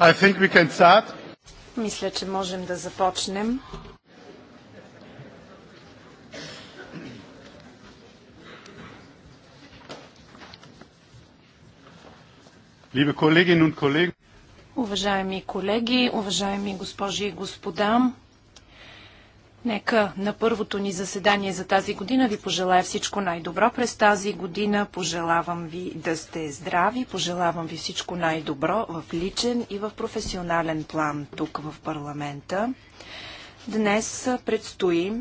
I think we can start. Мисля, че можем да започнем. Liebe Kolleginnen und Kollegen, уважаеми колеги, уважаеми госпожи и господа, Нека на първото ни заседание за тази година ви пожелая всичко най-добро през тази година. Пожелавам ви да сте здрави, пожелавам ви всичко най-добро в личен и в професионален план тук в парламента. Днес предстои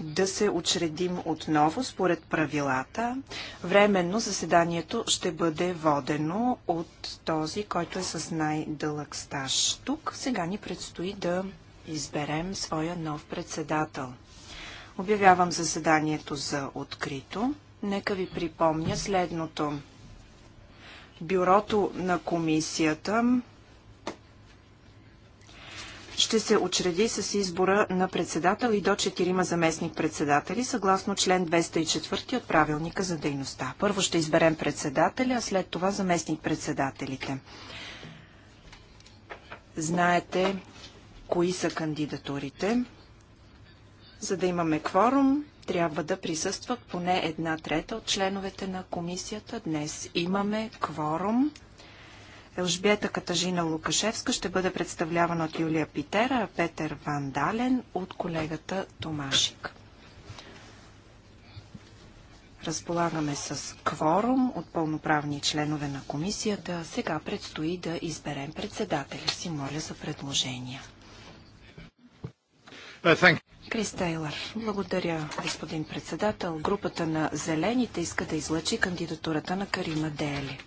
да се учредим отново според правилата. Временно заседанието ще бъде водено от този, който е с най-дълъг стаж. Тук сега ни предстои да изберем своя нов председател. Обявявам заседанието за открито. Нека ви припомня следното. Бюрото на комисията ще се учреди с избора на председател и до 4 заместник-председатели, съгласно член 204 от правилника за дейността. Първо ще изберем председателя, а след това заместник-председателите. Знаете, кои са кандидатурите. За да имаме кворум, трябва да присъстват поне една трета от членовете на комисията. Днес имаме кворум. Елжбета Катажина Лукашевска ще бъде представлявана от Юлия Питера, а Петър Вандален от колегата Томашик. Разполагаме с кворум от пълноправни членове на комисията. Сега предстои да изберем председателя си. Моля за предложения. Uh, Крис Тейлър. Благодаря, господин председател. Групата на Зелените иска да излъчи кандидатурата на Карима Дели.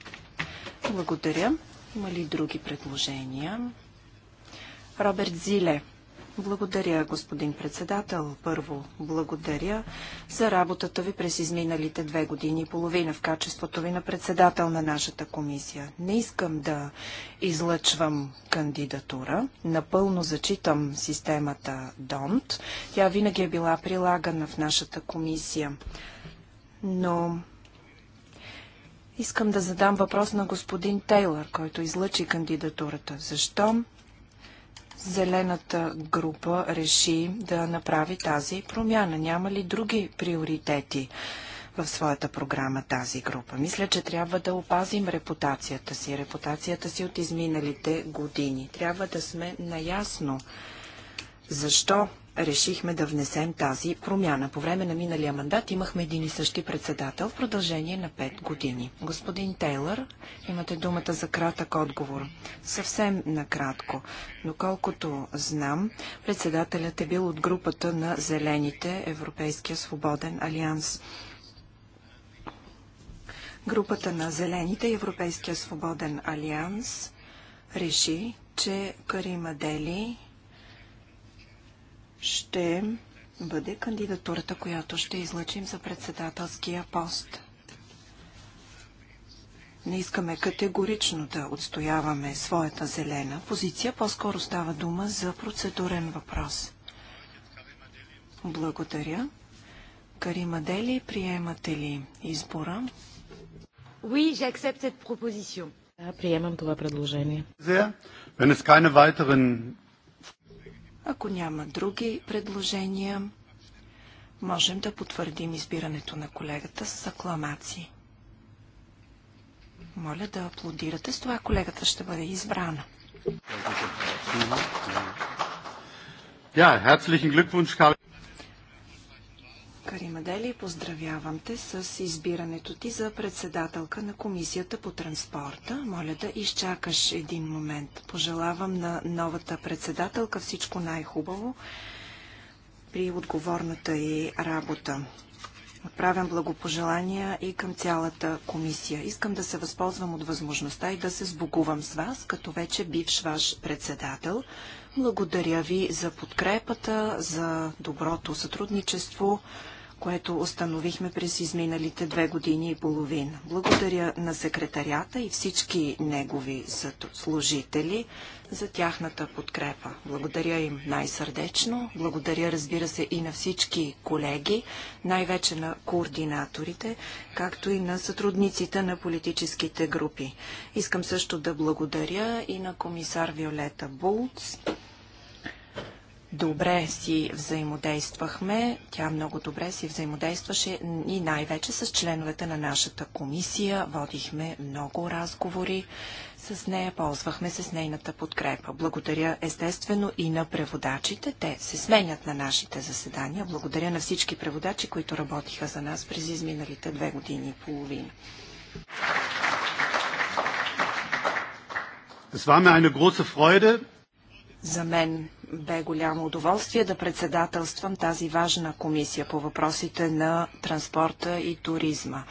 Благодаря. Има ли други предложения? Роберт Зиле. Благодаря, господин председател. Първо, благодаря за работата ви през изминалите две години и половина в качеството ви на председател на нашата комисия. Не искам да излъчвам кандидатура. Напълно зачитам системата ДОНТ. Тя винаги е била прилагана в нашата комисия. Но искам да задам въпрос на господин Тейлър, който излъчи кандидатурата. Защо зелената група реши да направи тази промяна? Няма ли други приоритети? в своята програма тази група. Мисля, че трябва да опазим репутацията си, репутацията си от изминалите години. Трябва да сме наясно защо решихме да внесем тази промяна. По време на миналия мандат имахме един и същи председател в продължение на 5 години. Господин Тейлър, имате думата за кратък отговор. Съвсем накратко. колкото знам, председателят е бил от групата на Зелените Европейския свободен алианс. Групата на Зелените Европейския свободен алианс реши, че Карима Дели ще бъде кандидатурата, която ще излъчим за председателския пост. Не искаме категорично да отстояваме своята зелена позиция, по-скоро става дума за процедурен въпрос. Благодаря. Карима Дели, приемате ли избора? Oui, j'accepte cette proposition. Да, приемам това предложение. Wenn es keine weiteren ако няма други предложения, можем да потвърдим избирането на колегата с акламации. Моля да аплодирате, с това колегата ще бъде избрана. Ja, herzlichen Glückwunsch, Karl Карима Дели, поздравявам те с избирането ти за председателка на Комисията по транспорта. Моля да изчакаш един момент. Пожелавам на новата председателка всичко най-хубаво при отговорната й работа. Отправям благопожелания и към цялата комисия. Искам да се възползвам от възможността и да се сбогувам с вас, като вече бивш ваш председател. Благодаря ви за подкрепата, за доброто сътрудничество което установихме през изминалите две години и половина. Благодаря на секретарията и всички негови служители за тяхната подкрепа. Благодаря им най-сърдечно. Благодаря, разбира се, и на всички колеги, най-вече на координаторите, както и на сътрудниците на политическите групи. Искам също да благодаря и на комисар Виолета Булц, добре си взаимодействахме. Тя много добре си взаимодействаше и най-вече с членовете на нашата комисия. Водихме много разговори с нея, ползвахме се с нейната подкрепа. Благодаря естествено и на преводачите. Те се сменят на нашите заседания. Благодаря на всички преводачи, които работиха за нас през изминалите две години и половина. Es war mir eine große Freude. За мен бе голямо удоволствие да председателствам тази важна комисия по въпросите на транспорта и туризма.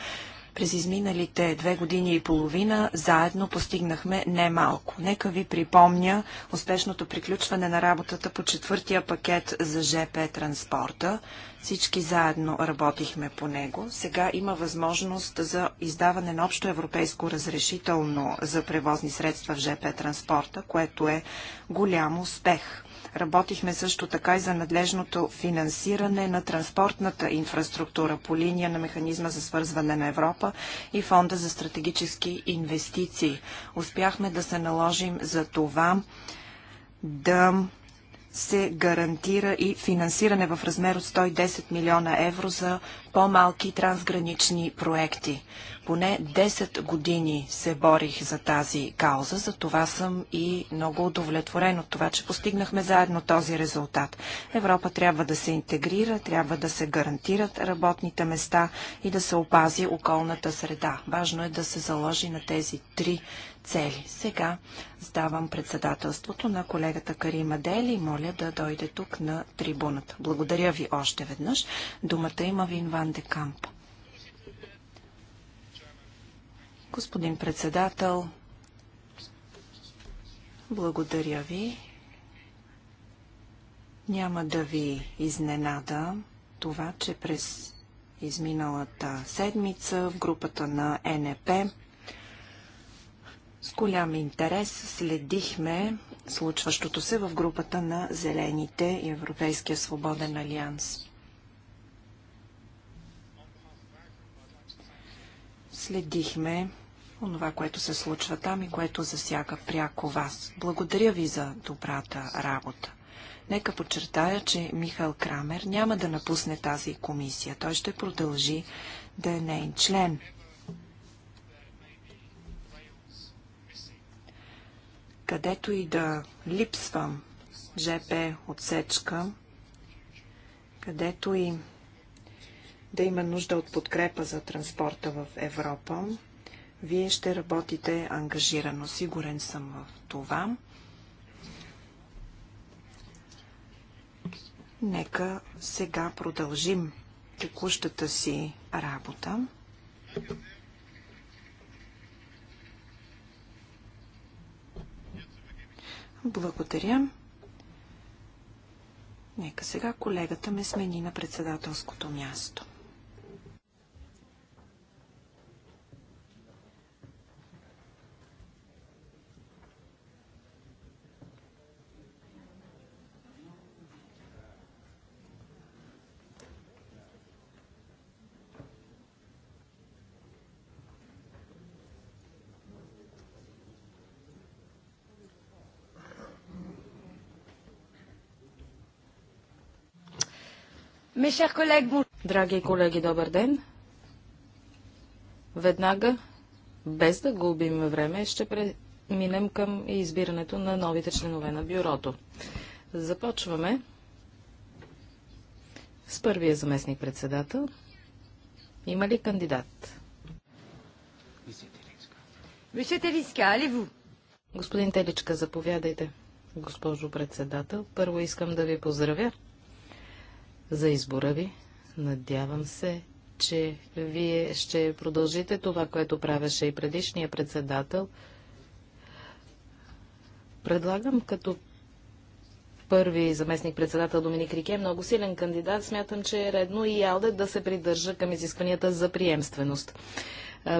През изминалите две години и половина заедно постигнахме немалко. Нека ви припомня успешното приключване на работата по четвъртия пакет за ЖП транспорта, всички заедно работихме по него. Сега има възможност за издаване на общо европейско разрешително за превозни средства в ЖП транспорта, което е голям успех. Работихме също така и за надлежното финансиране на транспортната инфраструктура по линия на механизма за свързване на Европа и фонда за стратегически инвестиции. Успяхме да се наложим за това да се гарантира и финансиране в размер от 110 милиона евро за по-малки трансгранични проекти. Поне 10 години се борих за тази кауза, за това съм и много удовлетворен от това, че постигнахме заедно този резултат. Европа трябва да се интегрира, трябва да се гарантират работните места и да се опази околната среда. Важно е да се заложи на тези три цели. Сега сдавам председателството на колегата Карима Дели и моля да дойде тук на трибуната. Благодаря ви още веднъж. Думата има Вин Ван де Камп. Господин председател, благодаря ви. Няма да ви изненада това, че през изминалата седмица в групата на НП с голям интерес следихме случващото се в групата на Зелените и Европейския свободен алианс. Следихме онова, което се случва там и което засяга пряко вас. Благодаря ви за добрата работа. Нека подчертая, че Михаил Крамер няма да напусне тази комисия. Той ще продължи да е нейн член. където и да липсвам ЖП отсечка, където и да има нужда от подкрепа за транспорта в Европа, вие ще работите ангажирано. Сигурен съм в това. Нека сега продължим текущата си работа. Благодаря. Нека сега колегата ме смени на председателското място. Драги колеги, добър ден! Веднага, без да губим време, ще преминем към избирането на новите членове на бюрото. Започваме с първия заместник председател. Има ли кандидат? Господин Теличка, заповядайте. Госпожо председател, първо искам да ви поздравя за избора ви. Надявам се, че вие ще продължите това, което правеше и предишния председател. Предлагам като първи заместник председател Доминик Рике, много силен кандидат, смятам, че е редно и Алде да се придържа към изискванията за приемственост.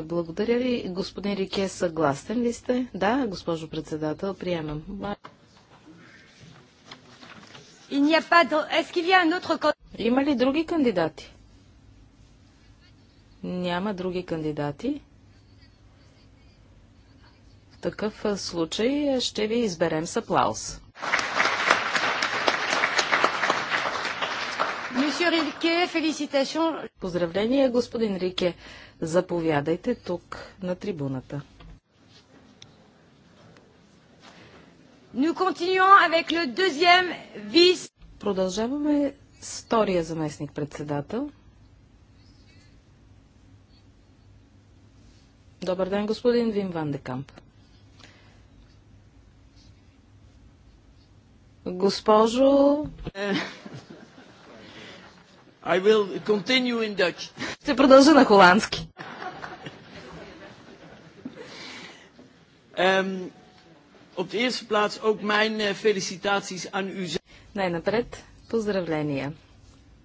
Благодаря ви, господин Рике. Съгласен ли сте? Да, госпожо председател, приемам. Има ли други кандидати? Няма други кандидати. В такъв случай ще ви изберем с аплауз. Поздравление, господин Рике. Заповядайте тук на трибуната. Продължаваме с втория заместник председател. Добър ден, господин Вим Ван Декамп. Госпожо... I will continue in Dutch. Ще продължа на холандски. Um, Op de eerste plaats ook mijn eh, felicitaties aan u. Най-напред, поздравления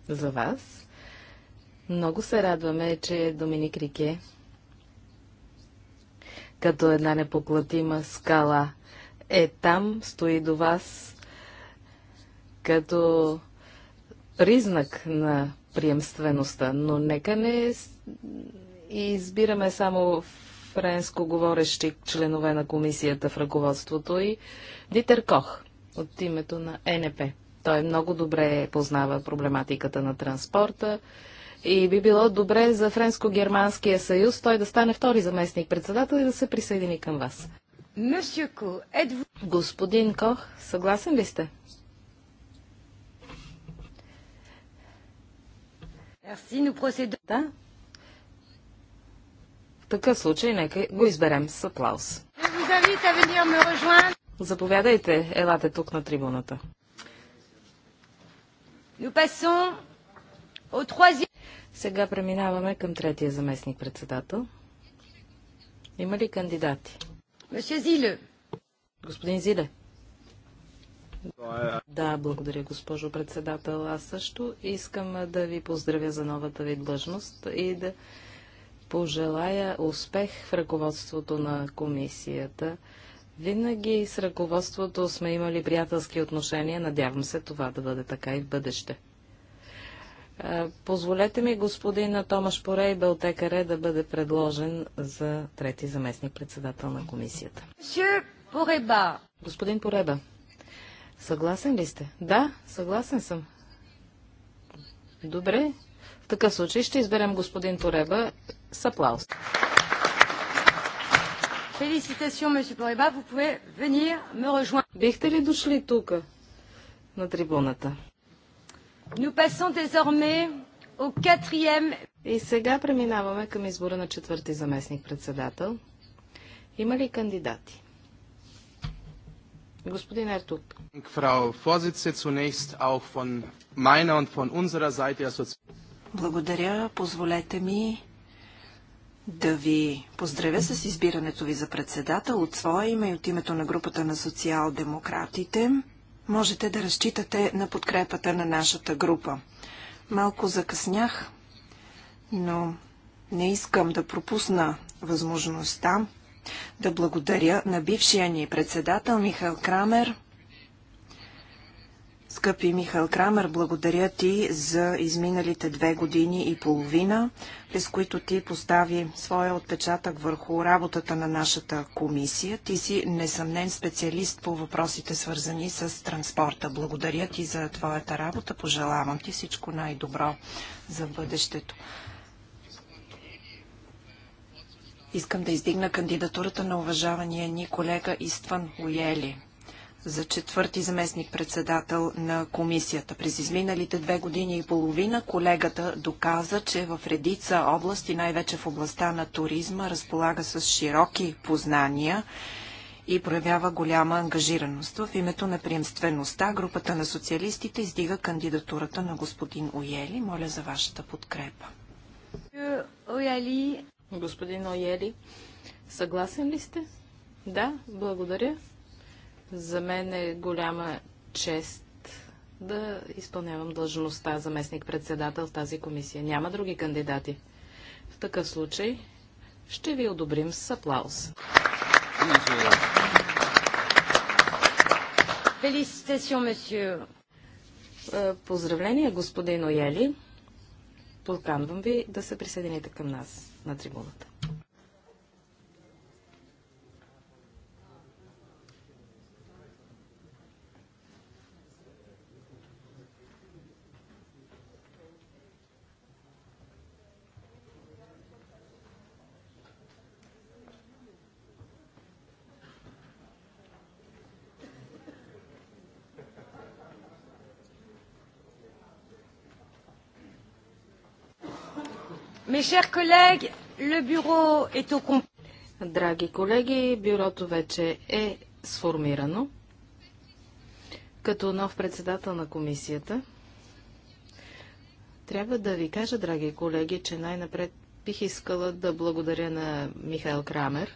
за вас. Много се радваме, че Доминик Рике като една непоклатима скала е там, стои до вас като признак на приемствеността, но нека не избираме само френско говорещи членове на комисията в ръководството и Дитер Кох от името на НП. Той много добре познава проблематиката на транспорта и би било добре за Френско-Германския съюз той да стане втори заместник председател и да се присъедини към вас. Господин Кох, съгласен ли сте? Да, такъв случай нека го изберем с аплаус. Заповядайте, елате тук на трибуната. Сега преминаваме към третия заместник председател. Има ли кандидати? Господин Зиле. Да, благодаря, госпожо председател. Аз също искам да ви поздравя за новата ви длъжност и да пожелая успех в ръководството на комисията. Винаги с ръководството сме имали приятелски отношения. Надявам се това да бъде така и в бъдеще. Позволете ми господина Томаш Порей Белтекаре да бъде предложен за трети заместник председател на комисията. Пореба. Господин Пореба, съгласен ли сте? Да, съгласен съм. Добре, в такъв случай ще изберем господин Тореба с аплауз. Бихте ли дошли тук на трибуната? И сега преминаваме към избора на четвърти заместник-председател. Има ли кандидати? Господин Ертук. Frau Vorsitzende, zunächst auch von meiner und von unserer Seite благодаря. Позволете ми да ви поздравя с избирането ви за председател от своя име и от името на групата на социал-демократите. Можете да разчитате на подкрепата на нашата група. Малко закъснях, но не искам да пропусна възможността да благодаря на бившия ни председател Михаил Крамер – Скъпи Михаил Крамер, благодаря ти за изминалите две години и половина, през които ти постави своя отпечатък върху работата на нашата комисия. Ти си несъмнен специалист по въпросите свързани с транспорта. Благодаря ти за твоята работа. Пожелавам ти всичко най-добро за бъдещето. Искам да издигна кандидатурата на уважавания ни колега Истван Уели за четвърти заместник председател на комисията. През изминалите две години и половина колегата доказа, че в редица области, най-вече в областта на туризма, разполага с широки познания и проявява голяма ангажираност. В името на приемствеността групата на социалистите издига кандидатурата на господин Оели. Моля за вашата подкрепа. Ояли. Господин Оели, съгласен ли сте? Да, благодаря. За мен е голяма чест да изпълнявам длъжността заместник-председател в тази комисия. Няма други кандидати. В такъв случай ще ви одобрим с аплауз. Поздравление, господин Ояли. Поканвам ви да се присъедините към нас на трибуната. Драги колеги, бюрото вече е сформирано. Като нов председател на комисията, трябва да ви кажа, драги колеги, че най-напред бих искала да благодаря на Михаил Крамер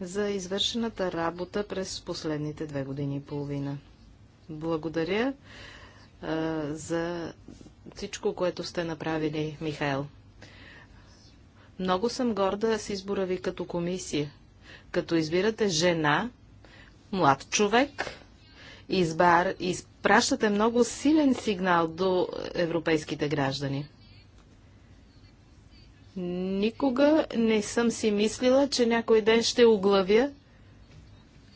за извършената работа през последните две години и половина. Благодаря а, за всичко, което сте направили, Михаил. Много съм горда с избора ви като комисия. Като избирате жена, млад човек, избар, изпращате много силен сигнал до европейските граждани. Никога не съм си мислила, че някой ден ще оглавя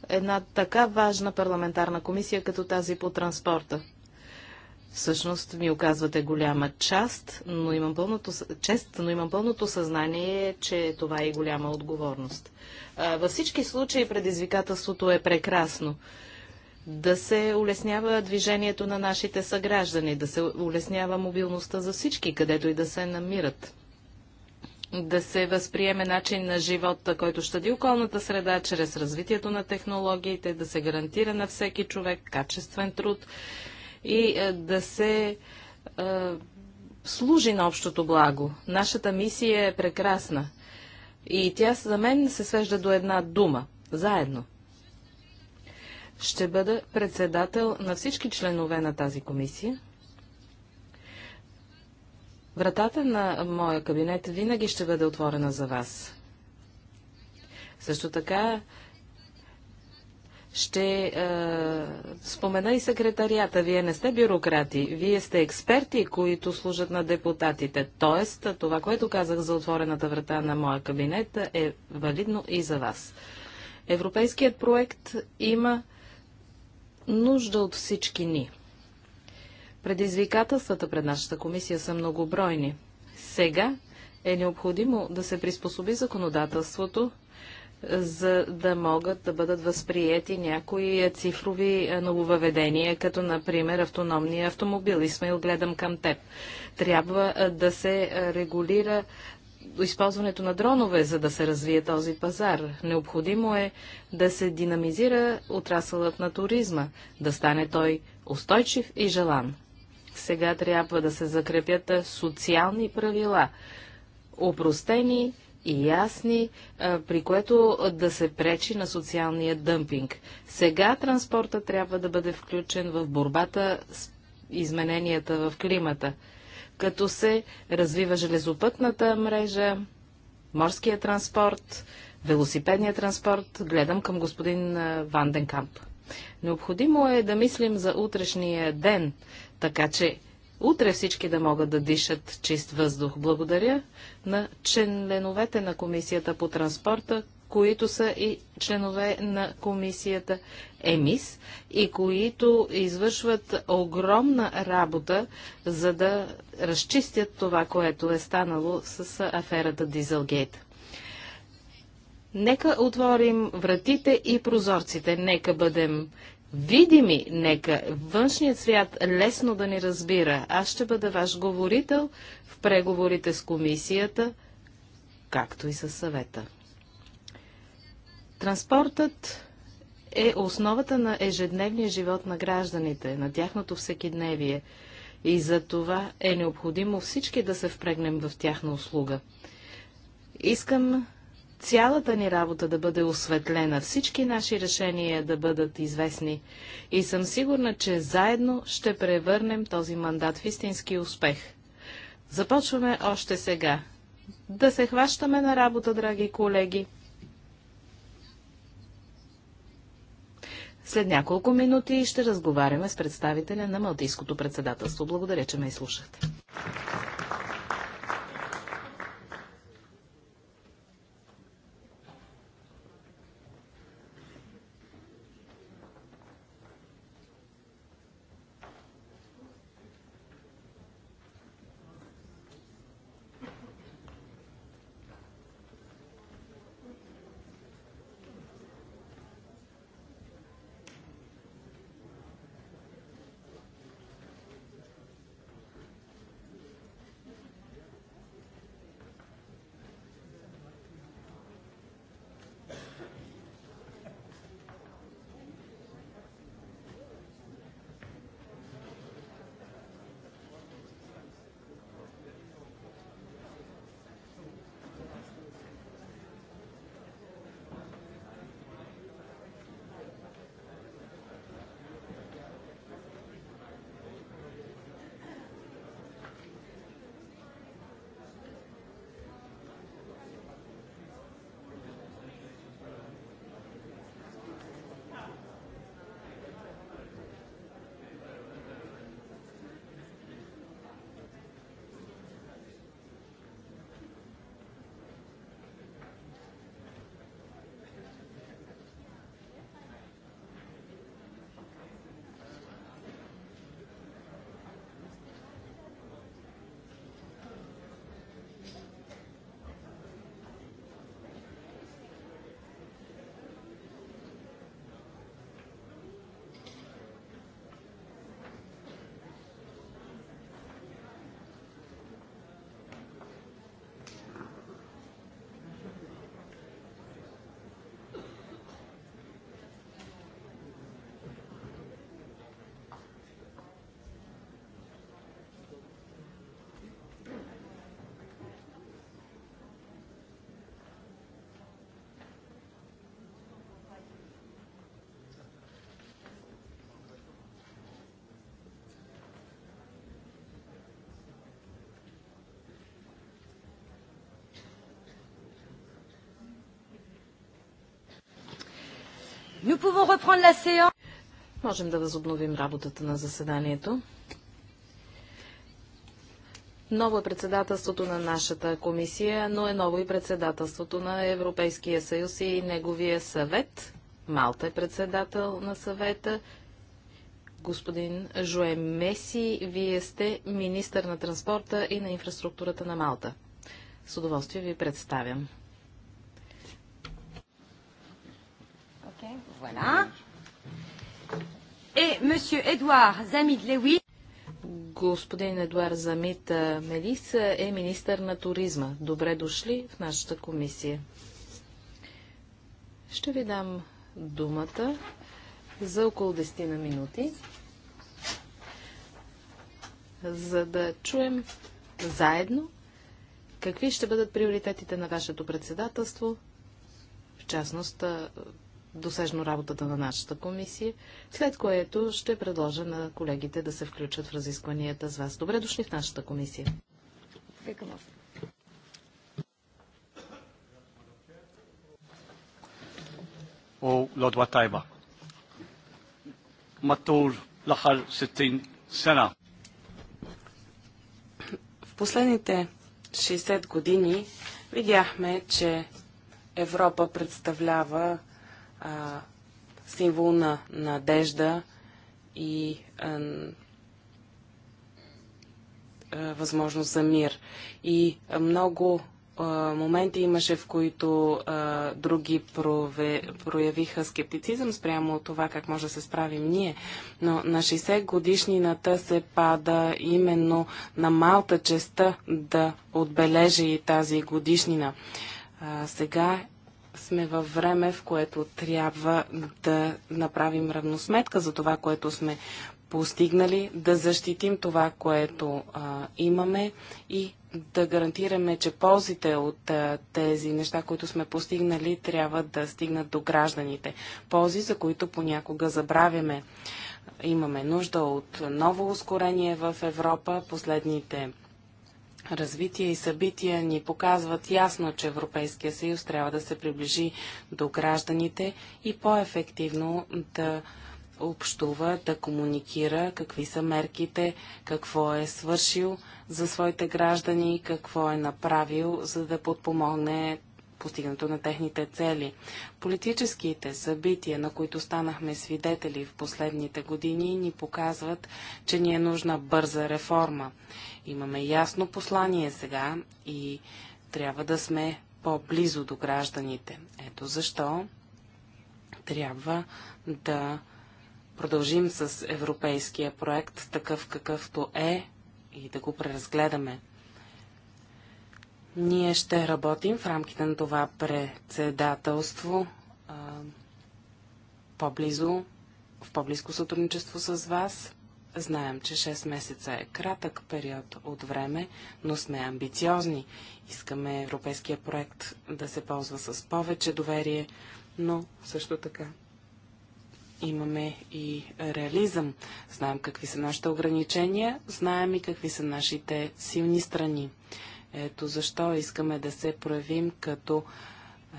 една така важна парламентарна комисия, като тази по транспорта. Всъщност ми оказвате голяма част, но имам пълното, чест, но имам пълното съзнание, че това е и голяма отговорност. А, във всички случаи предизвикателството е прекрасно. Да се улеснява движението на нашите съграждани, да се улеснява мобилността за всички, където и да се намират. Да се възприеме начин на живота, който щади околната среда, чрез развитието на технологиите, да се гарантира на всеки човек качествен труд, и е, да се е, служи на общото благо. Нашата мисия е прекрасна. И тя за мен се свежда до една дума – заедно. Ще бъда председател на всички членове на тази комисия. Вратата на моя кабинет винаги ще бъде отворена за вас. Също така ще е, спомена и секретарията. Вие не сте бюрократи, вие сте експерти, които служат на депутатите. Тоест, това, което казах за отворената врата на моя кабинет, е валидно и за вас. Европейският проект има нужда от всички ни. Предизвикателствата пред нашата комисия са многобройни. Сега е необходимо да се приспособи законодателството за да могат да бъдат възприяти някои цифрови е, нововъведения, като например автономния автомобил. Исмаил, гледам към теб. Трябва е, да се е, регулира използването на дронове, за да се развие този пазар. Необходимо е да се динамизира отрасълът на туризма, да стане той устойчив и желан. Сега трябва да се закрепят социални правила, упростени и ясни, при което да се пречи на социалния дъмпинг. Сега транспорта трябва да бъде включен в борбата с измененията в климата, като се развива железопътната мрежа, морския транспорт, велосипедния транспорт. Гледам към господин Ванденкамп. Необходимо е да мислим за утрешния ден, така че утре всички да могат да дишат чист въздух. Благодаря на членовете на Комисията по транспорта, които са и членове на комисията ЕМИС и които извършват огромна работа, за да разчистят това, което е станало с аферата Дизелгейт. Нека отворим вратите и прозорците, нека бъдем видими, нека външният свят лесно да ни разбира. Аз ще бъда ваш говорител в преговорите с комисията, както и с съвета. Транспортът е основата на ежедневния живот на гражданите, на тяхното всекидневие. И за това е необходимо всички да се впрегнем в тяхна услуга. Искам цялата ни работа да бъде осветлена, всички наши решения да бъдат известни. И съм сигурна, че заедно ще превърнем този мандат в истински успех. Започваме още сега. Да се хващаме на работа, драги колеги. След няколко минути ще разговаряме с представителя на Малтийското председателство. Благодаря, че ме изслушахте. Можем да възобновим работата на заседанието. Ново е председателството на нашата комисия, но е ново и председателството на Европейския съюз и неговия съвет. Малта е председател на съвета. Господин Жуе Меси, вие сте министър на транспорта и на инфраструктурата на Малта. С удоволствие ви представям Господин Едуард Замит Мелис е министър на туризма. Добре дошли в нашата комисия. Ще ви дам думата за около 10 на минути, за да чуем заедно какви ще бъдат приоритетите на вашето председателство, в частност досежно работата на нашата комисия, след което ще предложа на колегите да се включат в разискванията с вас. Добре дошли в нашата комисия. О, Лодва Тайба. Матур Лахар Сетин Сена. В последните 60 години видяхме, че Европа представлява а, символ на надежда и а, а, възможност за мир. И много а, моменти имаше, в които а, други прове, проявиха скептицизъм спрямо от това как може да се справим ние. Но на 60 годишнината се пада именно на Малта честа да отбележи тази годишнина. А, сега сме във време, в което трябва да направим равносметка за това, което сме постигнали, да защитим това, което а, имаме и да гарантираме, че ползите от а, тези неща, които сме постигнали, трябва да стигнат до гражданите. Ползи, за които понякога забравяме. Имаме нужда от ново ускорение в Европа. Последните развитие и събития ни показват ясно, че Европейския съюз трябва да се приближи до гражданите и по-ефективно да общува, да комуникира какви са мерките, какво е свършил за своите граждани, какво е направил, за да подпомогне постигнато на техните цели. Политическите събития, на които станахме свидетели в последните години, ни показват, че ни е нужна бърза реформа. Имаме ясно послание сега и трябва да сме по-близо до гражданите. Ето защо трябва да продължим с европейския проект такъв какъвто е и да го преразгледаме. Ние ще работим в рамките на това председателство по-близо, в по-близко сътрудничество с вас. Знаем, че 6 месеца е кратък период от време, но сме амбициозни. Искаме европейския проект да се ползва с повече доверие, но също така имаме и реализъм. Знаем какви са нашите ограничения, знаем и какви са нашите силни страни. Ето защо искаме да се проявим като а,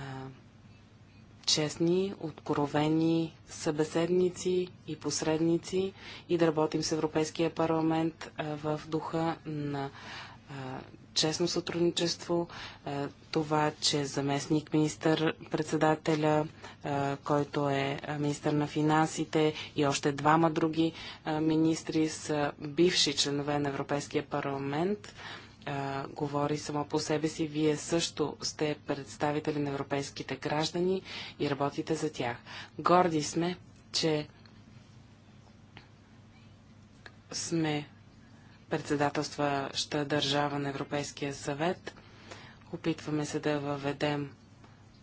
честни, откровени събеседници и посредници и да работим с Европейския парламент а, в духа на а, честно сътрудничество, това, че заместник министър председателя, който е министър на финансите и още двама други министри са бивши членове на Европейския парламент а, говори само по себе си. Вие също сте представители на европейските граждани и работите за тях. Горди сме, че сме председателстваща държава на Европейския съвет. Опитваме се да въведем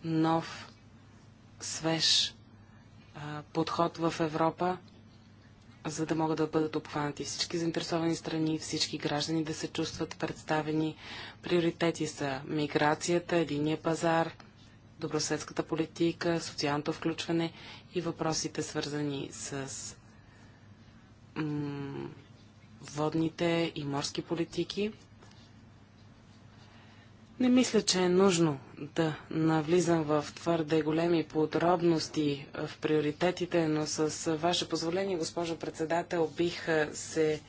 нов, свеж а, подход в Европа за да могат да бъдат обхванати всички заинтересовани страни, всички граждани да се чувстват представени. Приоритети са миграцията, единия пазар, добросветската политика, социалното включване и въпросите свързани с водните и морски политики. Не мисля, че е нужно да навлизам в твърде големи подробности в приоритетите, но с ваше позволение, госпожо председател, бих се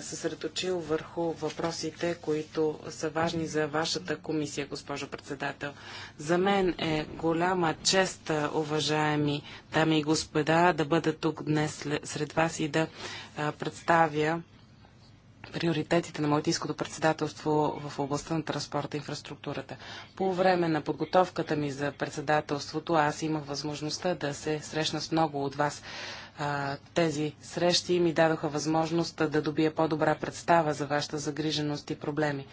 съсредоточил върху въпросите, които са важни за вашата комисия, госпожо председател. За мен е голяма чест, уважаеми дами и господа, да бъда тук днес сред вас и да представя приоритетите на Малтийското председателство в областта на транспорта и инфраструктурата. По време на подготовката ми за председателството аз имах възможността да се срещна с много от вас а, тези срещи ми дадоха възможност да добия по-добра представа за вашата загриженост и проблеми.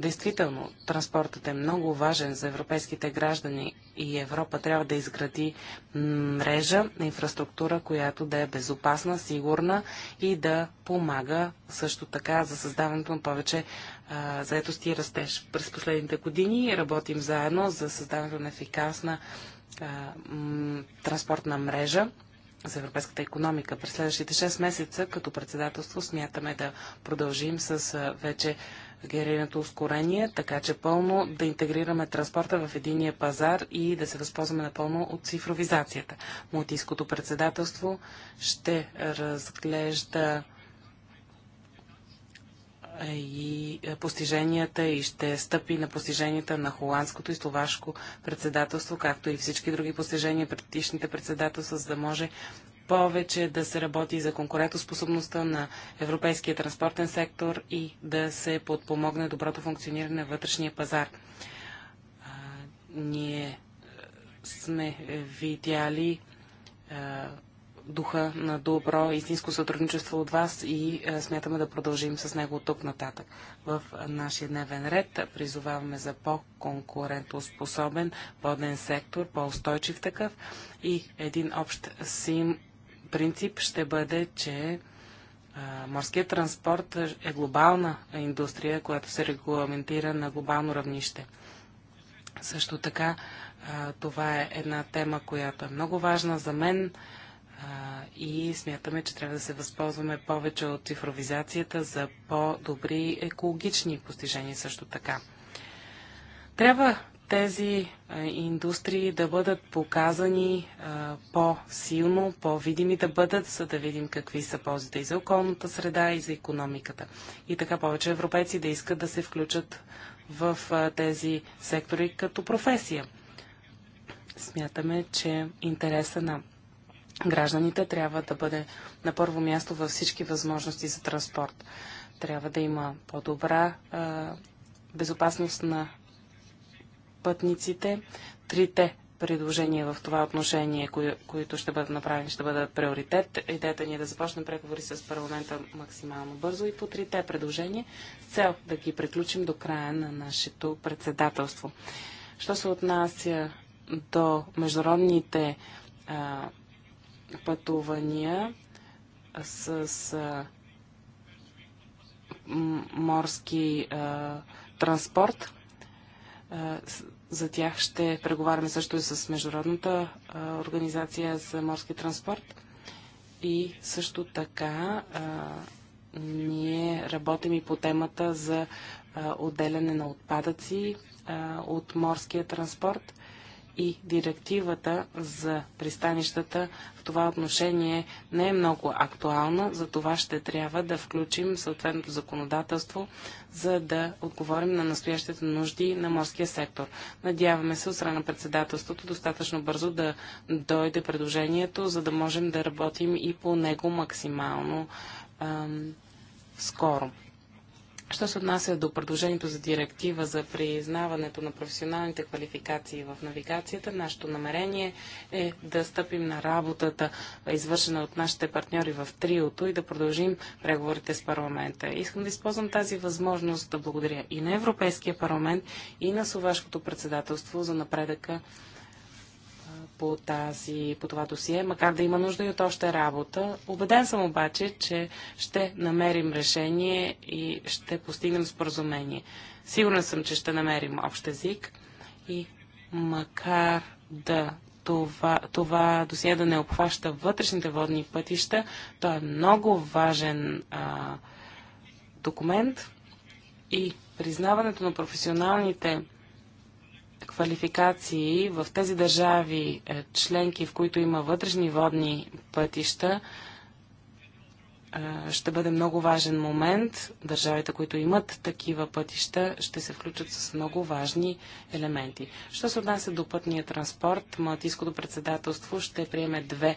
Действително, транспортът е много важен за европейските граждани и Европа трябва да изгради мрежа, инфраструктура, която да е безопасна, сигурна и да помага също така за създаването на повече заетост и растеж. През последните години работим заедно за създаването на ефикасна транспортна мрежа за европейската економика. През следващите 6 месеца като председателство смятаме да продължим с вече генерираното ускорение, така че пълно да интегрираме транспорта в единия пазар и да се възползваме напълно от цифровизацията. Мултийското председателство ще разглежда и е, постиженията и ще стъпи на постиженията на холандското и словашко председателство, както и всички други постижения предишните председателства, за да може повече да се работи за конкурентоспособността на европейския транспортен сектор и да се подпомогне доброто функциониране на вътрешния пазар. А, ние е, сме е, видяли а, духа на добро истинско сътрудничество от вас и е, смятаме да продължим с него от тук нататък. В нашия дневен ред призоваваме за по-конкурентоспособен воден сектор, по-устойчив такъв и един общ сим принцип ще бъде, че е, морският транспорт е глобална индустрия, която се регламентира на глобално равнище. Също така, е, това е една тема, която е много важна за мен и смятаме, че трябва да се възползваме повече от цифровизацията за по-добри екологични постижения също така. Трябва тези индустрии да бъдат показани по-силно, по-видими да бъдат, за да видим какви са ползите и за околната среда, и за економиката. И така повече европейци да искат да се включат в тези сектори като професия. Смятаме, че интереса на гражданите трябва да бъде на първо място във всички възможности за транспорт. Трябва да има по-добра безопасност на пътниците. Трите предложения в това отношение, кои, които ще бъдат направени, ще бъдат приоритет. Идеята ни е да започнем преговори с парламента максимално бързо и по трите предложения с цел да ги приключим до края на нашето председателство. Що се отнася до международните пътувания с морски транспорт. За тях ще преговаряме също и с Международната организация за морски транспорт. И също така а, ние работим и по темата за а, отделяне на отпадъци а, от морския транспорт и директивата за пристанищата в това отношение не е много актуална, за това ще трябва да включим съответното законодателство, за да отговорим на настоящите нужди на морския сектор. Надяваме се от страна на председателството достатъчно бързо да дойде предложението, за да можем да работим и по него максимално ам, скоро. Що се отнася до предложението за директива за признаването на професионалните квалификации в навигацията, нашето намерение е да стъпим на работата, извършена от нашите партньори в триото и да продължим преговорите с парламента. Искам да използвам тази възможност да благодаря и на Европейския парламент, и на Словашкото председателство за напредъка по, тази, по това досие, макар да има нужда и от още работа. Обеден съм обаче, че ще намерим решение и ще постигнем споразумение. Сигурен съм, че ще намерим общ език и макар да това, това досие да не обхваща вътрешните водни пътища, то е много важен а, документ и признаването на професионалните квалификации в тези държави е, членки, в които има вътрешни водни пътища, е, ще бъде много важен момент. Държавите, които имат такива пътища, ще се включат с много важни елементи. Що се отнася до пътния транспорт, Малтийското председателство ще приеме две е,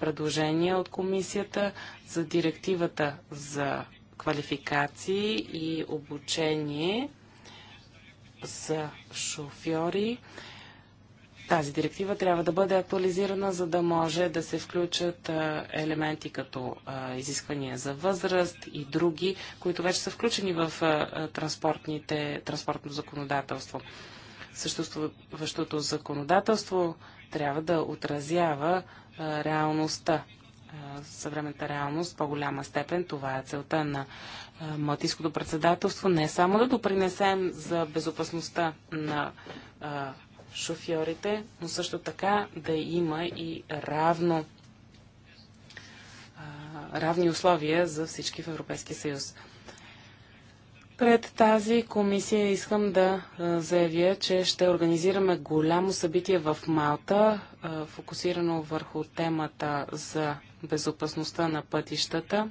предложения от комисията за директивата за квалификации и обучение за шофьори. Тази директива трябва да бъде актуализирана, за да може да се включат елементи като изисквания за възраст и други, които вече са включени в транспортните, транспортно законодателство. Съществуващото законодателство трябва да отразява реалността съвременната реалност по-голяма степен. Това е целта на Малтийското председателство. Не само да допринесем за безопасността на шофьорите, но също така да има и равно равни условия за всички в Европейския съюз. Пред тази комисия искам да заявя, че ще организираме голямо събитие в Малта, фокусирано върху темата за безопасността на пътищата.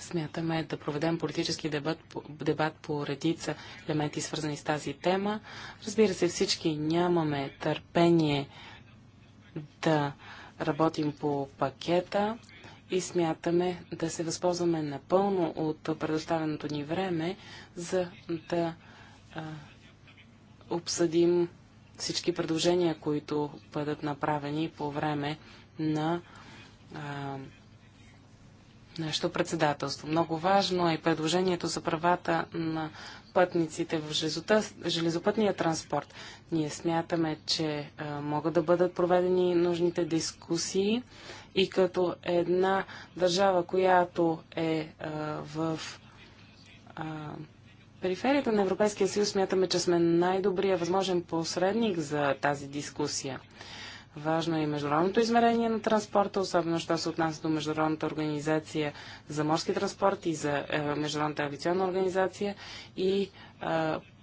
Смятаме да проведем политически дебат, дебат по редица елементи, свързани с тази тема. Разбира се, всички нямаме търпение да работим по пакета и смятаме да се възползваме напълно от предоставеното ни време, за да а, обсъдим всички предложения, които бъдат направени по време на а, нашето председателство. Много важно е предложението за правата на пътниците в железопътния транспорт. Ние смятаме, че а, могат да бъдат проведени нужните дискусии и като една държава, която е а, в а, периферията на Европейския съюз, смятаме, че сме най-добрия възможен посредник за тази дискусия. Важно е и международното измерение на транспорта, особено що се отнася до Международната организация за морски транспорт и за е, Международната авиационна организация и е,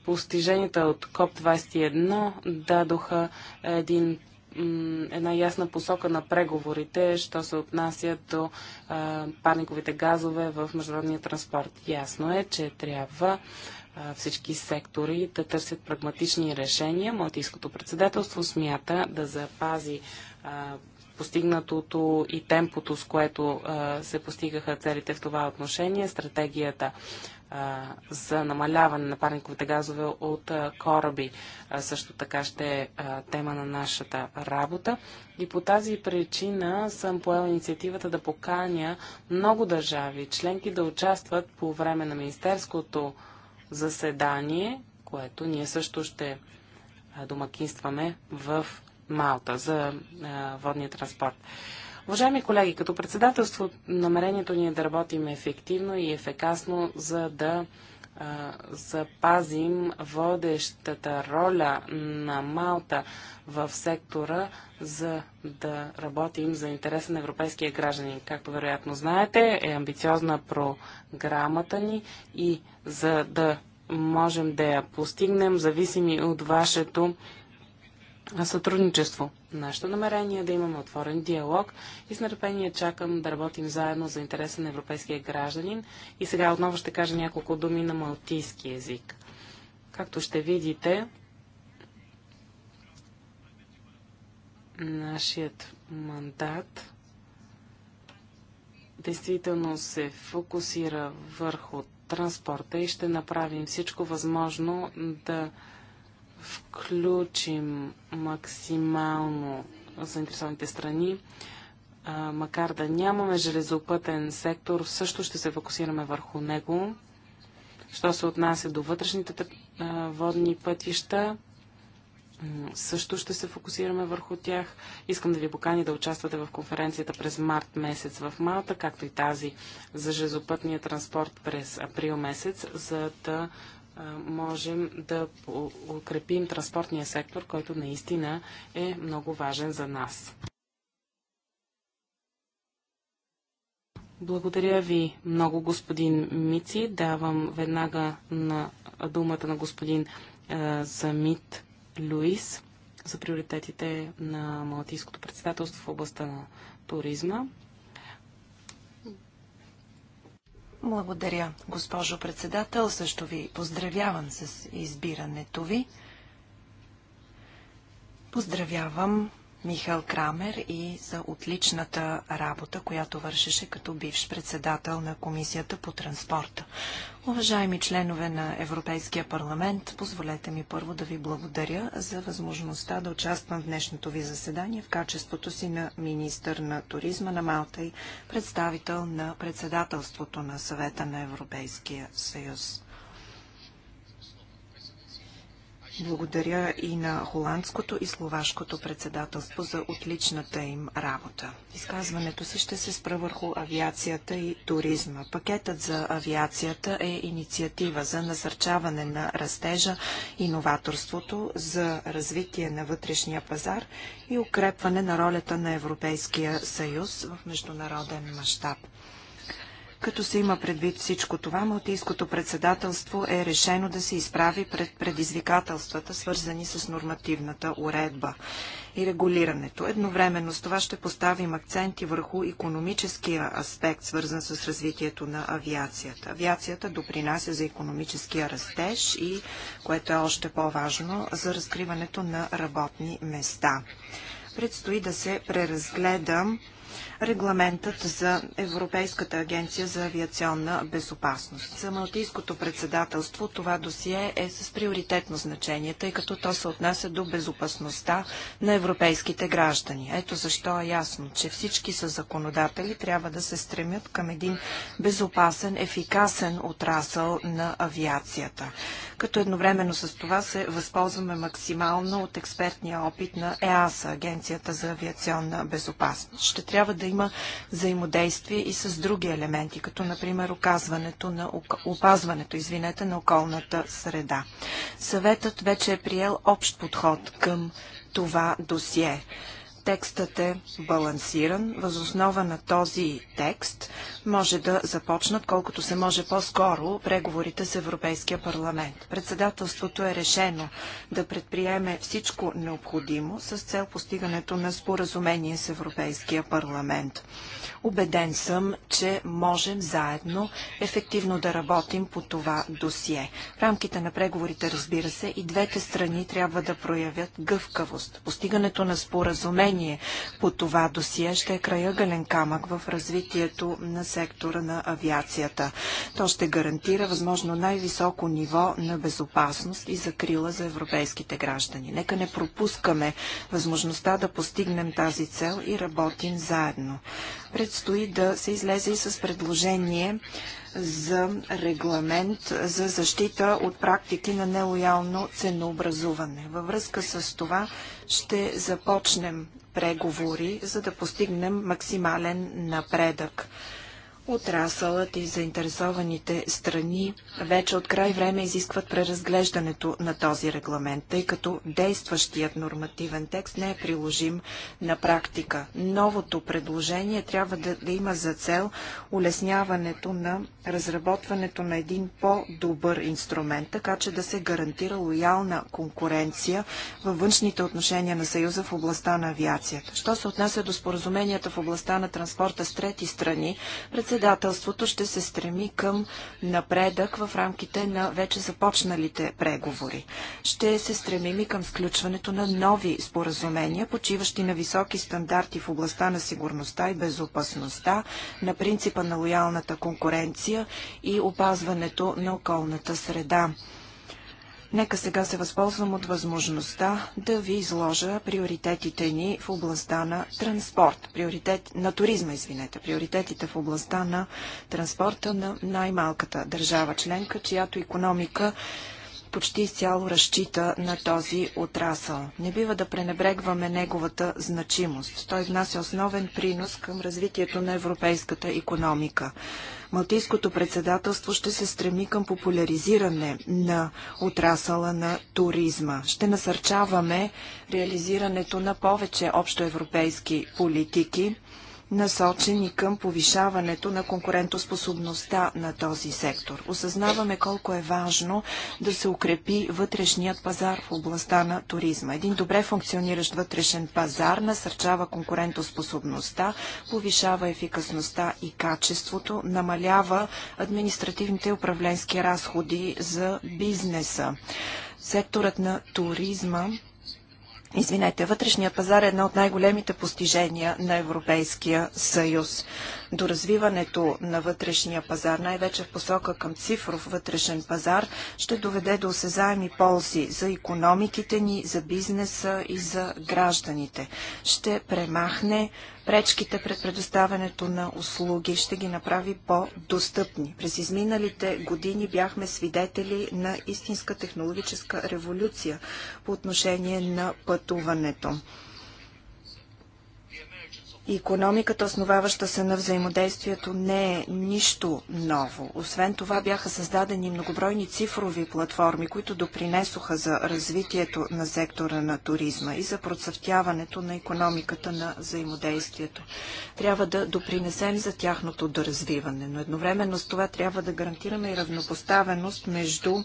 постиженията от КОП-21 дадоха един една ясна посока на преговорите, що се отнася до а, е, парниковите газове в международния транспорт. Ясно е, че трябва всички сектори да търсят прагматични решения. Малтийското председателство смята да запази постигнатото и темпото, с което се постигаха целите в това отношение, стратегията за намаляване на парниковите газове от кораби също така ще е тема на нашата работа. И по тази причина съм поела инициативата да поканя много държави, членки да участват по време на Министерското заседание, което ние също ще домакинстваме в Малта за водния транспорт. Уважаеми колеги, като председателство намерението ни е да работим ефективно и ефекасно, за да запазим водещата роля на Малта в сектора, за да работим за интереса на европейския гражданин. Както вероятно знаете, е амбициозна програмата ни и за да можем да я постигнем, зависими от вашето сътрудничество. Нашето намерение е да имаме отворен диалог и с нетърпение чакам да работим заедно за интереса на европейския гражданин. И сега отново ще кажа няколко думи на малтийски язик. Както ще видите, нашият мандат действително се фокусира върху транспорта и ще направим всичко възможно да включим максимално заинтересованите страни. макар да нямаме железопътен сектор, също ще се фокусираме върху него. Що се отнася до вътрешните водни пътища, също ще се фокусираме върху тях. Искам да ви покани да участвате в конференцията през март месец в Малта, както и тази за железопътния транспорт през април месец, за да можем да укрепим транспортния сектор, който наистина е много важен за нас. Благодаря ви много, господин Мици. Давам веднага на думата на господин Замит Луис за приоритетите на Малтийското председателство в областта на туризма. Благодаря, госпожо председател. Също ви поздравявам с избирането ви. Поздравявам Михал Крамер и за отличната работа, която вършеше като бивш председател на Комисията по транспорта. Уважаеми членове на Европейския парламент, позволете ми първо да ви благодаря за възможността да участвам в днешното ви заседание в качеството си на министър на туризма на Малта и представител на председателството на съвета на Европейския съюз. Благодаря и на холандското и словашкото председателство за отличната им работа. Изказването си ще се спра върху авиацията и туризма. Пакетът за авиацията е инициатива за насърчаване на растежа и новаторството, за развитие на вътрешния пазар и укрепване на ролята на Европейския съюз в международен мащаб. Като се има предвид всичко това, Малтийското председателство е решено да се изправи пред предизвикателствата, свързани с нормативната уредба и регулирането. Едновременно с това ще поставим акценти върху економическия аспект, свързан с развитието на авиацията. Авиацията допринася за економическия растеж и, което е още по-важно, за разкриването на работни места. Предстои да се преразгледа регламентът за Европейската агенция за авиационна безопасност. За Малтийското председателство това досие е с приоритетно значение, тъй като то се отнася до безопасността на европейските граждани. Ето защо е ясно, че всички са законодатели трябва да се стремят към един безопасен, ефикасен отрасъл на авиацията. Като едновременно с това се възползваме максимално от експертния опит на ЕАСА, Агенцията за авиационна безопасност. Ще трябва да да има взаимодействие и с други елементи, като например оказването на, опазването извинете, на околната среда. Съветът вече е приел общ подход към това досие. Текстът е балансиран. Възоснова на този текст може да започнат колкото се може по-скоро преговорите с Европейския парламент. Председателството е решено да предприеме всичко необходимо с цел постигането на споразумение с Европейския парламент. Убеден съм, че можем заедно ефективно да работим по това досие. В рамките на преговорите, разбира се, и двете страни трябва да проявят гъвкавост. Постигането на споразумение решение по това досие ще е краягален камък в развитието на сектора на авиацията. То ще гарантира възможно най-високо ниво на безопасност и закрила за европейските граждани. Нека не пропускаме възможността да постигнем тази цел и работим заедно. Предстои да се излезе и с предложение за регламент за защита от практики на нелоялно ценообразуване. Във връзка с това ще започнем преговори, за да постигнем максимален напредък. Отрасълът и заинтересованите страни вече от край време изискват преразглеждането на този регламент, тъй като действащият нормативен текст не е приложим на практика. Новото предложение трябва да, да има за цел улесняването на разработването на един по-добър инструмент, така че да се гарантира лоялна конкуренция във външните отношения на Съюза в областта на авиацията. Що се отнася до споразуменията в областта на транспорта с трети страни, председателството ще се стреми към напредък в рамките на вече започналите преговори. Ще се стремим и към сключването на нови споразумения, почиващи на високи стандарти в областта на сигурността и безопасността, на принципа на лоялната конкуренция и опазването на околната среда. Нека сега се възползвам от възможността да ви изложа приоритетите ни в областта на транспорт, приоритет на туризма, извинете, приоритетите в областта на транспорта на най-малката държава членка, чиято економика почти изцяло разчита на този отрасъл. Не бива да пренебрегваме неговата значимост. Той внася основен принос към развитието на европейската економика. Малтийското председателство ще се стреми към популяризиране на отрасъла на туризма. Ще насърчаваме реализирането на повече общоевропейски политики, насочени към повишаването на конкурентоспособността на този сектор. Осъзнаваме колко е важно да се укрепи вътрешният пазар в областта на туризма. Един добре функциониращ вътрешен пазар насърчава конкурентоспособността, повишава ефикасността и качеството, намалява административните управленски разходи за бизнеса. Секторът на туризма Извинете, вътрешният пазар е едно от най-големите постижения на Европейския съюз. До развиването на вътрешния пазар, най-вече в посока към цифров вътрешен пазар, ще доведе до осезаеми ползи за економиките ни, за бизнеса и за гражданите. Ще премахне пречките пред предоставянето на услуги, ще ги направи по-достъпни. През изминалите години бяхме свидетели на истинска технологическа революция по отношение на пътуването. Икономиката, основаваща се на взаимодействието, не е нищо ново. Освен това бяха създадени многобройни цифрови платформи, които допринесоха за развитието на сектора на туризма и за процъфтяването на економиката на взаимодействието. Трябва да допринесем за тяхното доразвиване, но едновременно с това трябва да гарантираме и равнопоставеност между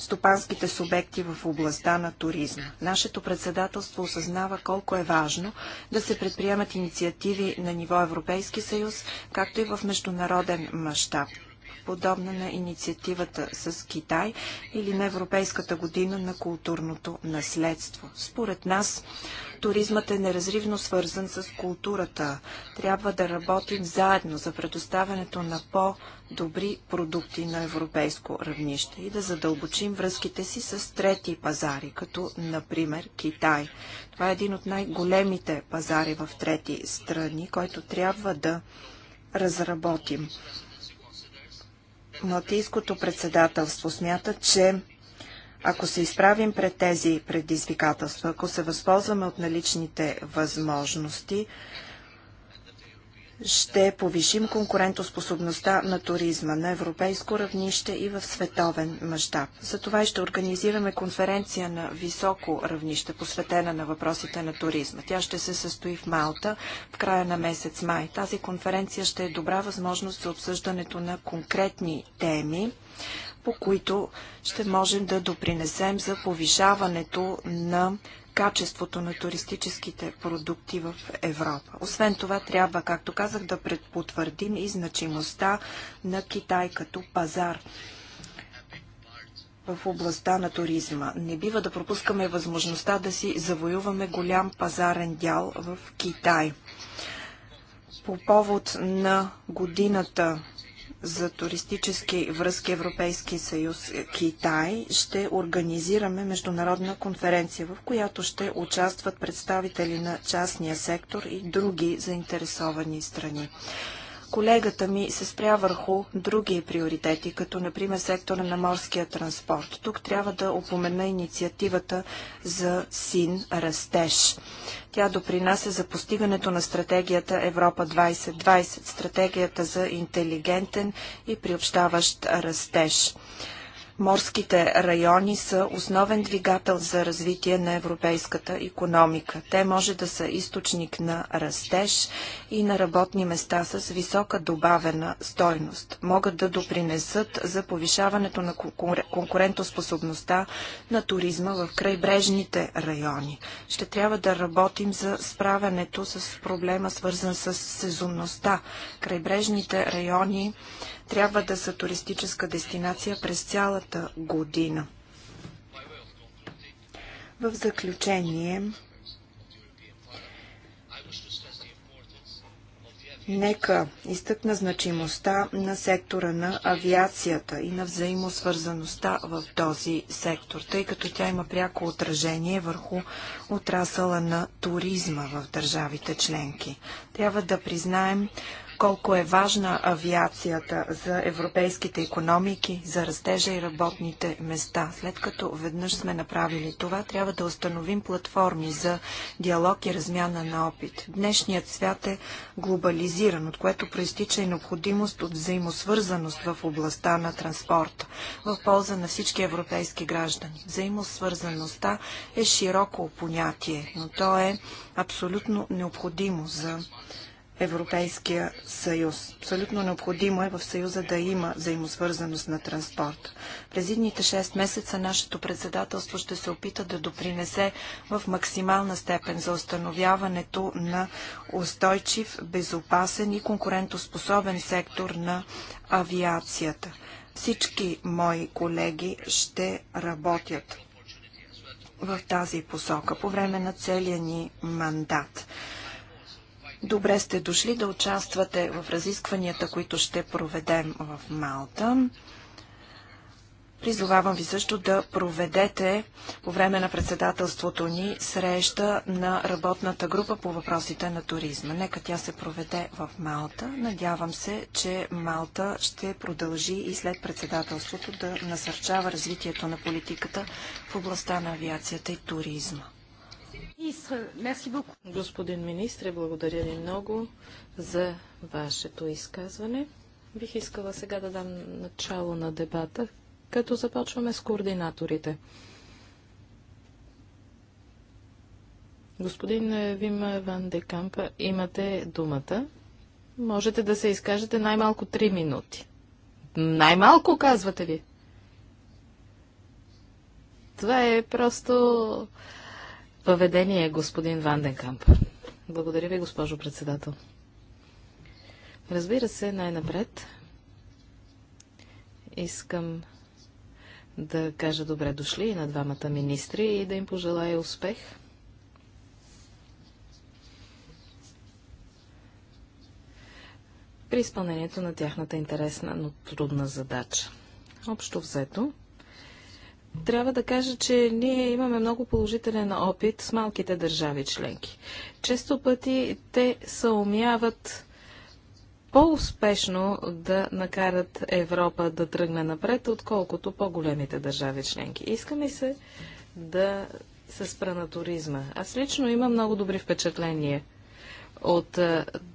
стопанските субекти в областта на туризма. Нашето председателство осъзнава колко е важно да се предприемат инициативи на ниво Европейски съюз, както и в международен мащаб подобна на инициативата с Китай или на Европейската година на културното наследство. Според нас Туризмът е неразривно свързан с културата. Трябва да работим заедно за предоставянето на по-добри продукти на европейско равнище и да задълбочим връзките си с трети пазари, като например Китай. Това е един от най-големите пазари в трети страни, който трябва да разработим. Малтийското председателство смята, че ако се изправим пред тези предизвикателства, ако се възползваме от наличните възможности, ще повишим конкурентоспособността на туризма на европейско равнище и в световен мащаб. Затова и ще организираме конференция на високо равнище, посветена на въпросите на туризма. Тя ще се състои в Малта в края на месец май. Тази конференция ще е добра възможност за обсъждането на конкретни теми, по които ще можем да допринесем за повишаването на качеството на туристическите продукти в Европа. Освен това, трябва, както казах, да предпотвърдим и значимостта на Китай като пазар в областта на туризма. Не бива да пропускаме възможността да си завоюваме голям пазарен дял в Китай. По повод на годината за туристически връзки Европейски съюз е, Китай ще организираме международна конференция, в която ще участват представители на частния сектор и други заинтересовани страни. Колегата ми се спря върху други приоритети, като например сектора на морския транспорт. Тук трябва да упомена инициативата за син растеж. Тя допринася за постигането на стратегията Европа 2020, стратегията за интелигентен и приобщаващ растеж. Морските райони са основен двигател за развитие на европейската економика. Те може да са източник на растеж и на работни места с висока добавена стойност. Могат да допринесат за повишаването на конкурентоспособността на туризма в крайбрежните райони. Ще трябва да работим за справянето с проблема, свързан с сезонността. Крайбрежните райони трябва да са туристическа дестинация през цялата година. В заключение, Нека изтъкна значимостта на сектора на авиацията и на взаимосвързаността в този сектор, тъй като тя има пряко отражение върху отрасъла на туризма в държавите членки. Трябва да признаем колко е важна авиацията за европейските економики, за растежа и работните места. След като веднъж сме направили това, трябва да установим платформи за диалог и размяна на опит. Днешният свят е глобализиран, от което проистича и необходимост от взаимосвързаност в областта на транспорта, в полза на всички европейски граждани. Взаимосвързаността е широко понятие, но то е абсолютно необходимо за Европейския съюз. Абсолютно необходимо е в съюза да има взаимосвързаност на транспорт. През едните 6 месеца нашето председателство ще се опита да допринесе в максимална степен за установяването на устойчив, безопасен и конкурентоспособен сектор на авиацията. Всички мои колеги ще работят в тази посока по време на целия ни мандат. Добре сте дошли да участвате в разискванията, които ще проведем в Малта. Призовавам ви също да проведете по време на председателството ни среща на работната група по въпросите на туризма. Нека тя се проведе в Малта. Надявам се, че Малта ще продължи и след председателството да насърчава развитието на политиката в областта на авиацията и туризма. Господин министре, благодаря ви много за вашето изказване. Бих искала сега да дам начало на дебата, като започваме с координаторите. Господин Вим Ван Декампа, имате думата. Можете да се изкажете най-малко 3 минути. Най-малко, казвате ли? Това е просто поведение, господин Ванденкамп. Благодаря ви, госпожо председател. Разбира се, най-напред искам да кажа добре дошли и на двамата министри и да им пожелая успех. при изпълнението на тяхната интересна, но трудна задача. Общо взето, трябва да кажа, че ние имаме много положителен опит с малките държави членки. Често пъти те съумяват по-успешно да накарат Европа да тръгне напред, отколкото по-големите държави членки. Искаме се да се спра на туризма. Аз лично имам много добри впечатления от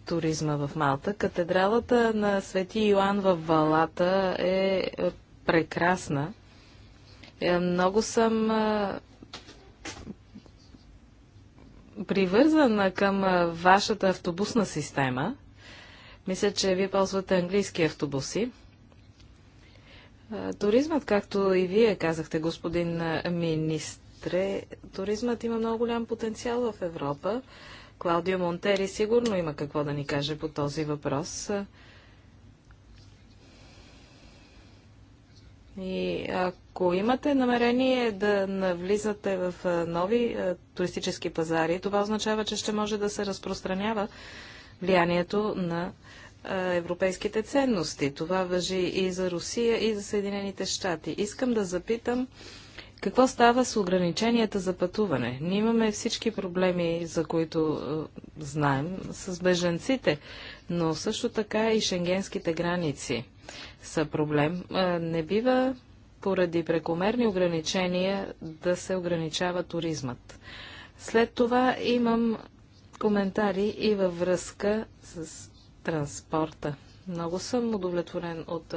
туризма в Малта. Катедралата на Свети Йоан в Валата е, е прекрасна. Е, много съм привързана към вашата автобусна система. Мисля, че вие ползвате английски автобуси. Туризмът, както и вие казахте, господин министре, туризмът има много голям потенциал в Европа. Клаудио Монтери сигурно има какво да ни каже по този въпрос. И ако имате намерение да навлизате в нови туристически пазари, това означава, че ще може да се разпространява влиянието на европейските ценности. Това въжи и за Русия, и за Съединените щати. Искам да запитам какво става с ограниченията за пътуване. Ние имаме всички проблеми, за които е, знаем, с беженците, но също така и шенгенските граници са проблем. Не бива поради прекомерни ограничения да се ограничава туризмът. След това имам коментари и във връзка с транспорта. Много съм удовлетворен от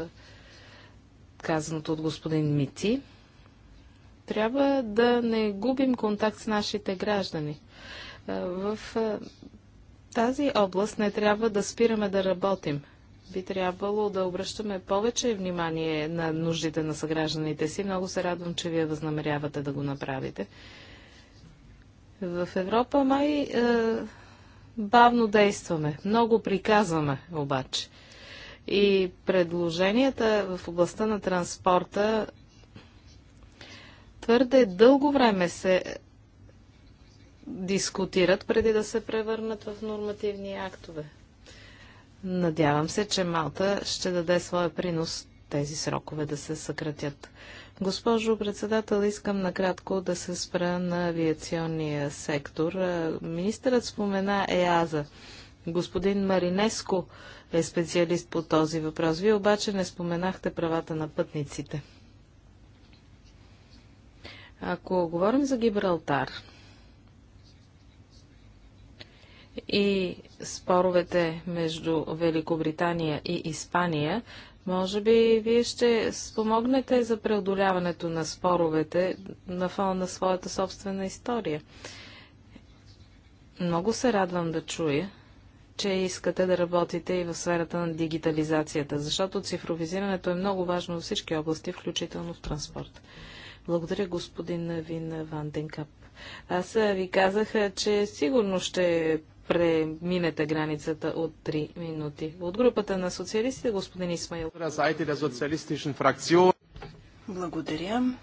казаното от господин Мити. Трябва да не губим контакт с нашите граждани. В тази област не трябва да спираме да работим – би трябвало да обръщаме повече внимание на нуждите на съгражданите си. Много се радвам, че вие възнамерявате да го направите. В Европа май е, бавно действаме, много приказваме обаче. И предложенията в областта на транспорта твърде дълго време се дискутират преди да се превърнат в нормативни актове. Надявам се, че Малта ще даде своя принос тези срокове да се съкратят. Госпожо председател, искам накратко да се спра на авиационния сектор. Министърът спомена ЕАЗа. Господин Маринеско е специалист по този въпрос. Вие обаче не споменахте правата на пътниците. Ако говорим за Гибралтар и споровете между Великобритания и Испания, може би вие ще спомогнете за преодоляването на споровете на фона на своята собствена история. Много се радвам да чуя, че искате да работите и в сферата на дигитализацията, защото цифровизирането е много важно във всички области, включително в транспорт. Благодаря, господин Вин Ванденкап. Аз ви казах, че сигурно ще преминете границата от 3 минути. От групата на социалистите, господин Исмаил. Благодаря.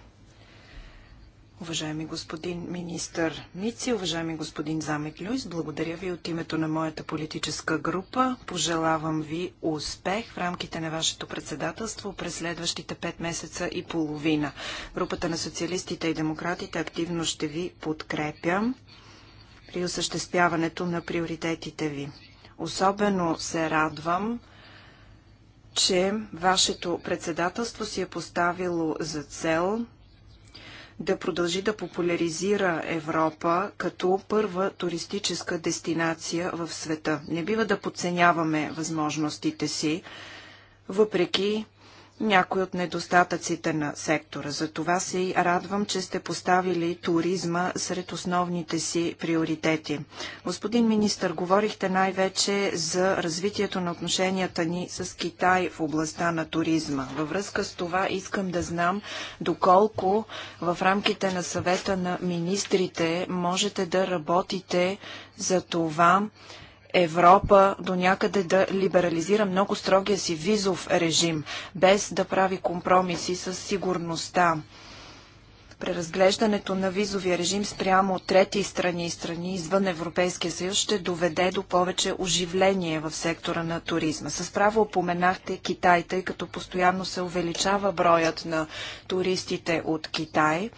Уважаеми господин министър Мици, уважаеми господин Замек Люис, благодаря ви от името на моята политическа група. Пожелавам ви успех в рамките на вашето председателство през следващите 5 месеца и половина. Групата на социалистите и демократите активно ще ви подкрепя при осъществяването на приоритетите ви. Особено се радвам, че вашето председателство си е поставило за цел да продължи да популяризира Европа като първа туристическа дестинация в света. Не бива да подценяваме възможностите си, въпреки някои от недостатъците на сектора. За това се и радвам, че сте поставили туризма сред основните си приоритети. Господин министр, говорихте най-вече за развитието на отношенията ни с Китай в областта на туризма. Във връзка с това искам да знам доколко в рамките на съвета на министрите можете да работите за това, Европа до някъде да либерализира много строгия си визов режим, без да прави компромиси с сигурността преразглеждането на визовия режим спрямо от трети страни и страни извън Европейския съюз ще доведе до повече оживление в сектора на туризма. С право опоменахте Китай, тъй като постоянно се увеличава броят на туристите от Китай.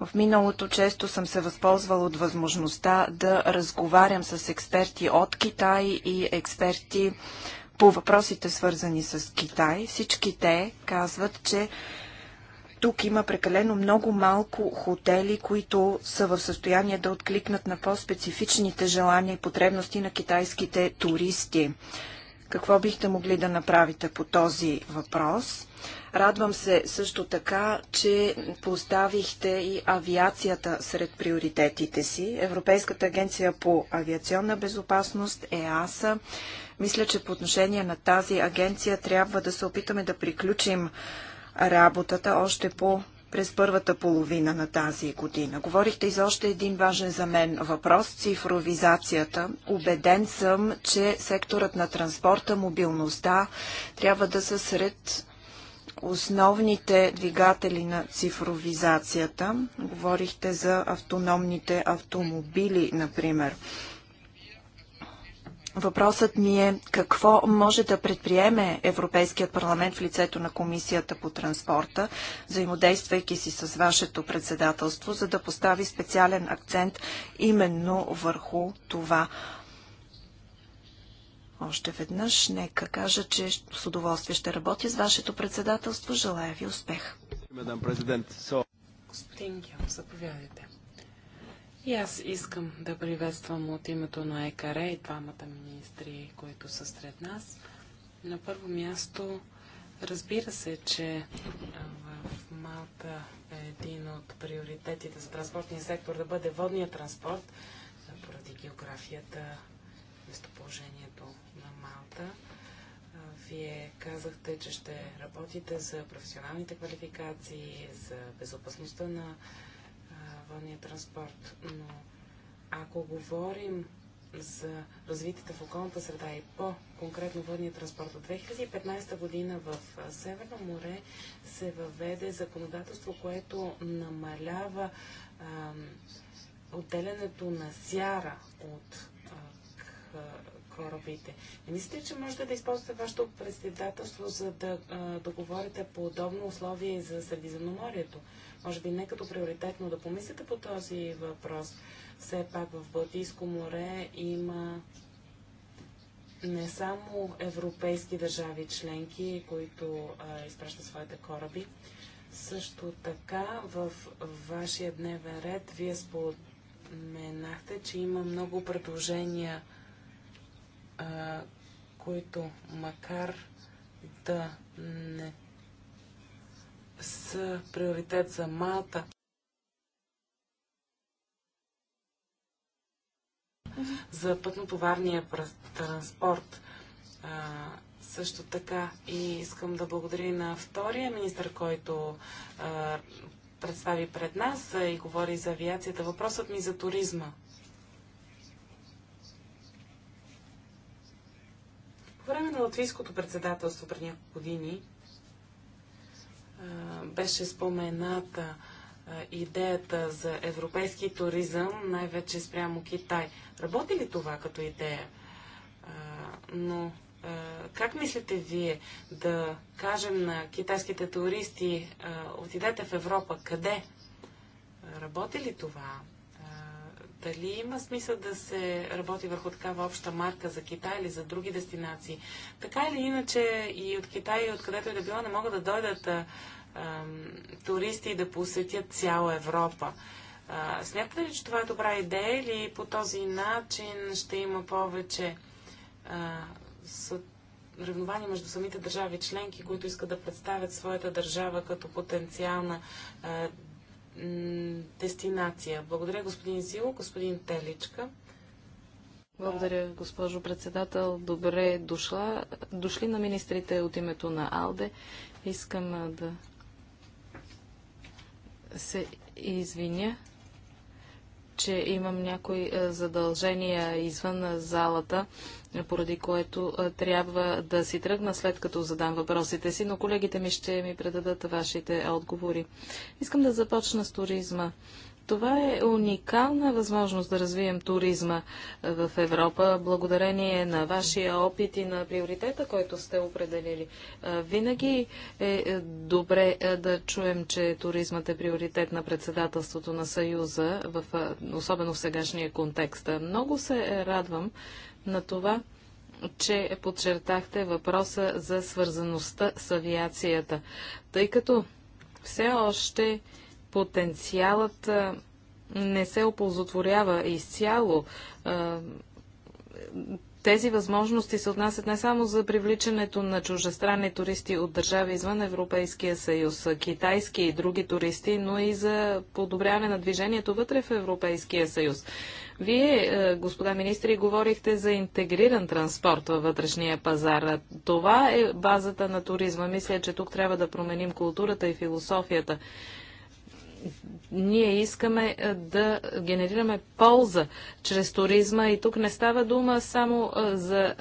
В миналото често съм се възползвал от възможността да разговарям с експерти от Китай и експерти по въпросите свързани с Китай. Всички те казват, че тук има прекалено много малко хотели, които са в състояние да откликнат на по-специфичните желания и потребности на китайските туристи. Какво бихте могли да направите по този въпрос? Радвам се също така, че поставихте и авиацията сред приоритетите си. Европейската агенция по авиационна безопасност АСА. Мисля, че по отношение на тази агенция трябва да се опитаме да приключим работата още по през първата половина на тази година. Говорихте и за още един важен за мен въпрос – цифровизацията. Убеден съм, че секторът на транспорта, мобилността трябва да са сред основните двигатели на цифровизацията. Говорихте за автономните автомобили, например. Въпросът ми е какво може да предприеме Европейският парламент в лицето на Комисията по транспорта, взаимодействайки си с вашето председателство, за да постави специален акцент именно върху това. Още веднъж нека кажа, че с удоволствие ще работя с вашето председателство. Желая ви успех. Господин Гел, заповядайте. И аз искам да приветствам от името на ЕКАРЕ и двамата министри, които са сред нас. На първо място, разбира се, че в Малта е един от приоритетите за транспортния сектор да бъде водния транспорт, поради географията, местоположението на Малта. Вие казахте, че ще работите за професионалните квалификации, за безопасността на водния транспорт, но ако говорим за развитите в околната среда и по-конкретно водния транспорт от 2015 година в Северно море се въведе законодателство, което намалява отделянето на сяра от корабите. Не мислите, че можете да използвате вашето председателство, за да договорите по подобно условие за Средиземноморието? Може би не като приоритетно да помислите по този въпрос. Все пак в Балтийско море има не само европейски държави членки, които а, изпращат своите кораби. Също така в вашия дневен ред вие споменахте, че има много предложения които макар да не са приоритет за Малта, за пътнотоварния транспорт. А, също така и искам да благодаря на втория министр, който а, представи пред нас и говори за авиацията. Въпросът ми за туризма. време на латвийското председателство преди няколко години беше спомената идеята за европейски туризъм, най-вече спрямо Китай. Работи ли това като идея? Но как мислите вие да кажем на китайските туристи, отидете в Европа, къде? Работи ли това? Дали има смисъл да се работи върху такава обща марка за Китай или за други дестинации? Така или иначе и от Китай, и откъдето и да било, не могат да дойдат а, а, туристи и да посетят цяла Европа. А, смятате ли, че това е добра идея или по този начин ще има повече ревнование между самите държави членки, които искат да представят своята държава като потенциална а, дестинация. Благодаря, господин Зило, господин Теличка. Благодаря, госпожо председател. Добре дошла. Дошли на министрите от името на АЛДЕ. Искам да се извиня че имам някои е, задължения извън залата, поради което е, трябва да си тръгна след като задам въпросите си, но колегите ми ще ми предадат вашите отговори. Искам да започна с туризма. Това е уникална възможност да развием туризма е, в Европа, благодарение на вашия опит и на приоритета, който сте определили. Е, винаги е, е добре да чуем, че туризмът е приоритет на председателството на Съюза, в, особено в сегашния контекст. Много се радвам на това, че подчертахте въпроса за свързаността с авиацията, тъй като все още потенциалът не се оползотворява изцяло. Тези възможности се отнасят не само за привличането на чужестранни туристи от държави извън Европейския съюз, китайски и други туристи, но и за подобряване на движението вътре в Европейския съюз. Вие, господа министри, говорихте за интегриран транспорт във вътрешния пазар. Това е базата на туризма. Мисля, че тук трябва да променим културата и философията ние искаме е, да генерираме полза чрез туризма и тук не става дума само е, за е,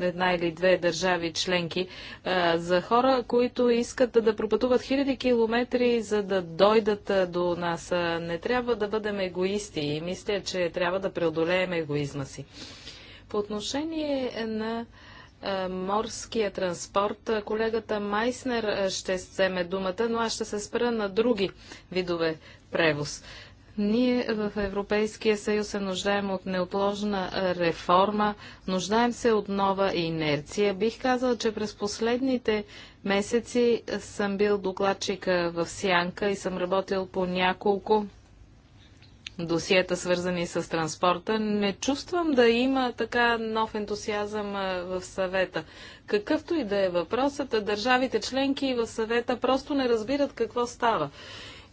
една или две държави членки, за хора, които искат да пропътуват хиляди километри, за да дойдат до нас. Не трябва да бъдем егоисти и мисля, че трябва да преодолеем егоизма си. По отношение на е, морския транспорт. Колегата Майснер е, ще вземе думата, но аз ще се спра на други видове превоз. Ние в Европейския съюз се нуждаем от неотложна реформа, нуждаем се от нова инерция. Бих казал, че през последните месеци съм бил докладчик в Сянка и съм работил по няколко досиета, свързани с транспорта, не чувствам да има така нов ентусиазъм в съвета. Какъвто и да е въпросът, държавите членки в съвета просто не разбират какво става.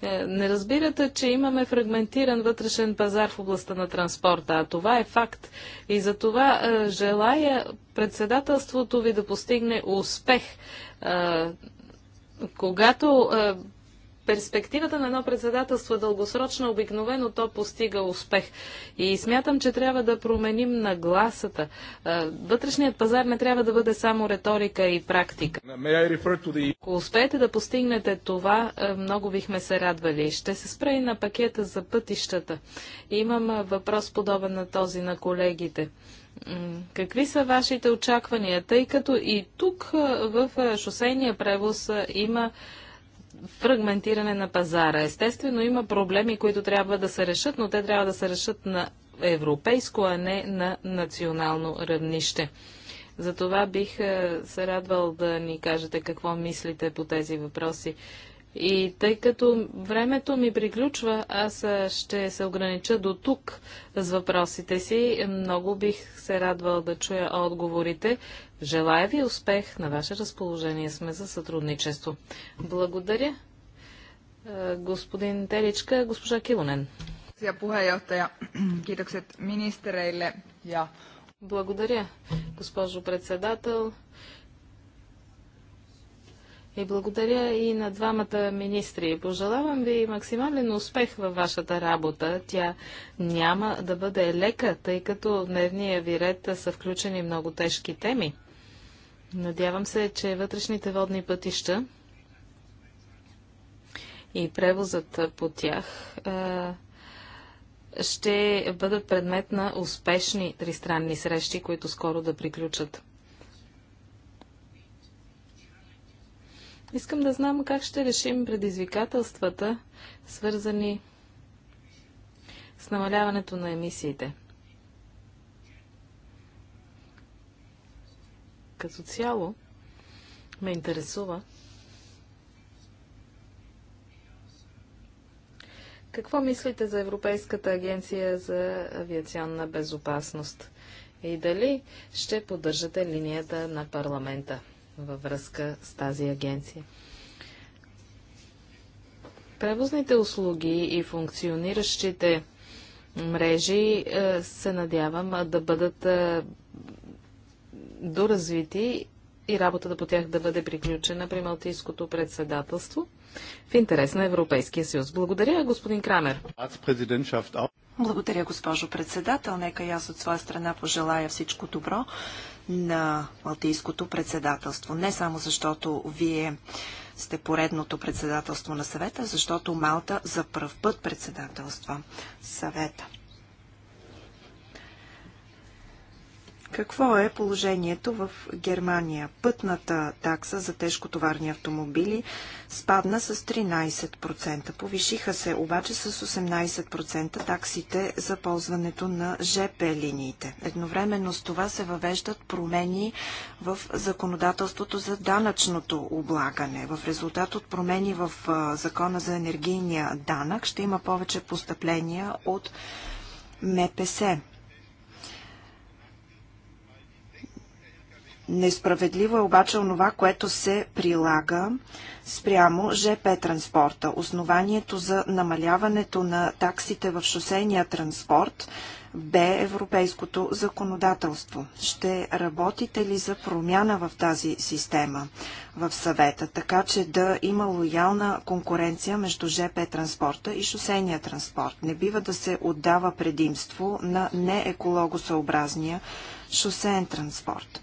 Е, не разбирате, че имаме фрагментиран вътрешен пазар в областта на транспорта, а това е факт. И за това желая председателството ви да постигне успех. когато перспективата на едно председателство е дългосрочна, обикновено то постига успех. И смятам, че трябва да променим нагласата. Вътрешният пазар не трябва да бъде само риторика и практика. The... Ако успеете да постигнете това, много бихме се радвали. Ще се спре и на пакета за пътищата. Имам въпрос подобен на този на колегите. Какви са вашите очаквания, тъй като и тук в шосейния превоз има фрагментиране на пазара. Естествено, има проблеми, които трябва да се решат, но те трябва да се решат на европейско, а не на национално равнище. Затова бих е, се радвал да ни кажете какво мислите по тези въпроси. И тъй като времето ми приключва, аз е, ще се огранича до тук с въпросите си. Много бих се радвал да чуя отговорите. Желая ви успех. На ваше разположение сме за сътрудничество. Благодаря. Е, господин Теличка, госпожа Килонен. Благодаря, госпожо председател. И благодаря и на двамата министри. Пожелавам ви максимален успех във вашата работа. Тя няма да бъде лека, тъй като в дневния ви ред са включени много тежки теми. Надявам се, че вътрешните водни пътища и превозът по тях ще бъдат предмет на успешни тристранни срещи, които скоро да приключат. Искам да знам как ще решим предизвикателствата, свързани с намаляването на емисиите. Като цяло ме интересува какво мислите за Европейската агенция за авиационна безопасност и дали ще поддържате линията на парламента във връзка с тази агенция? Превозните услуги и функциониращите мрежи е, се надявам да бъдат е, доразвити и работата по тях да бъде приключена при Малтийското председателство в интерес на Европейския съюз. Благодаря, господин Крамер. Благодаря, госпожо председател. Нека и аз от своя страна пожелая всичко добро на Малтийското председателство. Не само защото вие сте поредното председателство на съвета, защото Малта за първ път председателства съвета. Какво е положението в Германия? Пътната такса за тежкотоварни автомобили спадна с 13%. Повишиха се обаче с 18% таксите за ползването на ЖП линиите. Едновременно с това се въвеждат промени в законодателството за данъчното облагане. В резултат от промени в закона за енергийния данък ще има повече постъпления от МПС. Несправедливо е обаче онова, което се прилага спрямо ЖП транспорта. Основанието за намаляването на таксите в шосейния транспорт бе европейското законодателство. Ще работите ли за промяна в тази система в съвета, така че да има лоялна конкуренция между ЖП транспорта и шосейния транспорт? Не бива да се отдава предимство на неекологосъобразния шосеен транспорт.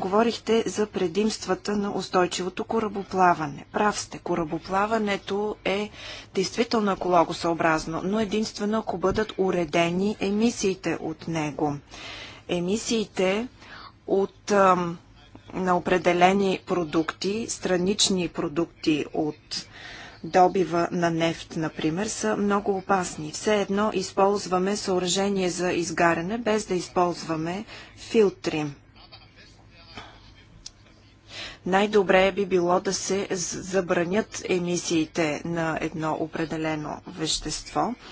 Говорихте за предимствата на устойчивото корабоплаване. Прав сте, корабоплаването е действително екологосъобразно, но единствено ако бъдат уредени емисиите от него. Емисиите от ам, на определени продукти, странични продукти от добива на нефт, например, са много опасни. Все едно използваме съоръжение за изгаряне, без да използваме филтри. Най-добре би било да се забранят емисиите на едно определено вещество –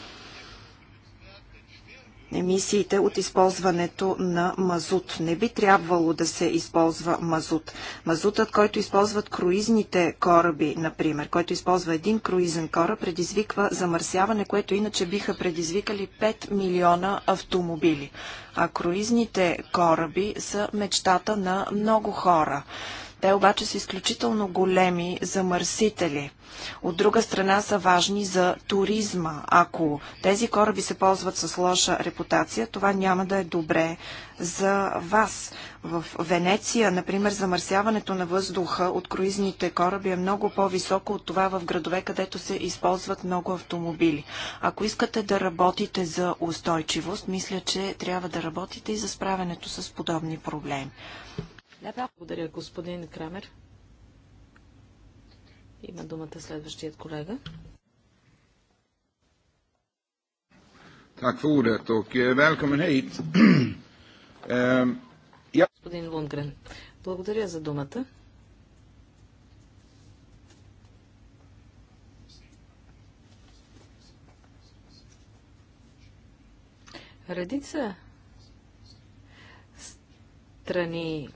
емисиите от използването на мазут. Не би трябвало да се използва мазут. Мазутът, който използват круизните кораби, например, който използва един круизен кораб, предизвиква замърсяване, което иначе биха предизвикали 5 милиона автомобили. А круизните кораби са мечтата на много хора. Те обаче са изключително големи замърсители. От друга страна са важни за туризма. Ако тези кораби се ползват с лоша репутация, това няма да е добре за вас. В Венеция, например, замърсяването на въздуха от круизните кораби е много по-високо от това в градове, където се използват много автомобили. Ако искате да работите за устойчивост, мисля, че трябва да работите и за справянето с подобни проблеми. Благодаря, господин Крамер. Има думата следващият колега. Tack för ordet och eh, ehm, Господин Лунгрен, благодаря за думата. Редица страни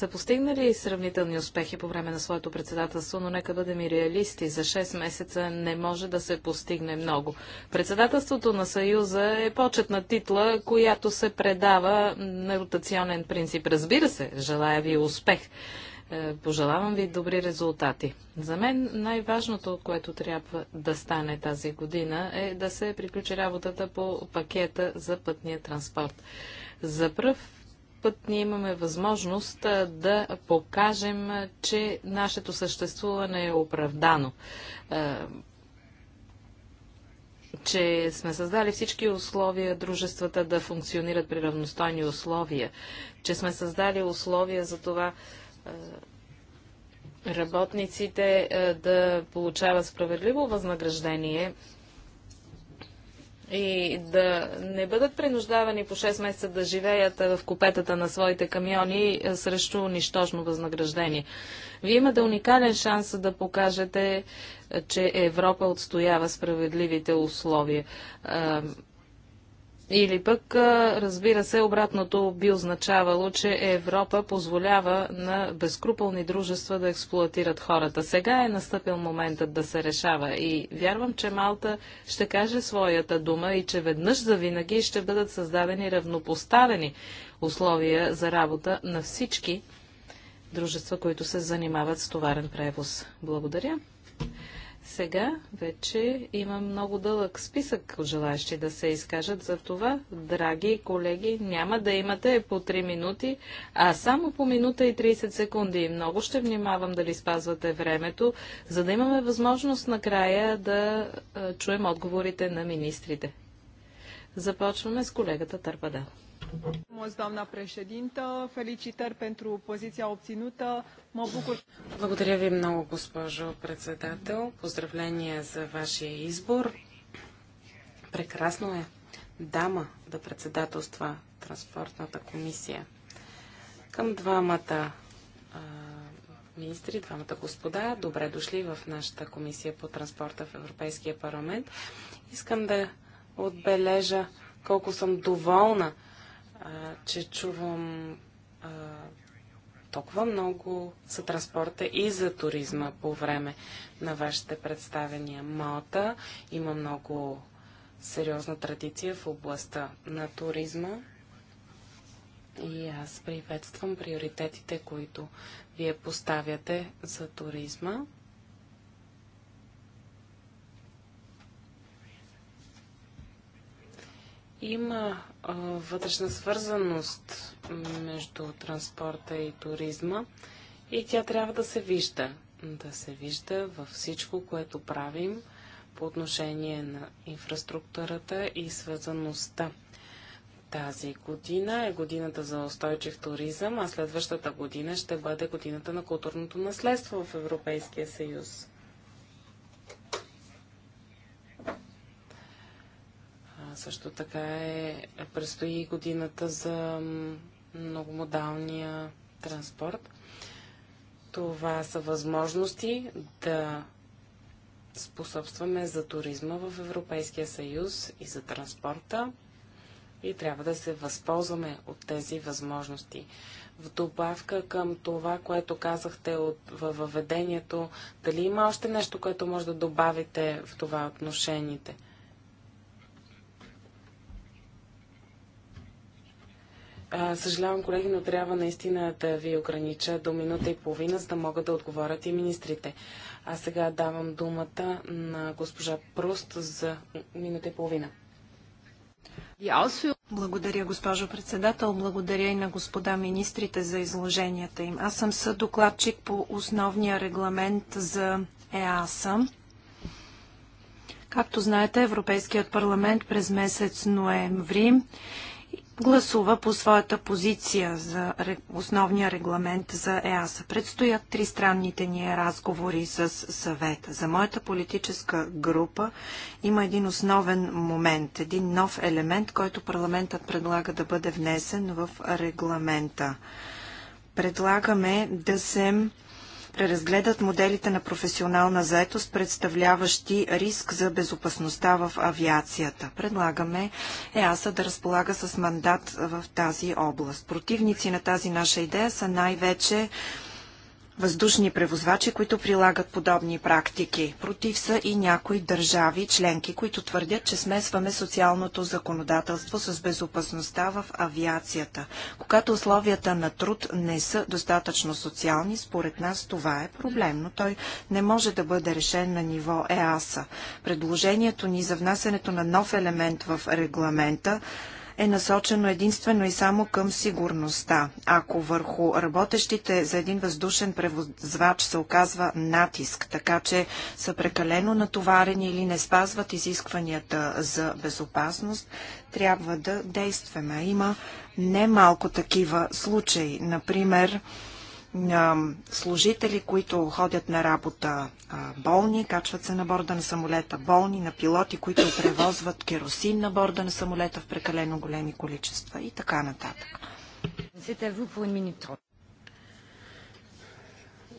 са постигнали сравнителни успехи по време на своето председателство, но нека бъдем и реалисти. За 6 месеца не може да се постигне много. Председателството на Съюза е почетна титла, която се предава на ротационен принцип. Разбира се, желая ви успех. Е, пожелавам ви добри резултати. За мен най-важното, което трябва да стане тази година, е да се приключи работата по пакета за пътния транспорт. За пръв път ние имаме възможност да покажем, че нашето съществуване е оправдано че сме създали всички условия дружествата да функционират при равностойни условия, че сме създали условия за това работниците да получават справедливо възнаграждение и да не бъдат принуждавани по 6 месеца да живеят в купетата на своите камиони е, срещу нищожно възнаграждение. Вие имате уникален шанс да покажете, е, че Европа отстоява справедливите условия. Е, или пък, разбира се, обратното би означавало, че Европа позволява на безкруполни дружества да експлуатират хората. Сега е настъпил моментът да се решава и вярвам, че Малта ще каже своята дума и че веднъж за винаги ще бъдат създадени равнопоставени условия за работа на всички дружества, които се занимават с товарен превоз. Благодаря. Сега вече има много дълъг списък от да се изкажат. За това, драги колеги, няма да имате по 3 минути, а само по минута и 30 секунди. Много ще внимавам дали спазвате времето, за да имаме възможност накрая да чуем отговорите на министрите. Започваме с колегата Тарпадел. Благодаря ви много, госпожо председател. Поздравления за вашия избор. Прекрасно е дама да председателства Транспортната комисия. Към двамата а, министри, двамата господа, добре дошли в нашата комисия по транспорта в Европейския парламент. Искам да отбележа колко съм доволна а, че чувам а, толкова много за транспорта и за туризма по време на вашите представения. Малта има много сериозна традиция в областта на туризма. И аз приветствам приоритетите, които вие поставяте за туризма. Има а, вътрешна свързаност между транспорта и туризма и тя трябва да се вижда. Да се вижда във всичко, което правим по отношение на инфраструктурата и свързаността. Тази година е годината за устойчив туризъм, а следващата година ще бъде годината на културното наследство в Европейския съюз. също така е, е предстои годината за многомодалния транспорт. Това са възможности да способстваме за туризма в Европейския съюз и за транспорта и трябва да се възползваме от тези възможности. В добавка към това, което казахте от, във въведението, дали има още нещо, което може да добавите в това отношените? А, съжалявам, колеги, но трябва наистина да ви огранича до минута и половина, за да могат да отговорят и министрите. А сега давам думата на госпожа Прост за минута и половина. Благодаря, госпожо председател. Благодаря и на господа министрите за изложенията им. Аз съм съдокладчик по основния регламент за ЕАСА. Както знаете, Европейският парламент през месец ноември гласува по своята позиция за основния регламент за ЕАСА. Предстоят тристранните ни разговори с съвета. За моята политическа група има един основен момент, един нов елемент, който парламентът предлага да бъде внесен в регламента. Предлагаме да се преразгледат моделите на професионална заетост, представляващи риск за безопасността в авиацията. Предлагаме ЕАСА да разполага с мандат в тази област. Противници на тази наша идея са най-вече въздушни превозвачи, които прилагат подобни практики. Против са и някои държави членки, които твърдят, че смесваме социалното законодателство с безопасността в авиацията. Когато условията на труд не са достатъчно социални, според нас това е проблем, но той не може да бъде решен на ниво ЕАСА. Предложението ни за внасянето на нов елемент в регламента е насочено единствено и само към сигурността. Ако върху работещите за един въздушен превозвач се оказва натиск, така че са прекалено натоварени или не спазват изискванията за безопасност, трябва да действаме. Има немалко такива случаи. Например, служители, които ходят на работа болни, качват се на борда на самолета болни, на пилоти, които превозват керосин на борда на самолета в прекалено големи количества и така нататък.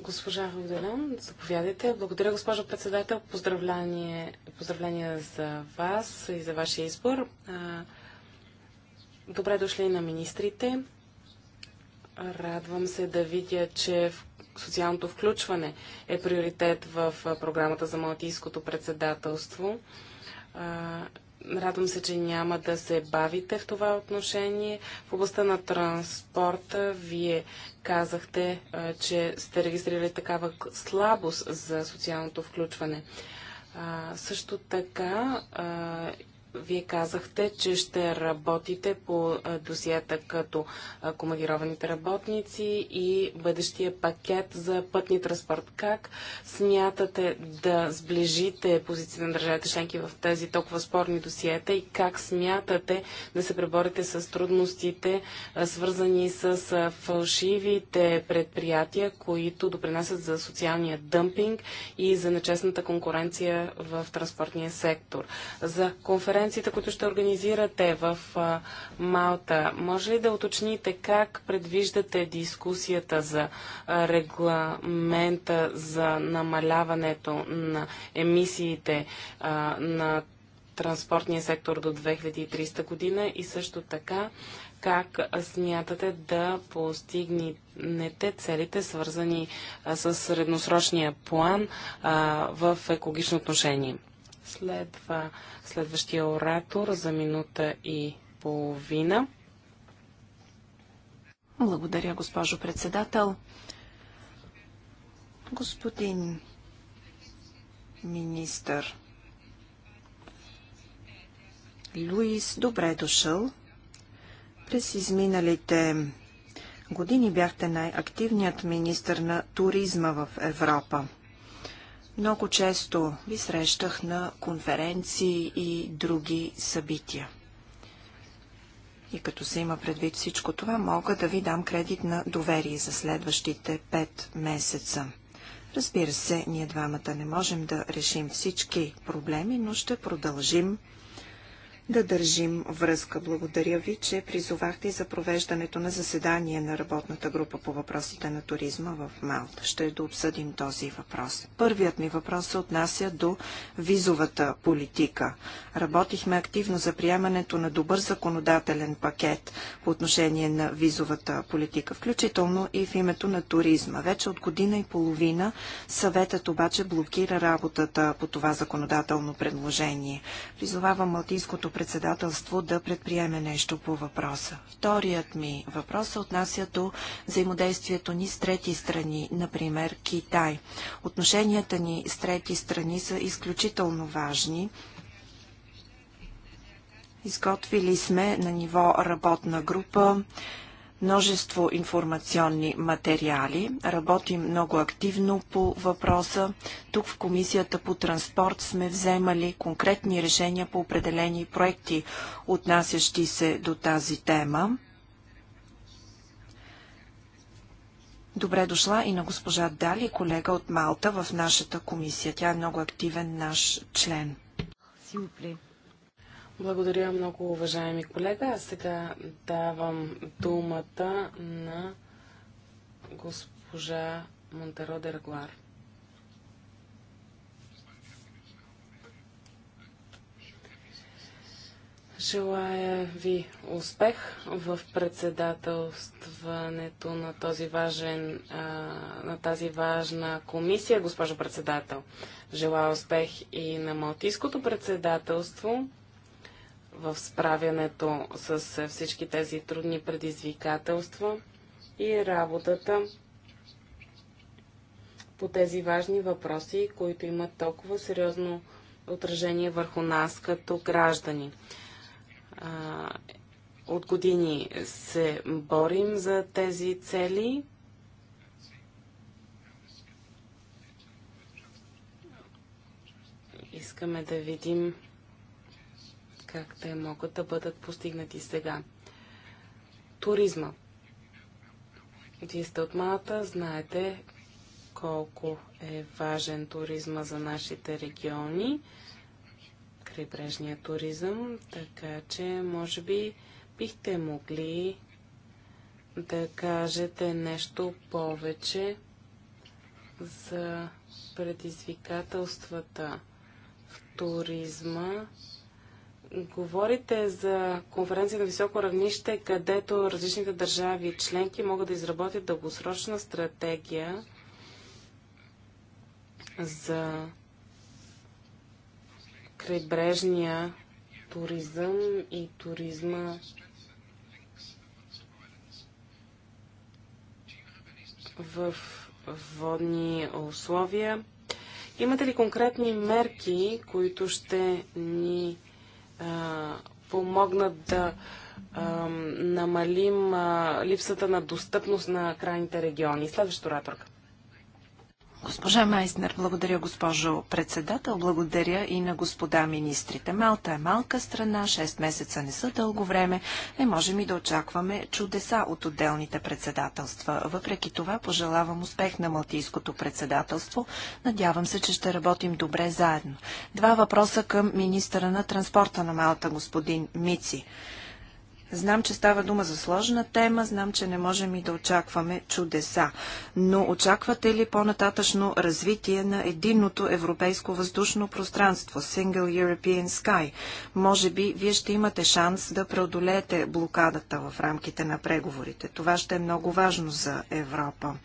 Госпожа Вагдалян, заповядайте. Благодаря, госпожо председател. Поздравление, поздравления за вас и за вашия избор. Добре дошли на министрите. Радвам се да видя, че социалното включване е приоритет в програмата за Малтийското председателство. Радвам се, че няма да се бавите в това отношение. В областта на транспорта вие казахте, че сте регистрирали такава слабост за социалното включване. също така вие казахте, че ще работите по досията като командированите работници и бъдещия пакет за пътни транспорт. Как смятате да сближите позициите на държавите членки в тези толкова спорни досиета и как смятате да се преборите с трудностите, свързани с фалшивите предприятия, които допринасят за социалния дъмпинг и за нечестната конкуренция в транспортния сектор? За конференция конференцията, които ще организирате в Малта. Може ли да уточните как предвиждате дискусията за регламента за намаляването на емисиите на транспортния сектор до 2300 година и също така как смятате да постигнете целите, свързани с средносрочния план в екологично отношение? Следва следващия оратор за минута и половина. Благодаря, госпожо председател. Господин министър Луис, добре е дошъл. През изминалите години бяхте най-активният министр на туризма в Европа. Много често ви срещах на конференции и други събития. И като се има предвид всичко това, мога да ви дам кредит на доверие за следващите 5 месеца. Разбира се, ние двамата не можем да решим всички проблеми, но ще продължим да държим връзка. Благодаря ви, че призовахте и за провеждането на заседание на работната група по въпросите на туризма в Малта. Ще да обсъдим този въпрос. Първият ми въпрос се отнася до визовата политика. Работихме активно за приемането на добър законодателен пакет по отношение на визовата политика, включително и в името на туризма. Вече от година и половина съветът обаче блокира работата по това законодателно предложение. Призовавам Малтийското председателство да предприеме нещо по въпроса. Вторият ми въпрос се отнася до взаимодействието ни с трети страни, например Китай. Отношенията ни с трети страни са изключително важни. Изготвили сме на ниво работна група множество информационни материали. Работим много активно по въпроса. Тук в Комисията по транспорт сме вземали конкретни решения по определени проекти, отнасящи се до тази тема. Добре дошла и на госпожа Дали, колега от Малта в нашата комисия. Тя е много активен наш член. Сиупле. Благодаря много, уважаеми колега. А сега давам думата на госпожа Монтеро Дерглар. Желая ви успех в председателстването на, този важен, на тази важна комисия, госпожо председател. Желая успех и на Малтийското председателство в справянето с е, всички тези трудни предизвикателства и работата по тези важни въпроси, които имат толкова сериозно отражение върху нас като граждани. От години се борим за тези цели. Искаме да видим как те могат да бъдат постигнати сега. Туризма. Вие сте от малата, знаете колко е важен туризма за нашите региони, крайбрежния туризъм, така че може би бихте могли да кажете нещо повече за предизвикателствата в туризма говорите за конференция на високо равнище, където различните държави и членки могат да изработят дългосрочна стратегия за крайбрежния туризъм и туризма в водни условия. Имате ли конкретни мерки, които ще ни помогнат да намалим липсата на достъпност на крайните региони. Следващата ораторка. Госпожа Майснер, благодаря госпожо председател, благодаря и на господа министрите. Малта е малка страна, 6 месеца не са дълго време, не можем и да очакваме чудеса от отделните председателства. Въпреки това пожелавам успех на Малтийското председателство. Надявам се, че ще работим добре заедно. Два въпроса към министра на транспорта на Малта, господин Мици. Знам, че става дума за сложна тема, знам, че не можем и да очакваме чудеса. Но очаквате ли по-нататъчно развитие на единното европейско въздушно пространство, Single European Sky? Може би вие ще имате шанс да преодолеете блокадата в рамките на преговорите. Това ще е много важно за Европа.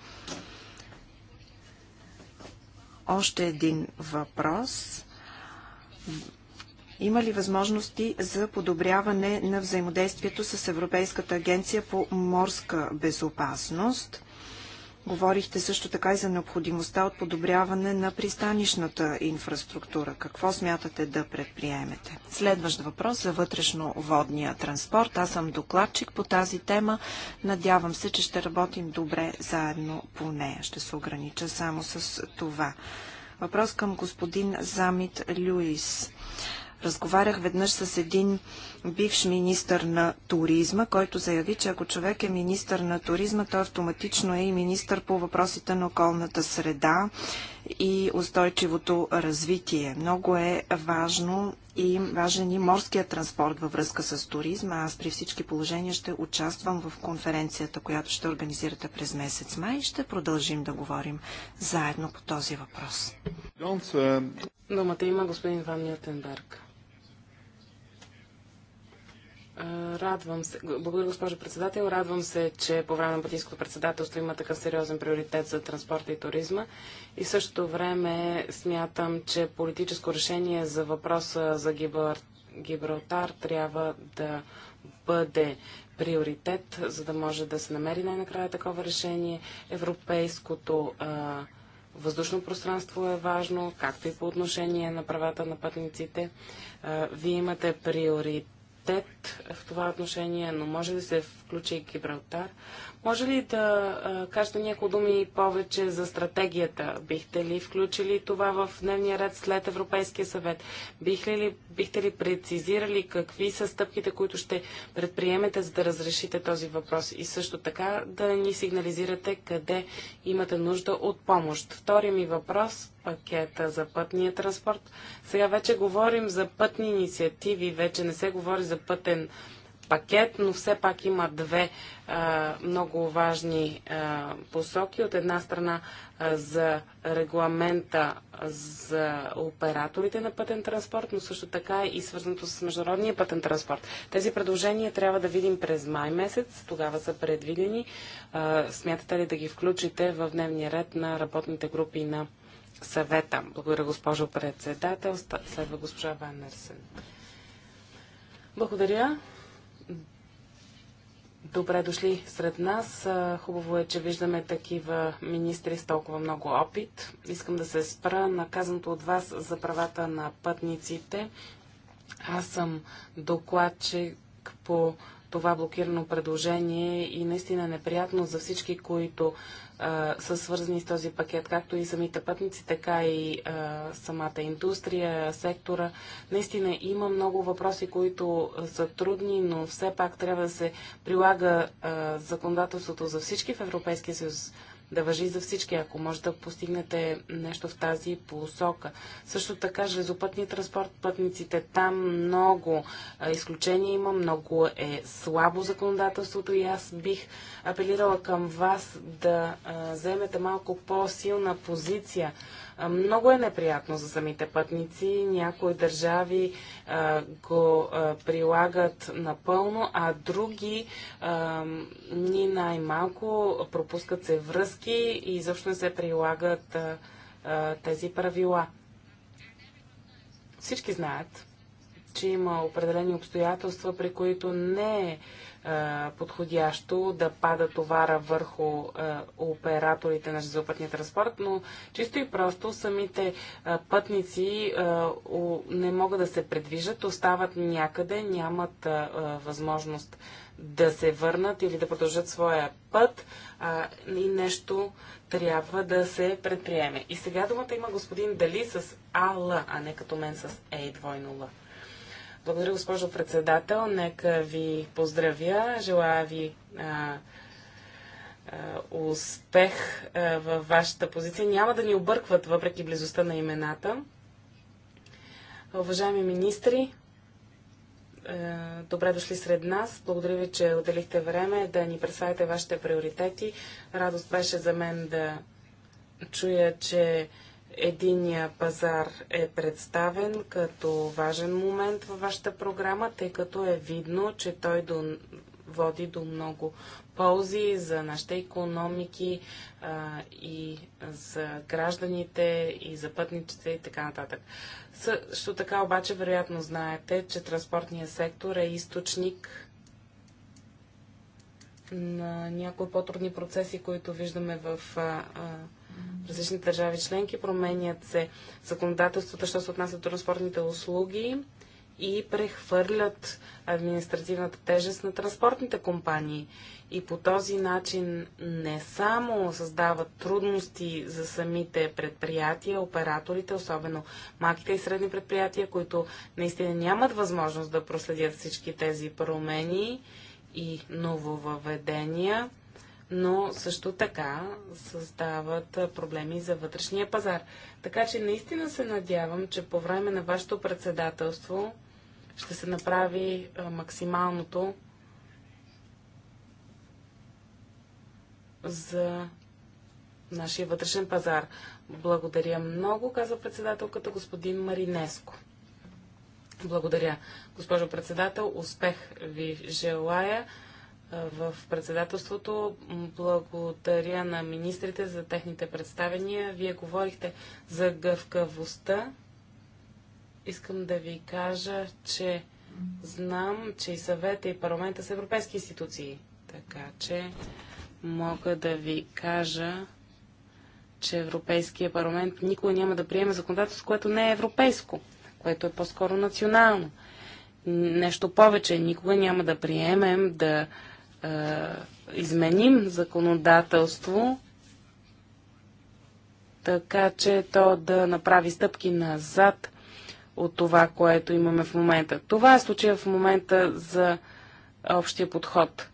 Още един въпрос има ли възможности за подобряване на взаимодействието с Европейската агенция по морска безопасност? Говорихте също така и за необходимостта от подобряване на пристанищната инфраструктура. Какво смятате да предприемете? Следващ въпрос за вътрешно-водния транспорт. Аз съм докладчик по тази тема. Надявам се, че ще работим добре заедно по нея. Ще се огранича само с това. Въпрос към господин Замит Люис. Разговарях веднъж с един бивш министър на туризма, който заяви, че ако човек е министър на туризма, той автоматично е и министър по въпросите на околната среда, и устойчивото развитие. Много е важно и важен и морския транспорт във връзка с туризма. Аз при всички положения ще участвам в конференцията, която ще организирате през месец май и ще продължим да говорим заедно по този въпрос. Uh, Думата има господин Ван Нютенберг. Радвам се. Благодаря, госпожо председател. Радвам се, че по време на батинското председателство има такъв сериозен приоритет за транспорта и туризма. И в същото време смятам, че политическо решение за въпроса за Гибралтар трябва да бъде приоритет, за да може да се намери най-накрая такова решение. Европейското а, въздушно пространство е важно, както и по отношение на правата на пътниците. А, вие имате приоритет приоритет в това отношение, но може да се включи и Гибралтар. Може ли да кажете няколко думи повече за стратегията? Бихте ли включили това в дневния ред след Европейския съвет? Бихте ли, бихте ли прецизирали какви са стъпките, които ще предприемете, за да разрешите този въпрос? И също така да ни сигнализирате къде имате нужда от помощ. Втори ми въпрос пакета за пътния транспорт. Сега вече говорим за пътни инициативи, вече не се говори за пътен транспорт пакет, но все пак има две а, много важни а, посоки. От една страна а, за регламента за операторите на пътен транспорт, но също така и свързаното с международния пътен транспорт. Тези предложения трябва да видим през май месец, тогава са предвидени. А, смятате ли да ги включите в дневния ред на работните групи на съвета? Благодаря, госпожо председател. Следва госпожа Ванерсен. Благодаря. Добре дошли сред нас. Хубаво е, че виждаме такива министри с толкова много опит. Искам да се спра на казаното от вас за правата на пътниците. Аз съм докладчик по това блокирано предложение и наистина е неприятно за всички, които са свързани с този пакет, както и самите пътници, така и а, самата индустрия, сектора. Наистина има много въпроси, които са трудни, но все пак трябва да се прилага а, законодателството за всички в Европейския съюз да въжи за всички, ако може да постигнете нещо в тази посока. Също така, железопътният транспорт, пътниците там много изключения има, много е слабо законодателството и аз бих апелирала към вас да вземете малко по-силна позиция много е неприятно за самите пътници. Някои държави а, го а, прилагат напълно, а други а, ни най-малко пропускат се връзки и изобщо не се прилагат тези правила. Всички знаят, че има определени обстоятелства, при които не е е, подходящо да пада товара върху е, операторите на железопътния транспорт, но чисто и просто самите е, пътници не могат да се предвижат, остават някъде, нямат възможност да се върнат или да продължат своя път а, и нещо трябва да се предприеме. И сега думата има господин Дали с АЛ, а не като мен с Е двойно Л. Благодаря, госпожо председател. Нека ви поздравя. Желая ви а, успех във вашата позиция. Няма да ни объркват, въпреки близостта на имената. Уважаеми министри, добре дошли сред нас. Благодаря ви, че отделихте време да ни представите вашите приоритети. Радост беше за мен да чуя, че Единия пазар е представен като важен момент във вашата програма, тъй като е видно, че той до, води до много ползи за нашите економики а, и за гражданите и за пътниците и така нататък. Също така обаче вероятно знаете, че транспортният сектор е източник на някои по-трудни процеси, които виждаме в а, а, различните държави членки, променят се законодателствата, що се отнася до транспортните услуги и прехвърлят административната тежест на транспортните компании. И по този начин не само създават трудности за самите предприятия, операторите, особено малките и средни предприятия, които наистина нямат възможност да проследят всички тези промени и нововъведения, но също така създават проблеми за вътрешния пазар. Така че наистина се надявам, че по време на вашето председателство ще се направи максималното за нашия вътрешен пазар. Благодаря много, каза председателката господин Маринеско. Благодаря, госпожо председател. Успех ви желая в председателството. Благодаря на министрите за техните представения. Вие говорихте за гъвкавостта. Искам да ви кажа, че знам, че и съвета и парламента са европейски институции. Така че мога да ви кажа, че Европейския парламент никога няма да приеме законодателство, което не е европейско, което е по-скоро национално. Нещо повече, никога няма да приемем да е, изменим законодателство, така че то да направи стъпки назад от това, което имаме в момента. Това е случая в момента за общия подход.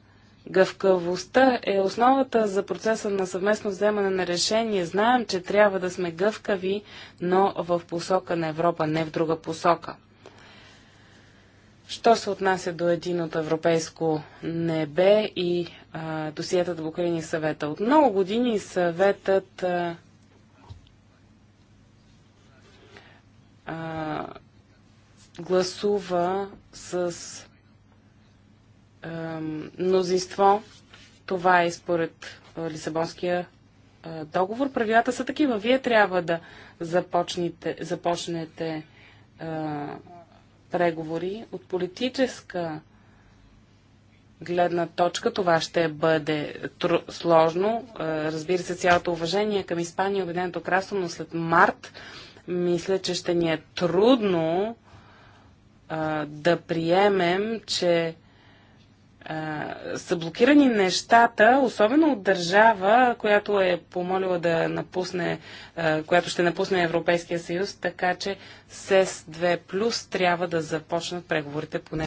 Гъвкавостта е основата за процеса на съвместно вземане на решение. Знаем, че трябва да сме гъвкави, но в посока на Европа, не в друга посока. Що се отнася до един от европейско небе и а, в Украина и съвета? От много години съветът а, а, гласува с а, мнозинство. Това е според Лисабонския договор. Правилата са такива. Вие трябва да започнете, започнете а, преговори. От политическа гледна точка това ще бъде сложно. Разбира се, цялото уважение към Испания и Обединеното кралство, но след март мисля, че ще ни е трудно а, да приемем, че а, са блокирани нещата, особено от държава, която е помолила да напусне, а, която ще напусне Европейския съюз, така че СЕС 2 плюс трябва да започнат преговорите поне.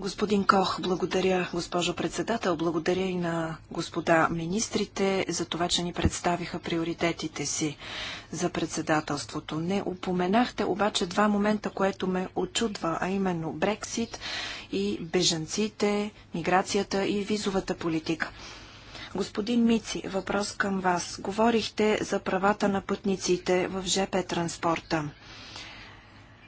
Господин Кох, благодаря, госпожо председател. Благодаря и на господа министрите за това, че ни представиха приоритетите си за председателството. Не упоменахте обаче два момента, което ме очудва, а именно Брексит и беженците, миграцията и визовата политика. Господин Мици, въпрос към вас. Говорихте за правата на пътниците в ЖП транспорта.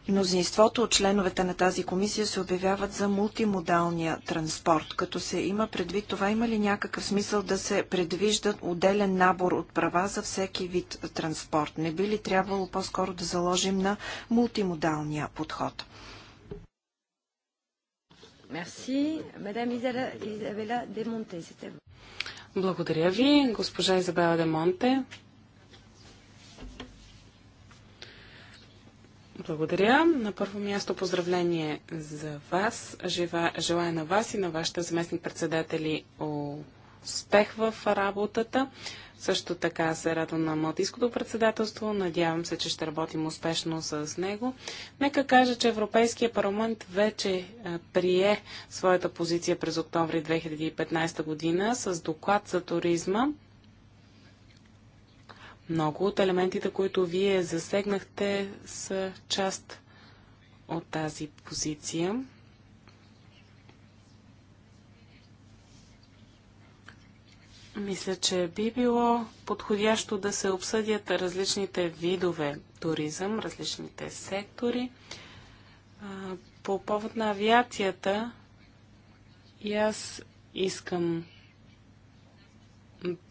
Мнозинството от членовете на тази комисия се обявяват за мултимодалния транспорт. Като се има предвид това, има ли някакъв смисъл да се предвижда отделен набор от права за всеки вид транспорт? Не би ли трябвало по-скоро да заложим на мултимодалния подход? Мерси. Мадам Изабела Демонте, Благодаря ви, госпожа Изабела Демонте. Благодаря. На първо място поздравление за вас. Жива, желая на вас и на вашите заместник-председатели успех в работата. Също така се радвам на Малтийското председателство. Надявам се, че ще работим успешно с него. Нека кажа, че Европейския парламент вече е, прие своята позиция през октомври 2015 година с доклад за туризма много от елементите, които вие засегнахте, са част от тази позиция. Мисля, че би било подходящо да се обсъдят различните видове туризъм, различните сектори. По повод на авиацията и аз искам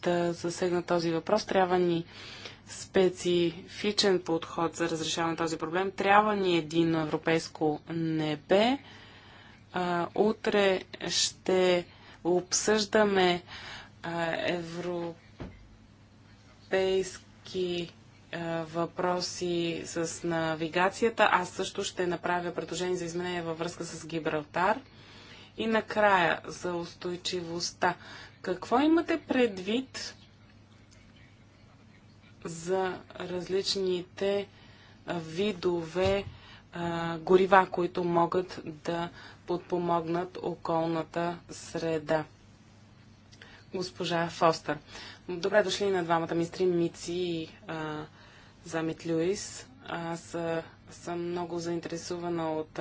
да засегна този въпрос. Трябва ни специфичен подход за разрешаване на този проблем. Трябва ни един европейско небе. А, утре ще обсъждаме а, европейски а, въпроси с навигацията. Аз също ще направя предложение за изменение във връзка с Гибралтар. И накрая за устойчивостта. Какво имате предвид за различните видове а, горива, които могат да подпомогнат околната среда? Госпожа Фостер, Добре дошли на двамата мистри Мици и а, Замит Люис. Аз а, съм много заинтересувана от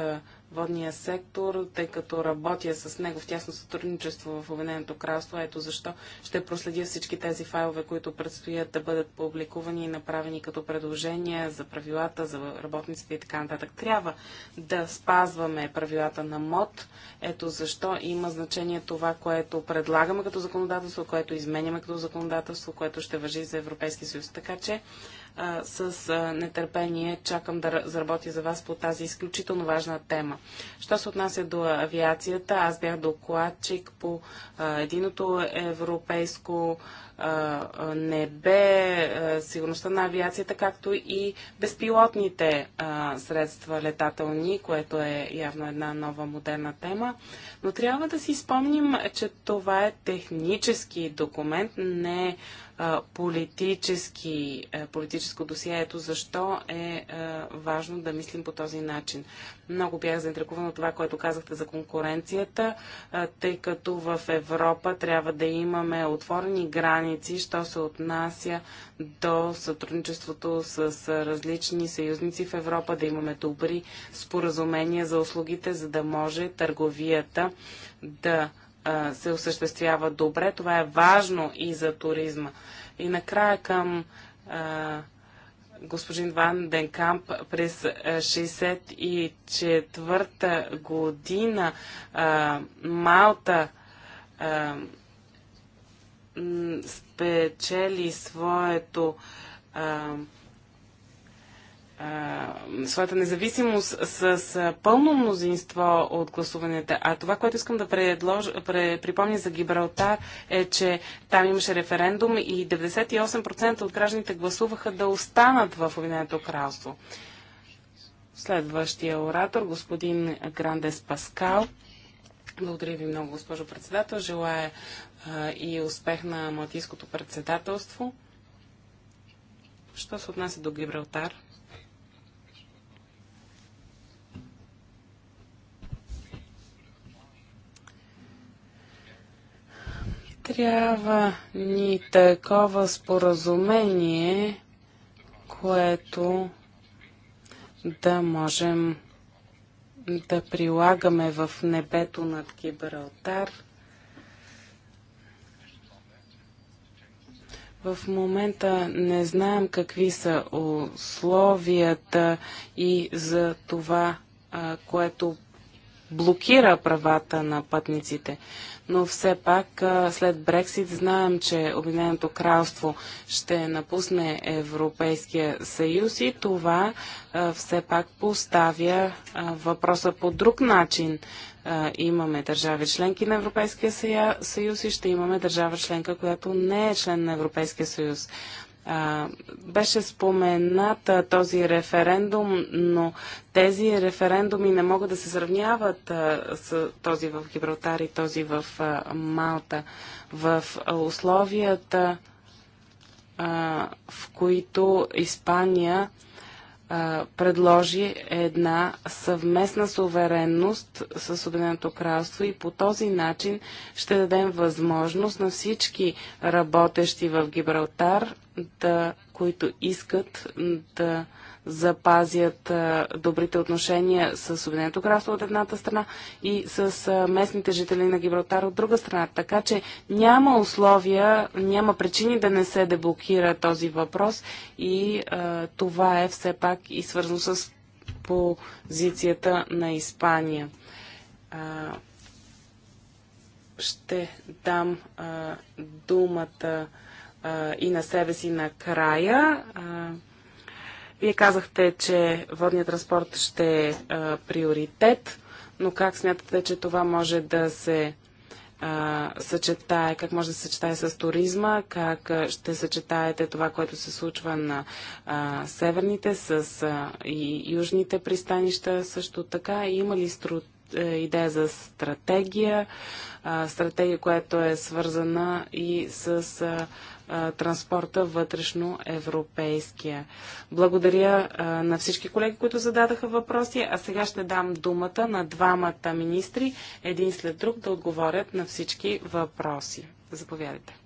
водния сектор, тъй като работя с него в тясно сътрудничество в Обединеното кралство. Ето защо ще проследя всички тези файлове, които предстоят да бъдат публикувани и направени като предложения за правилата, за работниците и така нататък. Трябва да спазваме правилата на МОД. Ето защо има значение това, което предлагаме като законодателство, което изменяме като законодателство, което ще въжи за Европейския съюз. Така че с а, нетърпение чакам да заработя за вас по тази изключително важна тема. Що се отнася до авиацията, аз бях докладчик по а, единото европейско небе, сигурността на авиацията, както и безпилотните средства летателни, което е явно една нова модерна тема. Но трябва да си спомним, че това е технически документ, не е политически, политическо досие. Ето защо е важно да мислим по този начин. Много бях заинтригувана от това, което казахте за конкуренцията, тъй като в Европа трябва да имаме отворени граници, що се отнася до сътрудничеството с различни съюзници в Европа, да имаме добри споразумения за услугите, за да може търговията да се осъществява добре. Това е важно и за туризма. И накрая към а, господин Ван Денкамп през 64-та година а, Малта а, спечели своето а, своята независимост с, с пълно мнозинство от гласуванията. А това, което искам да предлож, пре, припомня за Гибралтар е, че там имаше референдум и 98% от гражданите гласуваха да останат в Обединеното кралство. Следващия оратор, господин Грандес Паскал. Благодаря ви много, госпожо председател. Желая а, и успех на Малтийското председателство. Що се отнася до Гибралтар? Трябва ни такова споразумение, което да можем да прилагаме в небето над Гибралтар. В момента не знаем какви са условията и за това, което блокира правата на пътниците но все пак след Брексит знаем, че Обединеното кралство ще напусне Европейския съюз и това все пак поставя въпроса по друг начин имаме държави членки на Европейския съюз и ще имаме държава членка, която не е член на Европейския съюз. А, беше споменат а, този референдум, но тези референдуми не могат да се сравняват а, с този в Гибралтар и този в Малта. В условията, в които Испания предложи една съвместна суверенност с Обединеното кралство и по този начин ще дадем възможност на всички работещи в Гибралтар, да, които искат да запазят добрите отношения с Обединеното кралство от едната страна и с местните жители на Гибралтар от друга страна. Така че няма условия, няма причини да не се деблокира този въпрос и а, това е все пак и свързано с позицията на Испания. А, ще дам а, думата а, и на себе си края. А, вие казахте, че водният транспорт ще е приоритет, но как смятате, че това може да се е, съчетае, как може да се съчетае с туризма, как е, ще съчетаете това, което се случва на а, северните с а, и южните пристанища също така? Има ли стру, а, е, идея за стратегия, а, стратегия, която е свързана и с. А, транспорта вътрешно европейския. Благодаря а, на всички колеги, които зададаха въпроси, а сега ще дам думата на двамата министри, един след друг, да отговорят на всички въпроси. Заповядайте.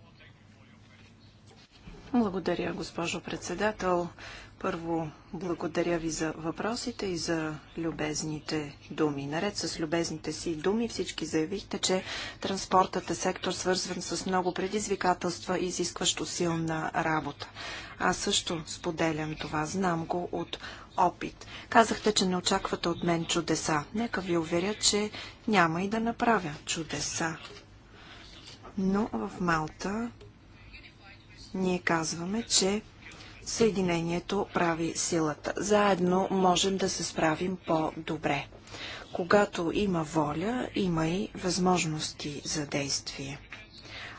Благодаря, госпожо председател. Първо, благодаря ви за въпросите и за любезните думи. Наред с любезните си думи всички заявихте, че транспортът е сектор свързван с много предизвикателства и изискващо силна работа. Аз също споделям това, знам го от опит. Казахте, че не очаквате от мен чудеса. Нека ви уверя, че няма и да направя чудеса. Но в Малта ние казваме, че Съединението прави силата. Заедно можем да се справим по-добре. Когато има воля, има и възможности за действие.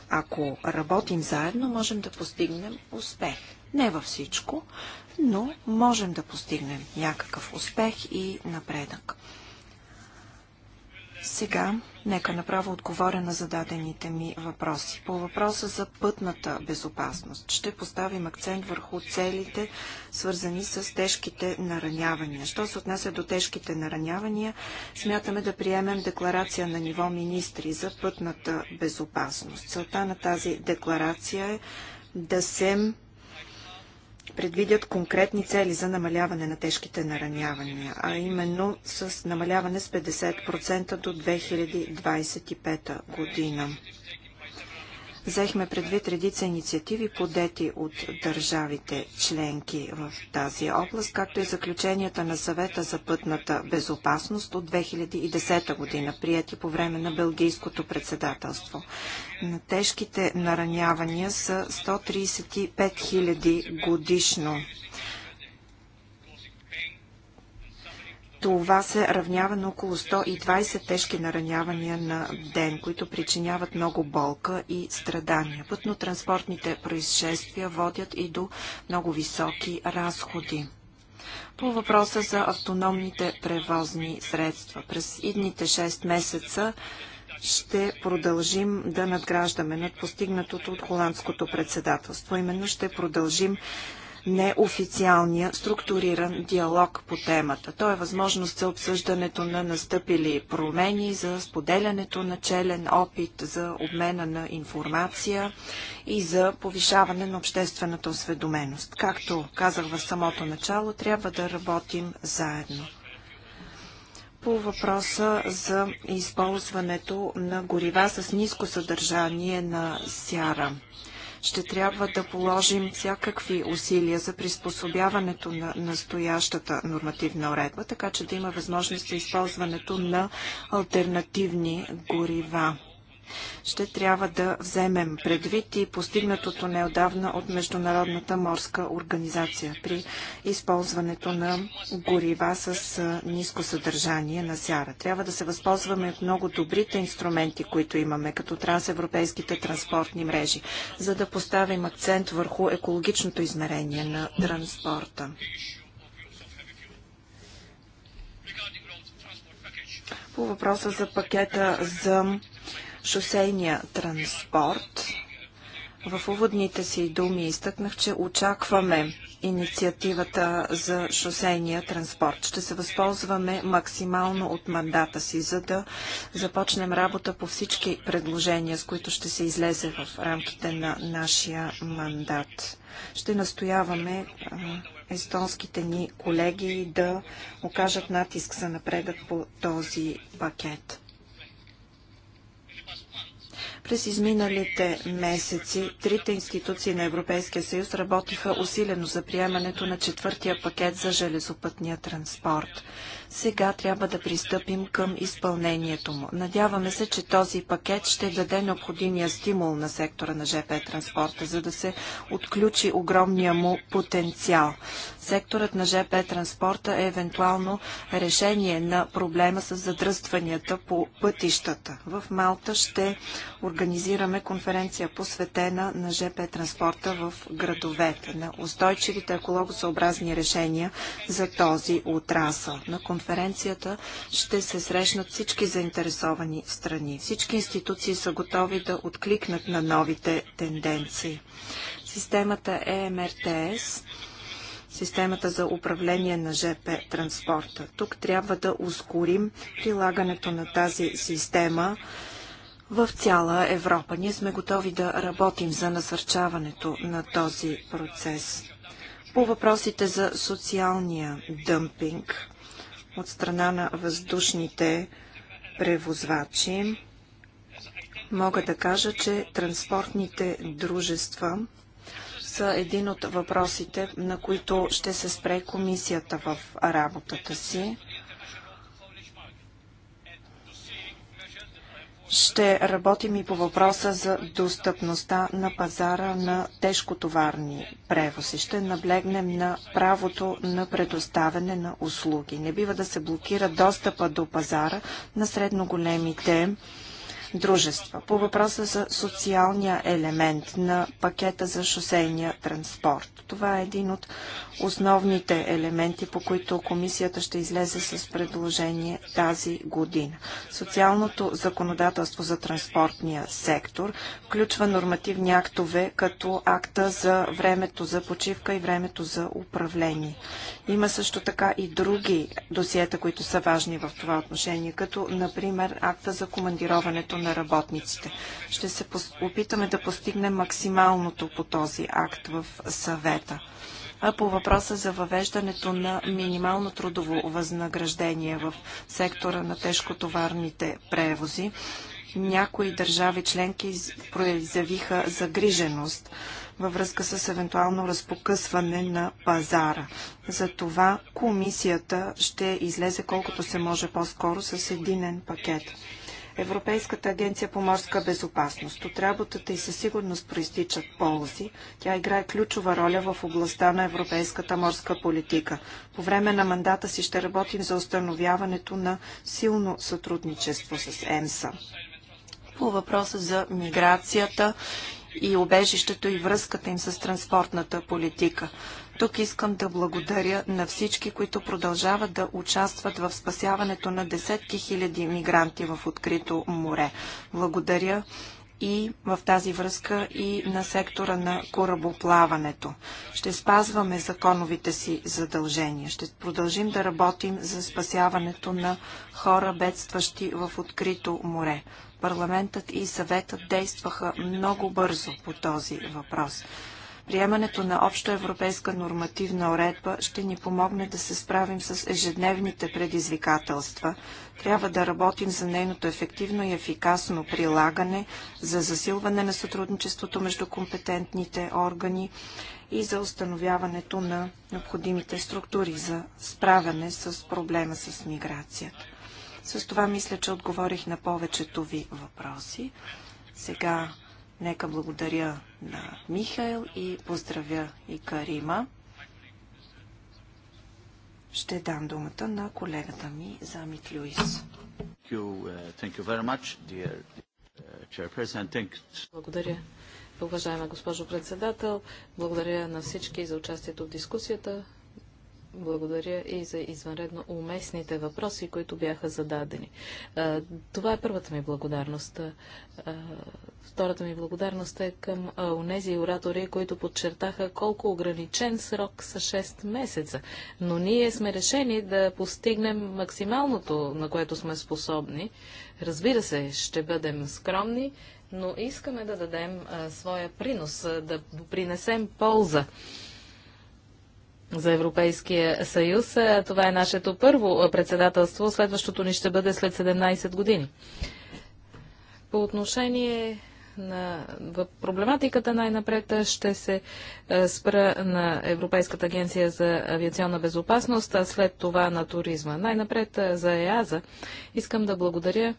Ако работим заедно, можем да постигнем успех. Не във всичко, но можем да постигнем някакъв успех и напредък. Сега Нека направо отговоря на зададените ми въпроси. По въпроса за пътната безопасност ще поставим акцент върху целите, свързани с тежките наранявания. Що се отнася до тежките наранявания, смятаме да приемем декларация на ниво министри за пътната безопасност. Целта на тази декларация е да се предвидят конкретни цели за намаляване на тежките наранявания, а именно с намаляване с 50% до 2025 година. Взехме предвид редица инициативи, подети от държавите членки в тази област, както и заключенията на съвета за пътната безопасност от 2010 година, прияти по време на Белгийското председателство на тежките наранявания са 135 000 годишно. Това се равнява на около 120 тежки наранявания на ден, които причиняват много болка и страдания. Пътно-транспортните происшествия водят и до много високи разходи. По въпроса за автономните превозни средства. През идните 6 месеца ще продължим да надграждаме над постигнатото от холандското председателство. Именно ще продължим неофициалния структуриран диалог по темата. То е възможност за обсъждането на настъпили промени, за споделянето на челен опит, за обмена на информация и за повишаване на обществената осведоменост. Както казах в самото начало, трябва да работим заедно по въпроса за използването на горива с ниско съдържание на сяра. Ще трябва да положим всякакви усилия за приспособяването на настоящата нормативна уредба, така че да има възможност за използването на альтернативни горива ще трябва да вземем предвид и постигнатото неодавна от Международната морска организация при използването на горива с ниско съдържание на сяра. Трябва да се възползваме от много добрите инструменти, които имаме, като трансевропейските транспортни мрежи, за да поставим акцент върху екологичното измерение на транспорта. по въпроса за пакета за шосейния транспорт. В уводните си думи изтъкнах, че очакваме инициативата за шосейния транспорт. Ще се възползваме максимално от мандата си, за да започнем работа по всички предложения, с които ще се излезе в рамките на нашия мандат. Ще настояваме естонските ни колеги да окажат натиск за напредък по този пакет. През изминалите месеци трите институции на Европейския съюз работиха усилено за приемането на четвъртия пакет за железопътния транспорт. Сега трябва да пристъпим към изпълнението му. Надяваме се, че този пакет ще даде необходимия стимул на сектора на ЖП транспорта, за да се отключи огромния му потенциал. Секторът на ЖП транспорта е евентуално решение на проблема с задръстванията по пътищата. В Малта ще организираме конференция посветена на ЖП транспорта в градовете, на устойчивите екологосъобразни решения за този отрасъл. На конференцията ще се срещнат всички заинтересовани страни. Всички институции са готови да откликнат на новите тенденции. Системата EMRTS системата за управление на ЖП транспорта. Тук трябва да ускорим прилагането на тази система в цяла Европа. Ние сме готови да работим за насърчаването на този процес. По въпросите за социалния дъмпинг от страна на въздушните превозвачи, мога да кажа, че транспортните дружества са един от въпросите, на които ще се спре комисията в работата си. Ще работим и по въпроса за достъпността на пазара на тежкотоварни превози. Ще наблегнем на правото на предоставяне на услуги. Не бива да се блокира достъпа до пазара на средно големите дружества. По въпроса за социалния елемент на пакета за шосейния транспорт. Това е един от основните елементи, по които комисията ще излезе с предложение тази година. Социалното законодателство за транспортния сектор включва нормативни актове като акта за времето за почивка и времето за управление. Има също така и други досиета, които са важни в това отношение, като например акта за командироването на работниците. Ще се опитаме да постигнем максималното по този акт в съвета. А по въпроса за въвеждането на минимално трудово възнаграждение в сектора на тежкотоварните превози, някои държави членки проявиха загриженост във връзка с евентуално разпокъсване на пазара. Затова комисията ще излезе колкото се може по-скоро с единен пакет. Европейската агенция по морска безопасност. От работата и със сигурност проистичат ползи. Тя играе ключова роля в областта на европейската морска политика. По време на мандата си ще работим за установяването на силно сътрудничество с ЕМСА. По въпроса за миграцията и обежището и връзката им с транспортната политика. Тук искам да благодаря на всички, които продължават да участват в спасяването на десетки хиляди мигранти в открито море. Благодаря и в тази връзка и на сектора на корабоплаването. Ще спазваме законовите си задължения. Ще продължим да работим за спасяването на хора, бедстващи в открито море парламентът и съветът действаха много бързо по този въпрос. Приемането на общо европейска нормативна уредба ще ни помогне да се справим с ежедневните предизвикателства. Трябва да работим за нейното ефективно и ефикасно прилагане, за засилване на сътрудничеството между компетентните органи и за установяването на необходимите структури за справяне с проблема с миграцията. С това мисля, че отговорих на повечето ви въпроси. Сега нека благодаря на Михаил и поздравя и Карима. Ще дам думата на колегата ми Замит Люис. Uh, uh, благодаря. Уважаема госпожо председател, благодаря на всички за участието в дискусията. Благодаря и за извънредно уместните въпроси, които бяха зададени. Това е първата ми благодарност. Втората ми благодарност е към онези оратори, които подчертаха колко ограничен срок са 6 месеца. Но ние сме решени да постигнем максималното, на което сме способни. Разбира се, ще бъдем скромни, но искаме да дадем своя принос, да принесем полза за Европейския съюз. Е, това е нашето първо е, председателство. Следващото ни ще бъде след 17 години. По отношение на проблематиката най-напред е, ще се спра на Европейската агенция за авиационна безопасност, а след това на туризма. Най-напред за ЕАЗа искам да благодаря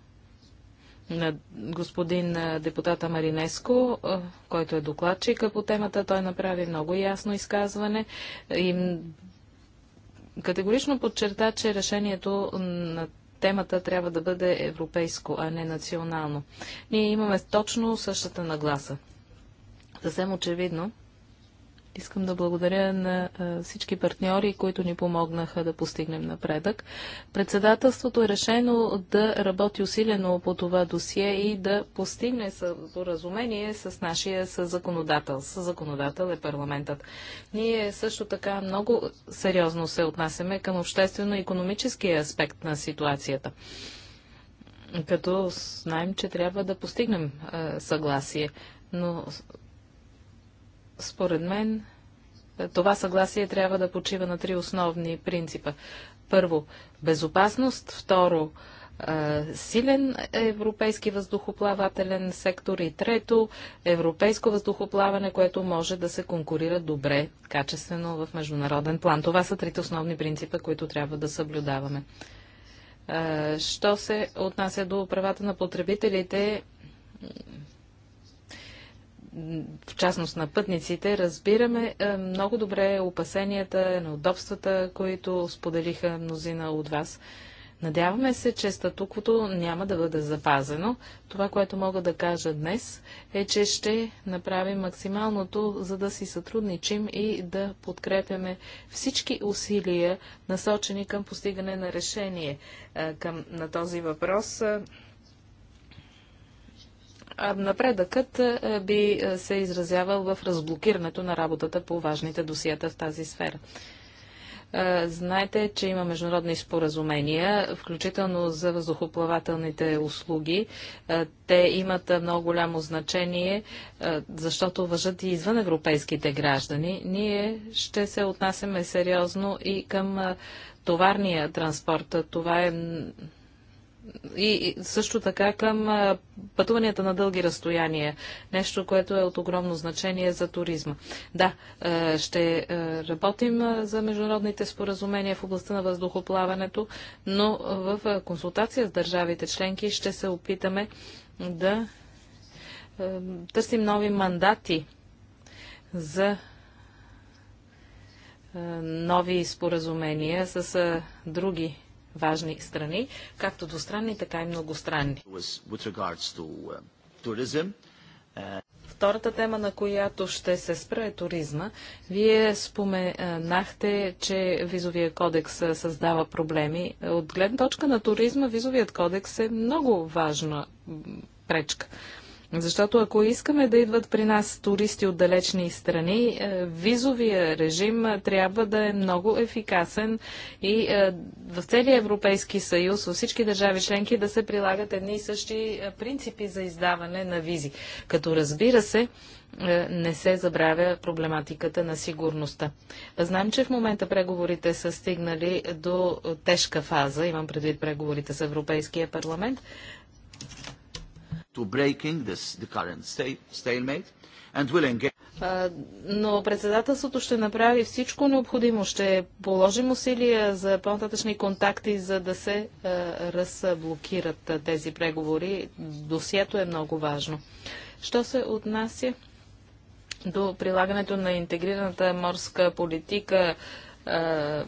на господин депутата Маринеско, който е докладчика по темата. Той направи много ясно изказване и категорично подчерта, че решението на темата трябва да бъде европейско, а не национално. Ние имаме точно същата нагласа. Съвсем очевидно, Искам да благодаря на всички партньори, които ни помогнаха да постигнем напредък. Председателството е решено да работи усилено по това досие и да постигне споразумение с нашия законодател. Със законодател е парламентът. Ние също така много сериозно се отнасяме към обществено-економическия аспект на ситуацията като знаем, че трябва да постигнем съгласие. Но според мен е, това съгласие трябва да почива на три основни принципа. Първо, безопасност. Второ, е, силен европейски въздухоплавателен сектор и трето европейско въздухоплаване, което може да се конкурира добре, качествено в международен план. Това са трите основни принципа, които трябва да съблюдаваме. Е, що се отнася до правата на потребителите, в частност на пътниците, разбираме е, много добре опасенията, неудобствата, които споделиха мнозина от вас. Надяваме се, че статуквото няма да бъде запазено. Това, което мога да кажа днес, е, че ще направим максималното, за да си сътрудничим и да подкрепяме всички усилия, насочени към постигане на решение е, към, на този въпрос напредъкът би се изразявал в разблокирането на работата по важните досията в тази сфера. Знаете, че има международни споразумения, включително за въздухоплавателните услуги. Те имат много голямо значение, защото въжат и извън европейските граждани. Ние ще се отнасяме сериозно и към товарния транспорт. Това е и също така към пътуванията на дълги разстояния. Нещо, което е от огромно значение за туризма. Да, ще работим за международните споразумения в областта на въздухоплаването, но в консултация с държавите членки ще се опитаме да търсим нови мандати за нови споразумения с други важни страни, както двустранни, така и многостранни. Uh, uh, Втората тема, на която ще се спра е туризма. Вие споменахте, че визовия кодекс създава проблеми. От гледна точка на туризма, визовият кодекс е много важна пречка. Защото ако искаме да идват при нас туристи от далечни страни, е, визовия режим е, трябва да е много ефикасен и е, в целия Европейски съюз, във всички държави членки да се прилагат едни и същи принципи за издаване на визи. Като разбира се, не се забравя проблематиката на сигурността. Знам, че в момента преговорите са стигнали до тежка фаза, имам предвид преговорите с Европейския парламент, to breaking this, the current stalemate and will engage но председателството ще направи всичко необходимо. Ще положим усилия за по-нататъчни контакти, за да се разблокират тези преговори. Досието е много важно. Що се отнася до прилагането на интегрираната морска политика е,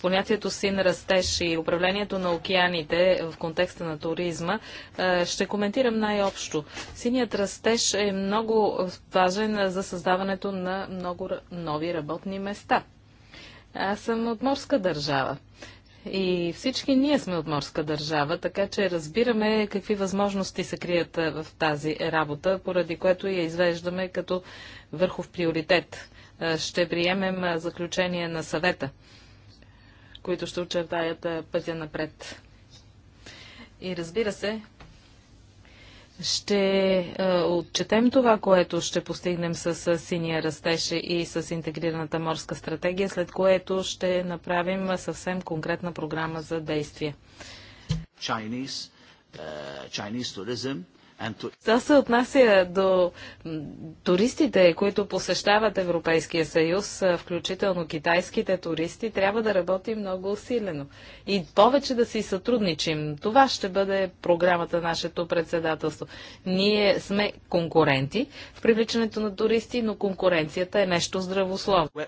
понятието син растеж и управлението на океаните в контекста на туризма, е, ще коментирам най-общо. Синият растеж е много важен за създаването на много нови работни места. Аз съм от морска държава. И всички ние сме от морска държава, така че разбираме какви възможности се крият е, в тази работа, поради което я извеждаме като върхов приоритет е, ще приемем е, заключение на съвета, които ще очертаят е, пътя напред. И разбира се, ще отчетем това, което ще постигнем с синия растеж и с интегрираната морска стратегия, след което ще направим съвсем конкретна програма за действие. Chinese, uh, Chinese tourism, това се отнася до туристите, които посещават Европейския съюз, включително китайските туристи, трябва да работим много усилено и повече да си сътрудничим. Това ще бъде програмата на нашето председателство. Ние сме конкуренти в привличането на туристи, но конкуренцията е нещо здравословно. Uh,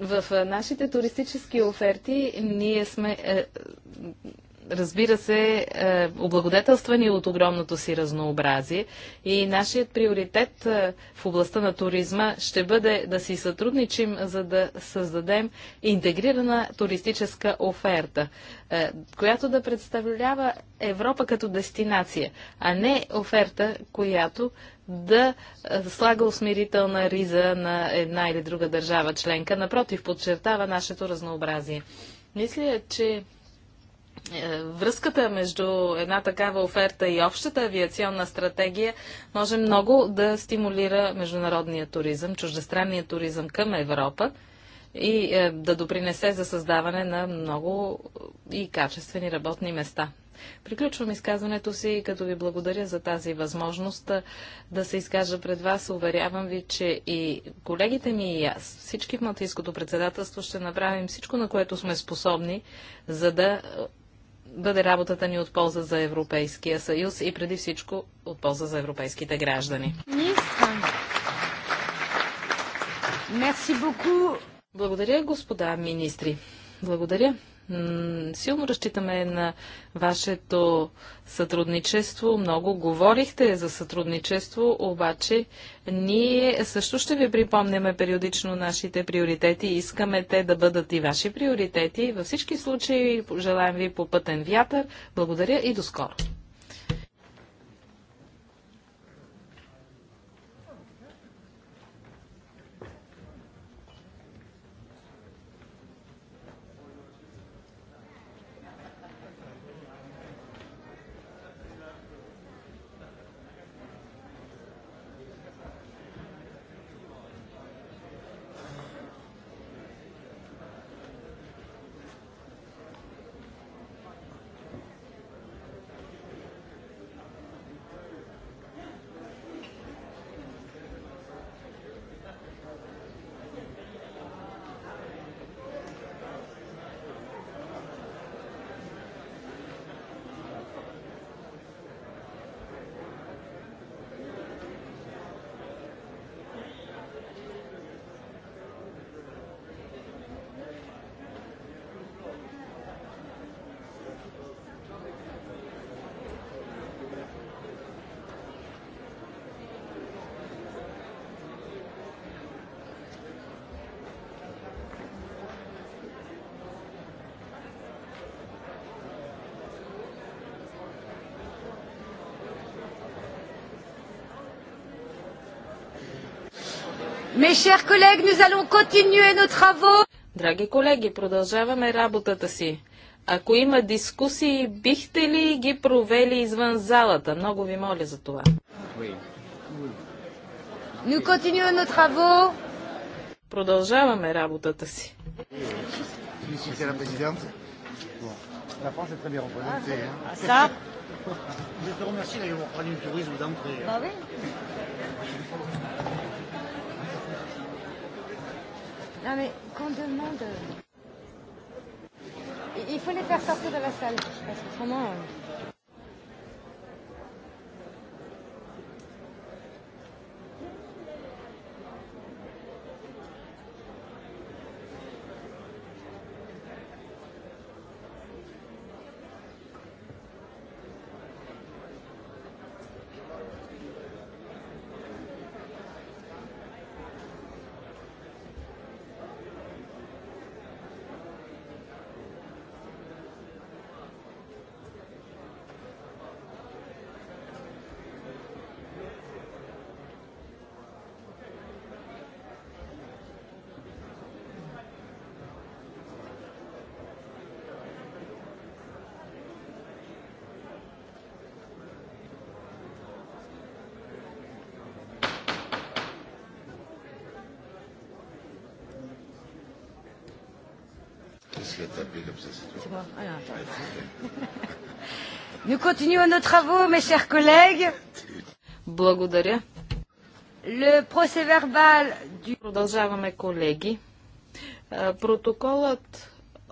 в нашите туристически оферти ние сме е, разбира се, е, облагодетелствани от огромното си разнообразие. И нашият приоритет е, в областта на туризма ще бъде да си сътрудничим, за да създадем интегрирана туристическа оферта, е, която да представлява Европа като дестинация, а не оферта, която да слага усмирителна риза на една или друга държава членка. Напротив, подчертава нашето разнообразие. Мисля, че е, връзката между една такава оферта и общата авиационна стратегия може много да стимулира международния туризъм, чуждестранния туризъм към Европа и е, да допринесе за създаване на много е, и качествени работни места. Приключвам изказването си, като ви благодаря за тази възможност да се изкажа пред вас. Уверявам ви, че и колегите ми и аз, всички в Малтийското председателство, ще направим всичко, на което сме способни, за да бъде работата ни от полза за Европейския съюз и преди всичко от полза за европейските граждани. Благодаря, господа министри. Благодаря. Силно разчитаме на вашето сътрудничество. Много говорихте за сътрудничество, обаче ние също ще ви припомняме периодично нашите приоритети. Искаме те да бъдат и ваши приоритети. Във всички случаи желаем ви попътен вятър. Благодаря и до скоро! chers collègues, nous allons continuer nos travaux. Драги колеги, продължаваме работата си. Ако има дискусии, бихте ли ги провели извън залата? Много ви моля за това. Nous continuons nos travaux. Продължаваме работата си. La France est très bien représentée. Ah, hein. Ça Je te remercie d'avoir parlé du tourisme d'entrée. Bah oui. Non mais qu'on demande. Il faut les faire sortir de la salle, parce sinon. Euh... Е, Nous continuons nos travaux, mes chers collègues. Благодаря. Le procès verbal du... Продължаваме, колеги. Протоколът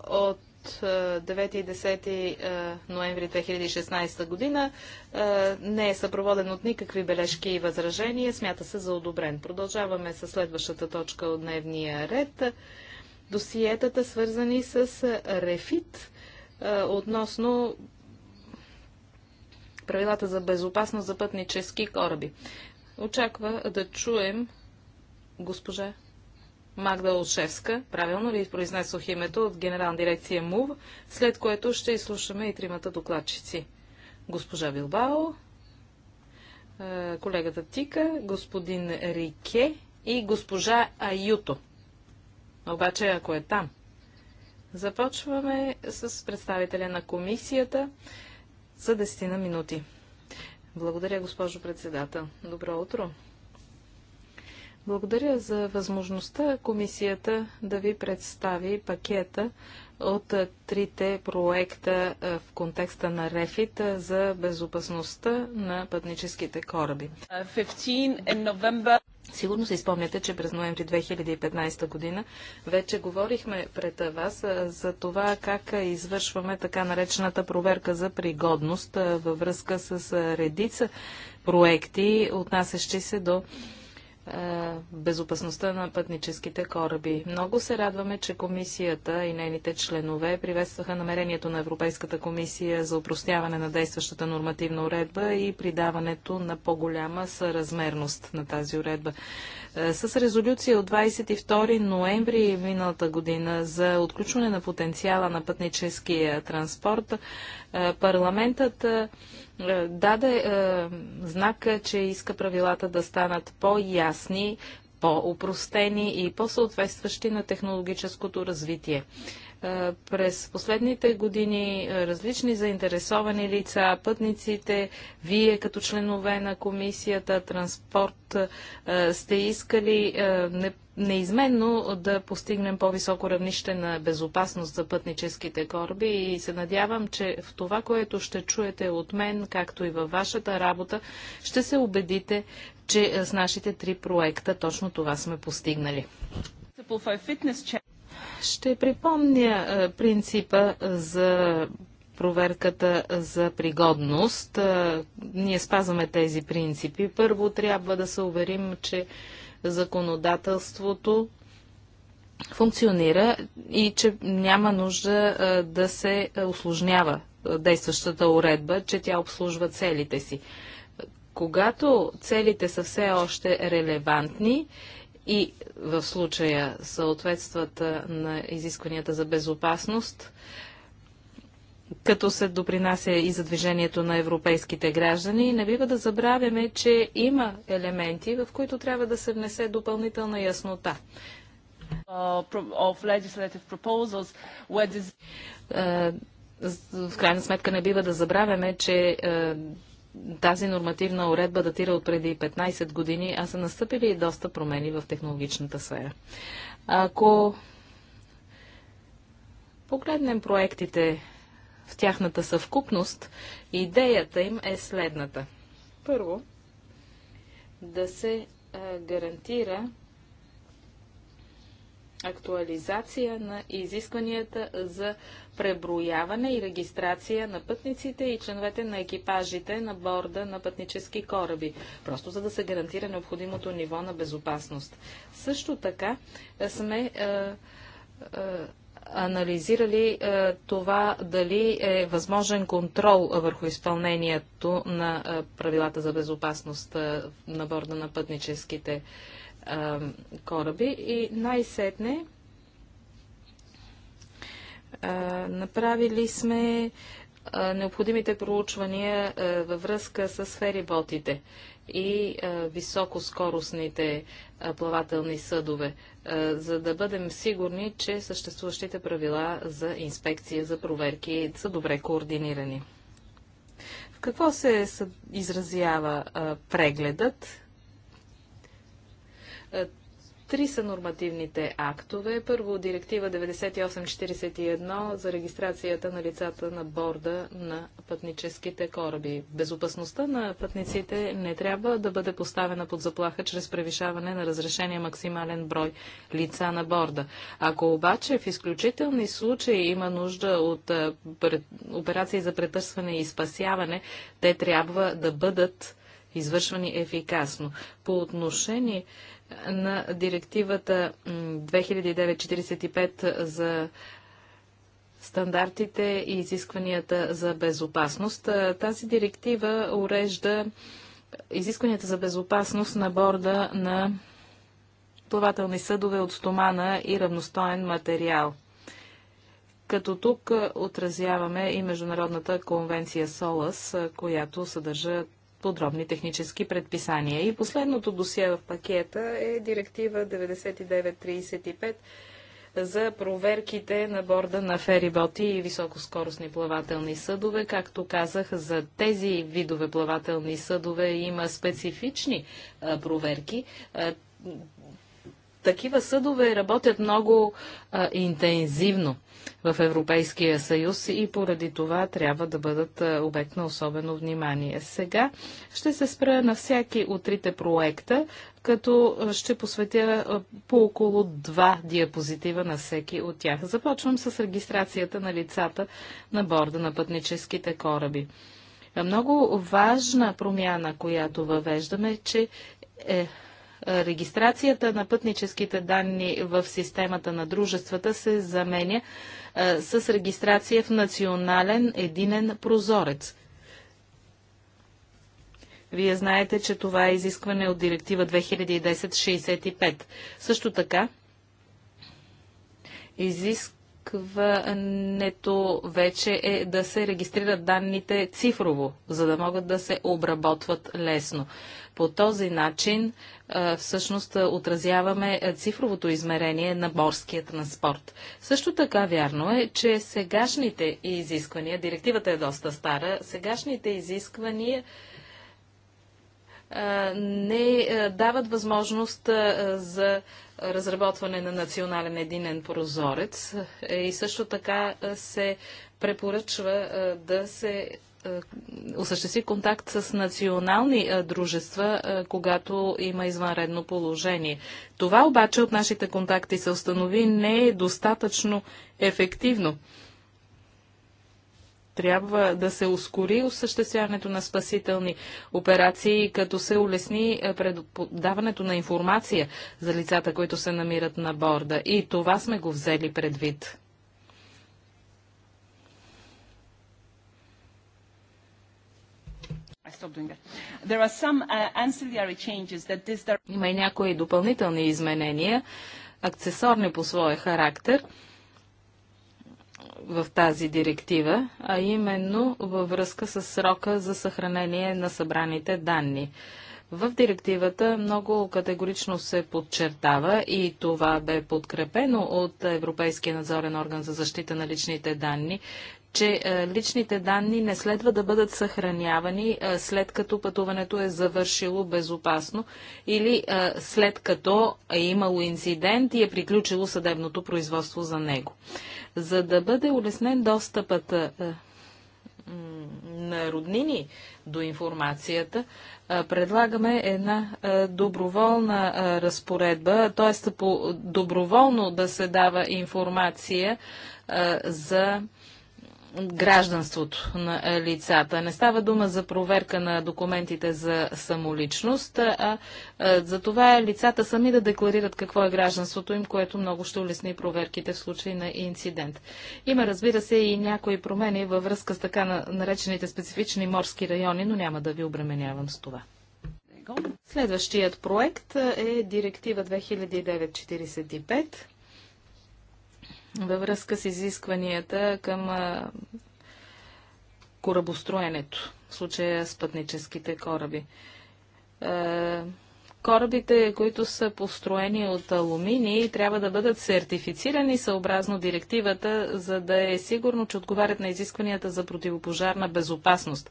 от 9 и 10 ноември 2016 година не е съпроводен от никакви бележки и възражения. Смята се за одобрен. Продължаваме с следващата точка от дневния ред досиетата, свързани с Рефит относно правилата за безопасност за пътнически кораби. Очаква да чуем госпожа Магда Олшевска, правилно ли е произнесох името от генерална дирекция МУВ, след което ще изслушаме и тримата докладчици. Госпожа Билбао, колегата Тика, господин Рике и госпожа Аюто. Обаче, ако е там, започваме с представителя на комисията за 10 на минути. Благодаря, госпожо председател. Добро утро. Благодаря за възможността комисията да ви представи пакета от трите проекта в контекста на РЕФИТ за безопасността на пътническите кораби. Сигурно си спомняте, че през ноември 2015 година вече говорихме пред вас за това как извършваме така наречената проверка за пригодност във връзка с редица проекти, отнасящи се до е, безопасността на пътническите кораби. Много се радваме, че комисията и нейните членове приветстваха намерението на Европейската комисия за упростяване на действащата нормативна уредба и придаването на по-голяма съразмерност на тази уредба. Е, с резолюция от 22 ноември миналата година за отключване на потенциала на пътническия транспорт, е, парламентът е, даде е, знак, че иска правилата да станат по-ясни, по-упростени и по-съответстващи на технологическото развитие. Е, през последните години различни заинтересовани лица, пътниците, вие като членове на комисията, транспорт, сте искали не неизменно да постигнем по-високо равнище на безопасност за пътническите кораби и се надявам, че в това, което ще чуете от мен, както и във вашата работа, ще се убедите, че е, с нашите три проекта точно това сме постигнали. Ще припомня е, принципа за проверката за пригодност. Е, ние спазваме тези принципи. Първо трябва да се уверим, че законодателството функционира и че няма нужда да се осложнява действащата уредба, че тя обслужва целите си. Когато целите са все още релевантни и в случая съответстват на изискванията за безопасност, като се допринася и за движението на европейските граждани. Не бива да забравяме, че има елементи, в които трябва да се внесе допълнителна яснота. Е, в крайна сметка не бива да забравяме, че е, тази нормативна уредба датира от преди 15 години, а са настъпили и доста промени в технологичната сфера. Ако погледнем проектите в тяхната съвкупност, идеята им е следната. Първо, да се гарантира актуализация на изискванията за преброяване и регистрация на пътниците и членовете на екипажите на борда на пътнически кораби, просто за да се гарантира необходимото ниво на безопасност. Също така сме анализирали е, това дали е възможен контрол върху изпълнението на е, правилата за безопасност е, на борда на пътническите е, кораби. И най-сетне е, направили сме е, необходимите проучвания във връзка с фериботите и високоскоростните плавателни съдове. Е, за да бъдем сигурни, че съществуващите правила за инспекция, за проверки са добре координирани. В какво се изразява е, прегледът? Е, Три са нормативните актове. Първо директива 9841 за регистрацията на лицата на борда на пътническите кораби. Безопасността на пътниците не трябва да бъде поставена под заплаха чрез превишаване на разрешения максимален брой лица на борда. Ако обаче в изключителни случаи има нужда от операции за претърсване и спасяване, те трябва да бъдат извършвани ефикасно. По отношение на директивата 2009-45 за стандартите и изискванията за безопасност. Тази директива урежда изискванията за безопасност на борда на плавателни съдове от стомана и равностоен материал. Като тук отразяваме и Международната конвенция СОЛАС, която съдържа подробни технически предписания. И последното досие в пакета е директива 9935 за проверките на борда на фериботи и високоскоростни плавателни съдове. Както казах, за тези видове плавателни съдове има специфични а, проверки. такива съдове работят много а, интензивно в Европейския съюз и поради това трябва да бъдат обект на особено внимание. Сега ще се спра на всяки от трите проекта, като ще посветя по около два диапозитива на всеки от тях. Започвам с регистрацията на лицата на борда на пътническите кораби. Много важна промяна, която въвеждаме, че е, регистрацията на пътническите данни в системата на дружествата се заменя а, с регистрация в национален единен прозорец. Вие знаете, че това е изискване от директива 2010-65. Също така, изискването вече е да се регистрират данните цифрово, за да могат да се обработват лесно. По този начин всъщност отразяваме цифровото измерение на морския транспорт. Също така вярно е, че сегашните изисквания, директивата е доста стара, сегашните изисквания не дават възможност за разработване на национален единен прозорец е, и също така се препоръчва да се е, осъществи контакт с национални е, дружества, е, когато има извънредно положение. Това обаче от нашите контакти се установи не е достатъчно ефективно. Трябва да се ускори осъществяването на спасителни операции, като се улесни предаването на информация за лицата, които се намират на борда. И това сме го взели предвид. Uh, Има и някои допълнителни изменения, аксесорни по своя характер в тази директива, а именно във връзка с срока за съхранение на събраните данни. В директивата много категорично се подчертава и това бе подкрепено от Европейския надзорен орган за защита на личните данни, че е, личните данни не следва да бъдат съхранявани е, след като пътуването е завършило безопасно или е, след като е имало инцидент и е приключило съдебното производство за него. За да бъде улеснен достъпът на роднини до информацията, предлагаме една доброволна разпоредба, т.е. доброволно да се дава информация за гражданството на лицата. Не става дума за проверка на документите за самоличност, а за това лицата сами да декларират какво е гражданството им, което много ще улесни проверките в случай на инцидент. Има, разбира се, и някои промени във връзка с така наречените специфични морски райони, но няма да ви обременявам с това. Следващият проект е Директива 2945 във връзка с изискванията към корабостроенето, в случая с пътническите кораби корабите, които са построени от алумини, трябва да бъдат сертифицирани съобразно директивата, за да е сигурно, че отговарят на изискванията за противопожарна безопасност.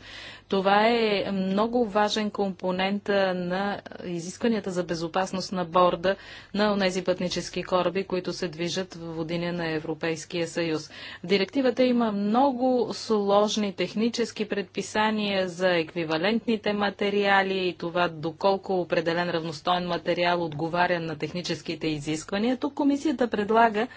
Това е много важен компонент на изискванията за безопасност на борда на тези пътнически кораби, които се движат в водиня на Европейския съюз. В директивата има много сложни технически предписания за еквивалентните материали и това доколко определен равно равностоен материал отговаря на техническите изисквания, тук комисията предлага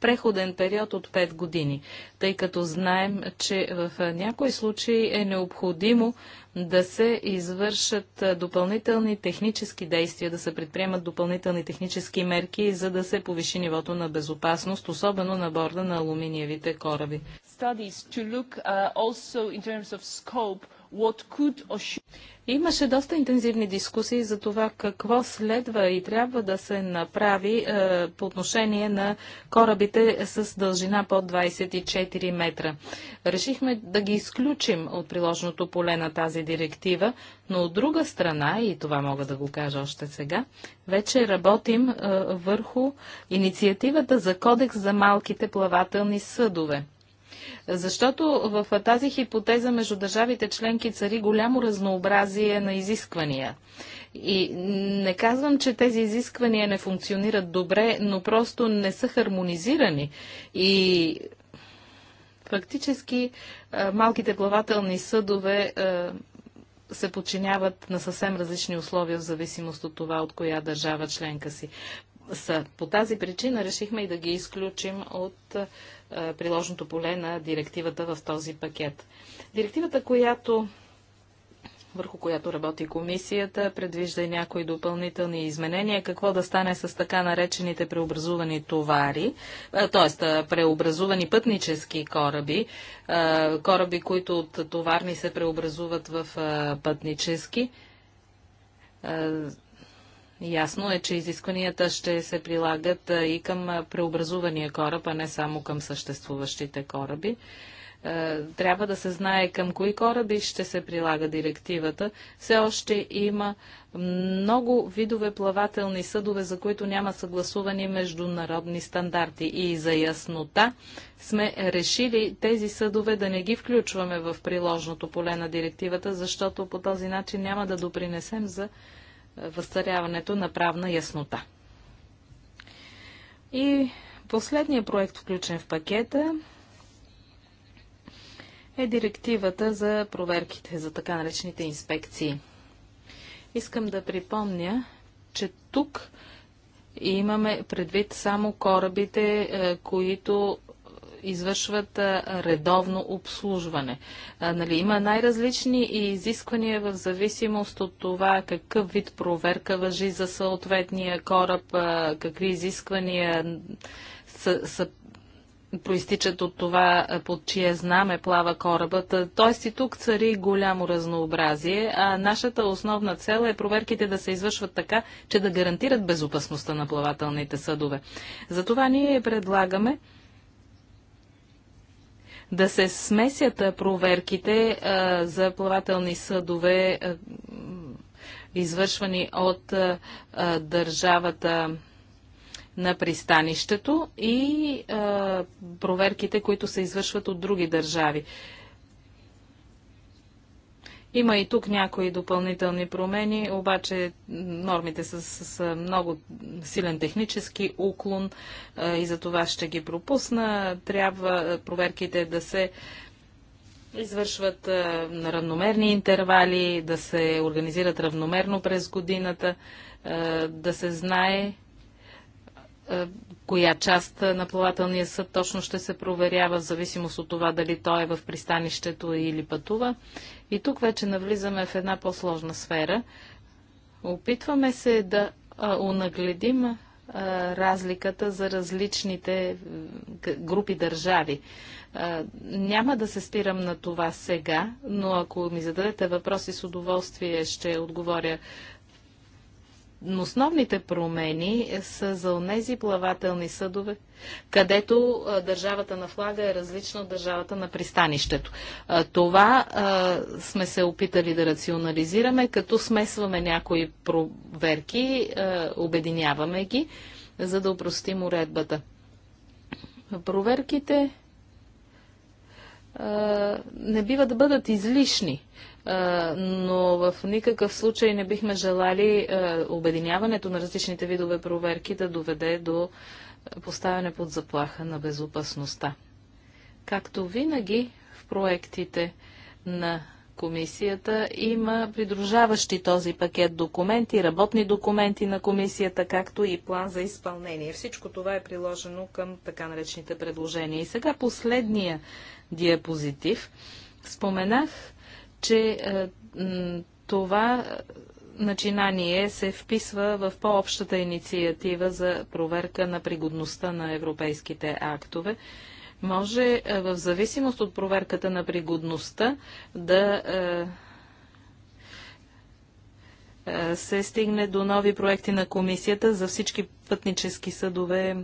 преходен период от 5 години, тъй като знаем, че в някои случаи е необходимо да се извършат допълнителни технически действия, да се предприемат допълнителни технически мерки, за да се повиши нивото на безопасност, особено на борда на алуминиевите кораби. Имаше доста интензивни дискусии за това какво следва и трябва да се направи е, по отношение на корабите с дължина под 24 метра. Решихме да ги изключим от приложното поле на тази директива, но от друга страна, и това мога да го кажа още сега, вече работим е, върху инициативата за кодекс за малките плавателни съдове. Защото в тази хипотеза между държавите членки цари голямо разнообразие на изисквания. И не казвам, че тези изисквания не функционират добре, но просто не са хармонизирани. И фактически малките плавателни съдове се подчиняват на съвсем различни условия в зависимост от това, от коя държава членка си По тази причина решихме и да ги изключим от е, приложното поле на директивата в този пакет. Директивата, която върху която работи комисията, предвижда и някои допълнителни изменения. Какво да стане с така наречените преобразувани товари, т.е. Е, преобразувани пътнически кораби, е, кораби, които от товарни се преобразуват в пътнически. Ясно е, че изискванията ще се прилагат и към преобразувания кораб, а не само към съществуващите кораби. Трябва да се знае към кои кораби ще се прилага директивата. Все още има много видове плавателни съдове, за които няма съгласувани международни стандарти. И за яснота сме решили тези съдове да не ги включваме в приложното поле на директивата, защото по този начин няма да допринесем за възцаряването на правна яснота. И последният проект, включен в пакета, е директивата за проверките, за така наречените инспекции. Искам да припомня, че тук имаме предвид само корабите, е, които извършват редовно обслужване. Нали, има най-различни изисквания в зависимост от това какъв вид проверка въжи за съответния кораб, какви изисквания са, са проистичат от това под чие знаме плава корабът. Тоест и тук цари голямо разнообразие, а нашата основна цел е проверките да се извършват така, че да гарантират безопасността на плавателните съдове. Затова ние предлагаме да се смесят проверките а, за плавателни съдове, а, извършвани от а, държавата на пристанището и проверките, които се извършват от други държави. Има и тук някои допълнителни промени, обаче нормите са с много силен технически уклон и за това ще ги пропусна. Трябва проверките да се извършват на равномерни интервали, да се организират равномерно през годината, да се знае е, коя част на плавателния съд точно ще се проверява, в зависимост от това дали той е в пристанището или пътува. И тук вече навлизаме в една по-сложна сфера. Опитваме се да унагледим разликата за различните групи държави. Няма да се спирам на това сега, но ако ми зададете въпроси с удоволствие, ще отговоря Основните промени са за онези плавателни съдове, където държавата на флага е различна от държавата на пристанището. това сме се опитали да рационализираме, като смесваме някои проверки, обединяваме ги, за да упростим уредбата. Проверките не бива да бъдат излишни но в никакъв случай не бихме желали обединяването на различните видове проверки да доведе до поставяне под заплаха на безопасността. Както винаги в проектите на комисията има придружаващи този пакет документи, работни документи на комисията, както и план за изпълнение. Всичко това е приложено към така наречените предложения. И сега последния диапозитив. Споменах че е, това начинание се вписва в по-общата инициатива за проверка на пригодността на европейските актове. Може е, в зависимост от проверката на пригодността да е, се стигне до нови проекти на комисията за всички пътнически съдове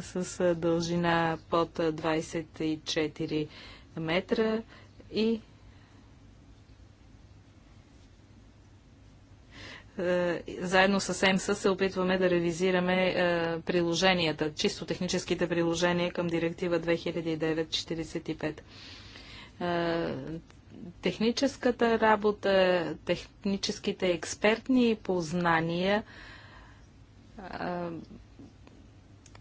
с дължина под 24 метра и Е, заедно с ЕМСА се опитваме да ревизираме е, приложенията, чисто техническите приложения към директива 2009-45 е, техническата работа, техническите експертни познания,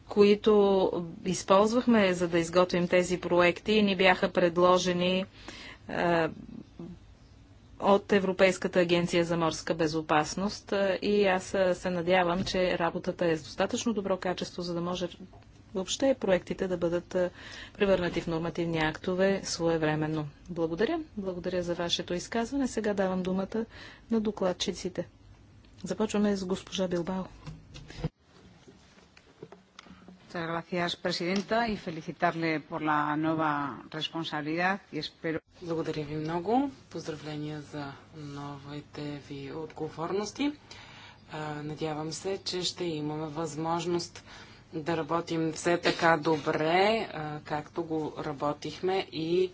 които използвахме за да изготвим тези проекти, ни бяха предложени от Европейската агенция за морска безопасност и аз се надявам, че работата е с достатъчно добро качество, за да може въобще проектите да бъдат превърнати в нормативни актове своевременно. Благодаря. Благодаря за вашето изказване. Сега давам думата на докладчиците. Започваме с госпожа Билбао. Muchas gracias, Presidenta, и felicitarle por la nueva responsabilidad y espero... Благодаря ви много. Поздравления за новите ви отговорности. Надявам се, че ще имаме възможност да работим все така добре, както го работихме и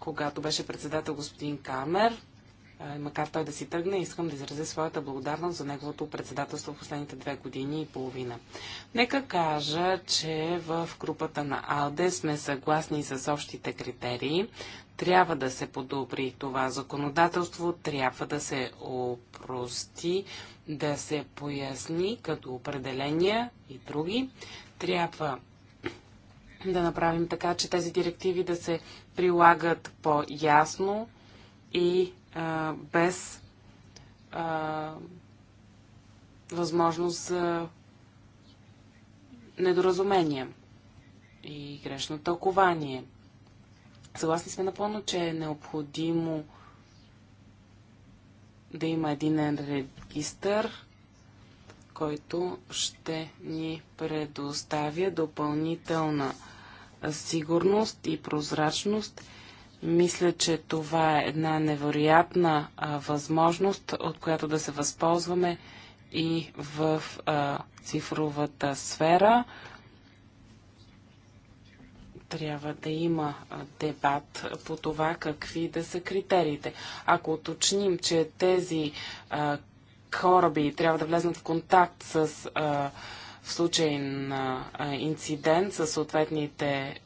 когато беше председател господин Камер макар той да си тръгне, искам да изразя своята благодарност за неговото председателство в последните две години и половина. Нека кажа, че в групата на АЛДЕ сме съгласни с общите критерии. Трябва да се подобри това законодателство, трябва да се опрости, да се поясни като определения и други. Трябва да направим така, че тези директиви да се прилагат по-ясно и без а, възможност за недоразумение и грешно тълкование. Съгласни сме напълно, че е необходимо да има един регистър, който ще ни предоставя допълнителна сигурност и прозрачност мисля, че това е една невероятна а, възможност, от която да се възползваме и в а, цифровата сфера. Трябва да има дебат по това какви да са критериите. Ако уточним, че тези а, кораби трябва да влезнат в контакт с. А, в случай на инцидент със съответните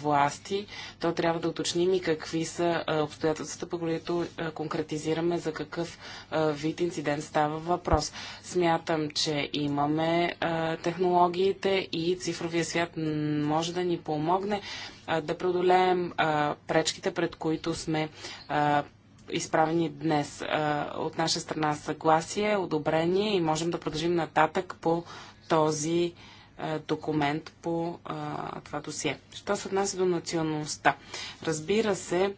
власти, то трябва да уточним и какви са обстоятелствата, по които конкретизираме за какъв вид инцидент става въпрос. Смятам, че имаме технологиите и цифровия свят може да ни помогне да преодолеем пречките, пред които сме изправени днес. От наша страна съгласие, одобрение и можем да продължим нататък по този документ по а, това досие. Що се отнася до националността? Разбира се,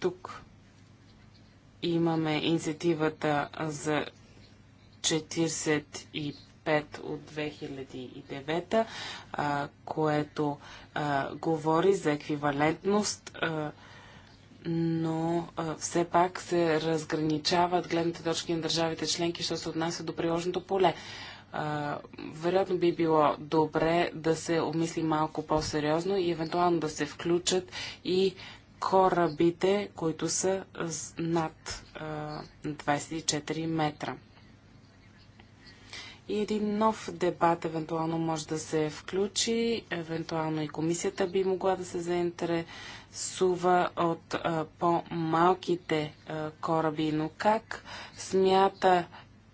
тук имаме инициативата за 45 от 2009, а, което а, говори за еквивалентност а, но а, все пак се разграничават гледните точки на държавите членки, що се отнася до приложното поле. А, вероятно би било добре да се обмисли малко по-сериозно и евентуално да се включат и корабите, които са над а, 24 метра и един нов дебат евентуално може да се включи, евентуално и комисията би могла да се заинтересува от по-малките кораби, но как смята,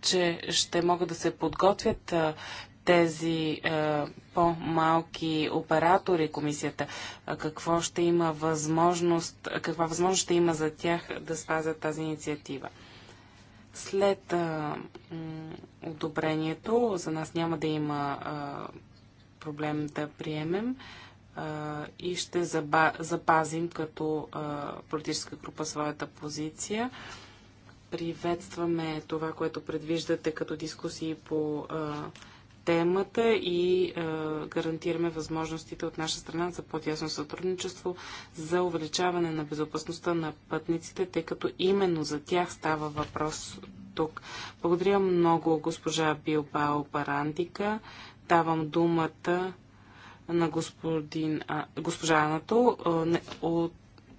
че ще могат да се подготвят а, тези е, по-малки оператори комисията, какво ще има възможност, каква възможност ще има за тях да спазят тази инициатива. След а, одобрението за нас няма да има а, проблем да приемем а, и ще заба, запазим като а, политическа група своята позиция. Приветстваме това, което предвиждате като дискусии по а, темата и е, гарантираме възможностите от наша страна за по-тясно сътрудничество за увеличаване на безопасността на пътниците, тъй като именно за тях става въпрос тук. Благодаря много госпожа Билбао Парандика. Давам думата на господин, а, госпожа Анато а, е, не, от,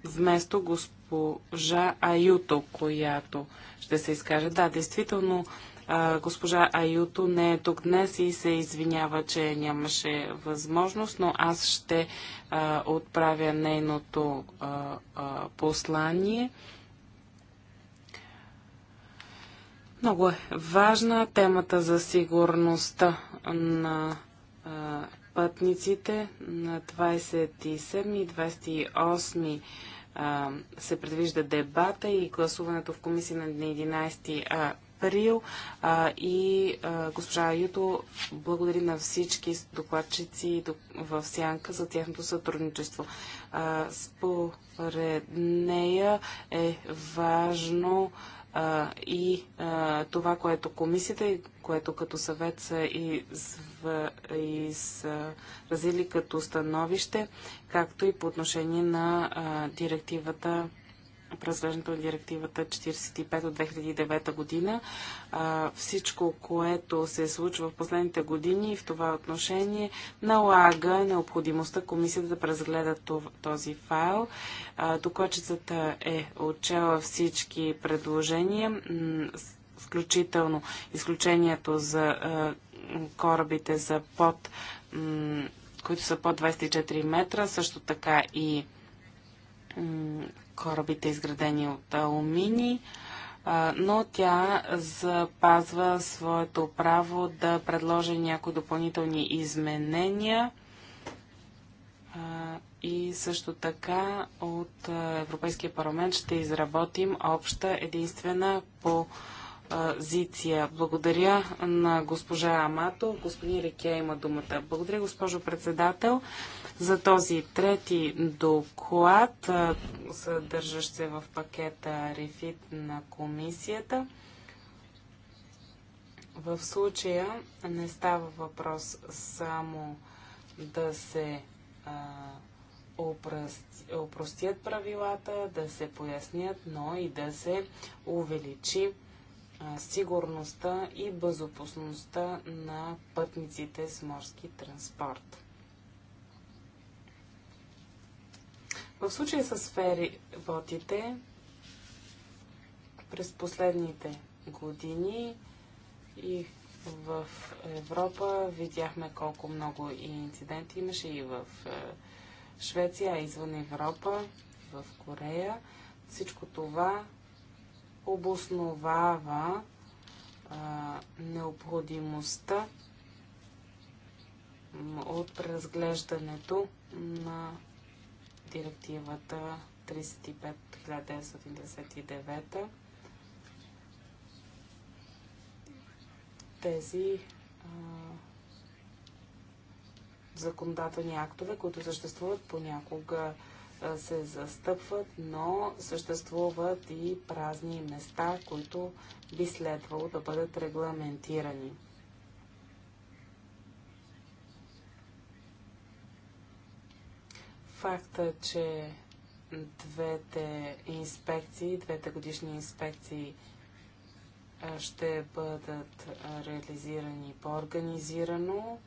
вместо госпожа Аюто, която ще се изкаже. Да, действително госпожа Аюто не е тук днес и се извинява, че нямаше възможност, но аз ще а, отправя нейното а, послание. Много е важна темата за сигурността на пътниците на 27 и 28 се предвижда дебата и гласуването в комисия на 11 а, април а, и а, госпожа Юто благодари на всички докладчици в Сянка за тяхното сътрудничество. А, според нея е важно а, и а, това, което комисията и което като съвет са изразили като становище, както и по отношение на а, директивата разглеждането на директивата 45 е от 2009 година. А, всичко, което се е случва в последните години в това отношение, налага необходимостта комисията да преразгледа този файл. А, докладчицата е отчела всички предложения, включително изключението за а, корабите за под, които са под 24 метра, също така и корабите, изградени от алумини, но тя запазва своето право да предложи някои допълнителни изменения и също така от Европейския парламент ще изработим обща единствена по позиция. Благодаря на госпожа Амато. Господин Рикя има думата. Благодаря, госпожо председател, за този трети доклад, съдържащ се в пакета Рефит на комисията. В случая не става въпрос само да се опростят правилата, да се пояснят, но и да се увеличи сигурността и безопасността на пътниците с морски транспорт. В случая с фериботите, през последните години и в Европа видяхме колко много инциденти имаше и в е, Швеция, а извън Европа, в Корея. Всичко това обосновава а, необходимостта от преразглеждането на директивата 35.1999. Тези а, законодателни актове, които съществуват понякога се застъпват, но съществуват и празни места, които би следвало да бъдат регламентирани. Факта, че двете инспекции, двете годишни инспекции ще бъдат реализирани по-организирано,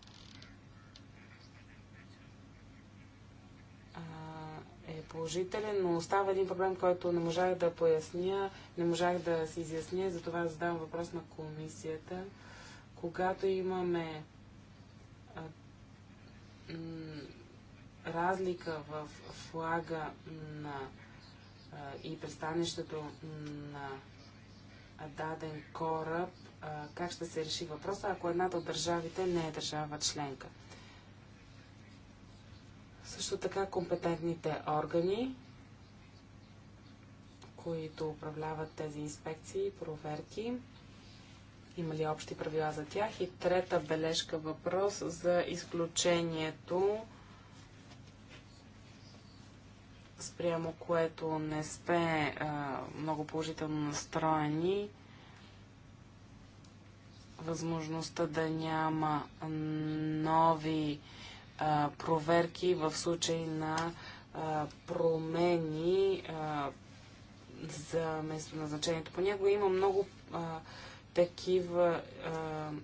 положителен, но остава един проблем, който не можах да поясня, не можах да се изясня, затова задавам въпрос на комисията. Когато имаме а, разлика в флага на а, и пристанището на даден кораб, а, как ще се реши въпроса, ако едната от държавите не е държава членка? Също така компетентните органи, които управляват тези инспекции, проверки, има ли общи правила за тях? И трета бележка въпрос за изключението, спрямо което не сме а, много положително настроени. Възможността да няма нови проверки в случай на промени за местоназначението. Понякога има много такива,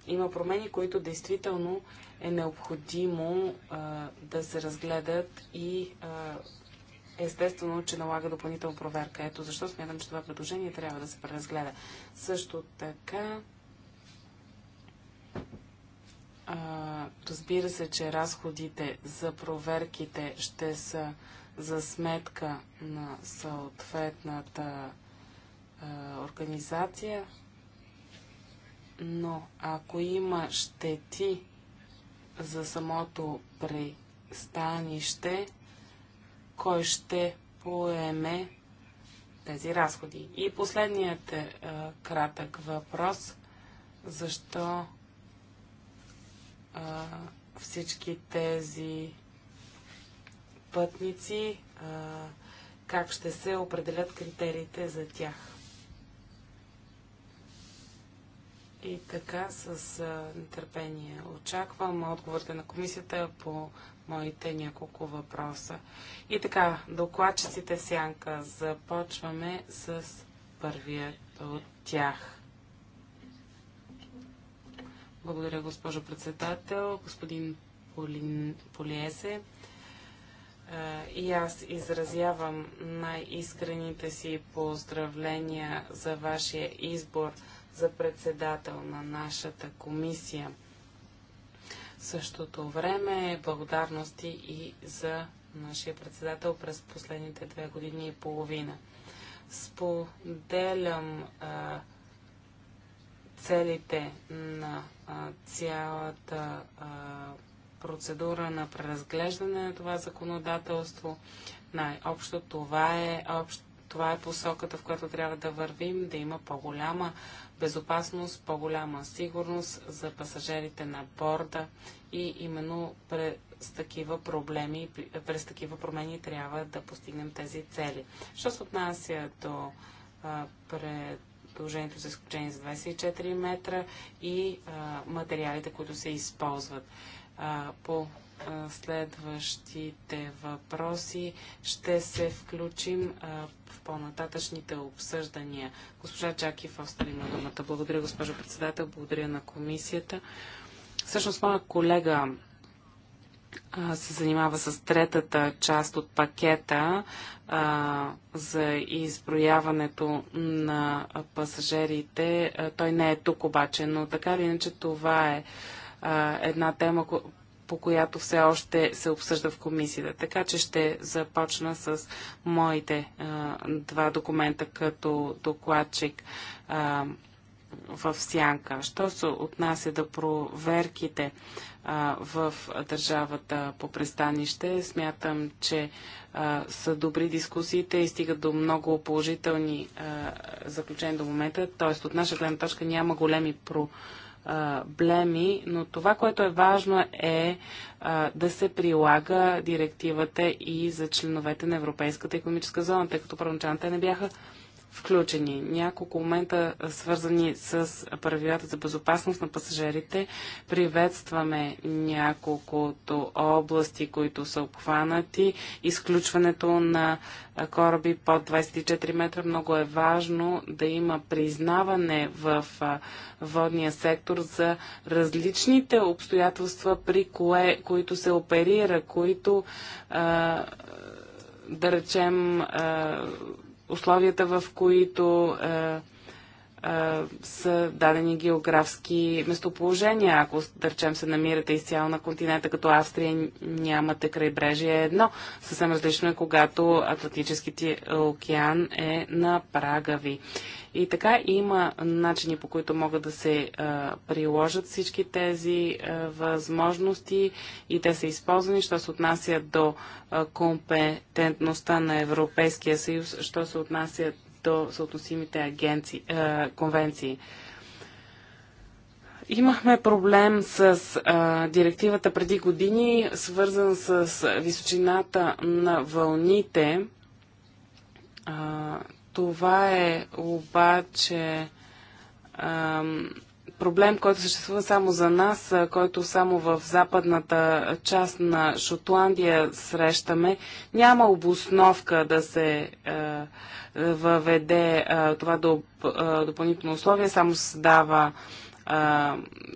има промени, които действително е необходимо да се разгледат и естествено, че налага допълнителна проверка. Ето защо смятам, че това предложение трябва да се преразгледа. Също така, а, разбира се, че разходите за проверките ще са за сметка на съответната а, организация, но ако има щети за самото пристанище, кой ще поеме тези разходи? И последният е, кратък въпрос. Защо а, всички тези пътници, а, как ще се определят критериите за тях. И така с а, нетърпение очаквам отговорите на комисията по моите няколко въпроса. И така, докладчиците сянка. Започваме с първия от тях. Благодаря, госпожо председател. Господин Полин, Полиесе, е, и аз изразявам най-искрените си поздравления за вашия избор за председател на нашата комисия. В същото време благодарности и за нашия председател през последните две години и половина. Споделям а, е, целите на а, цялата а, процедура на преразглеждане на това законодателство. Най-общо това е, общ, това е посоката, в която трябва да вървим, да има по-голяма безопасност, по-голяма сигурност за пасажирите на борда и именно през такива проблеми, през такива промени трябва да постигнем тези цели. Що се отнася до а, пред дължението за изключение за 24 метра и а, материалите, които се използват. А, по а, следващите въпроси ще се включим а, в по-нататъчните обсъждания. Госпожа Чаки Фостер има думата. Благодаря, госпожо председател, благодаря на комисията. Всъщност, моя колега се занимава с третата част от пакета а, за изброяването на А, Той не е тук обаче, но така или иначе това е а, една тема, по която все още се обсъжда в комисията. Така че ще започна с моите а, два документа като докладчик. А, в сянка. Що се отнася до проверките а, в държавата по пристанище, смятам, че а, са добри дискусиите и стигат до много положителни а, заключения до момента. Т.е. от наша гледна точка няма големи проблеми, но това, което е важно е да се прилага директивата и за членовете на Европейската економическа зона, тъй като първоначално не бяха включени. Няколко момента, свързани с правилата за безопасност на пасажирите. Приветстваме няколкото области, които са обхванати. Изключването на кораби под 24 метра много е важно да има признаване в водния сектор за различните обстоятелства, при кое, които се оперира, които, да речем, условията, в които е, са дадени географски местоположения. Ако, да речем, се намирате изцяло на континента, като Австрия, нямате крайбрежие едно. Съвсем различно е, когато Атлантическият е, океан е на прага ви. И така има начини, по които могат да се а, приложат всички тези а, възможности и те са използвани, що се отнася до а, компетентността на Европейския съюз, що се отнася до съотносимите агенци, е, конвенции. Имахме проблем с а, директивата преди години, свързан с височината на вълните. А, това е обаче а, проблем, който съществува само за нас, който само в западната част на Шотландия срещаме. Няма обосновка да се въведе това доп, допълнително условие, само се дава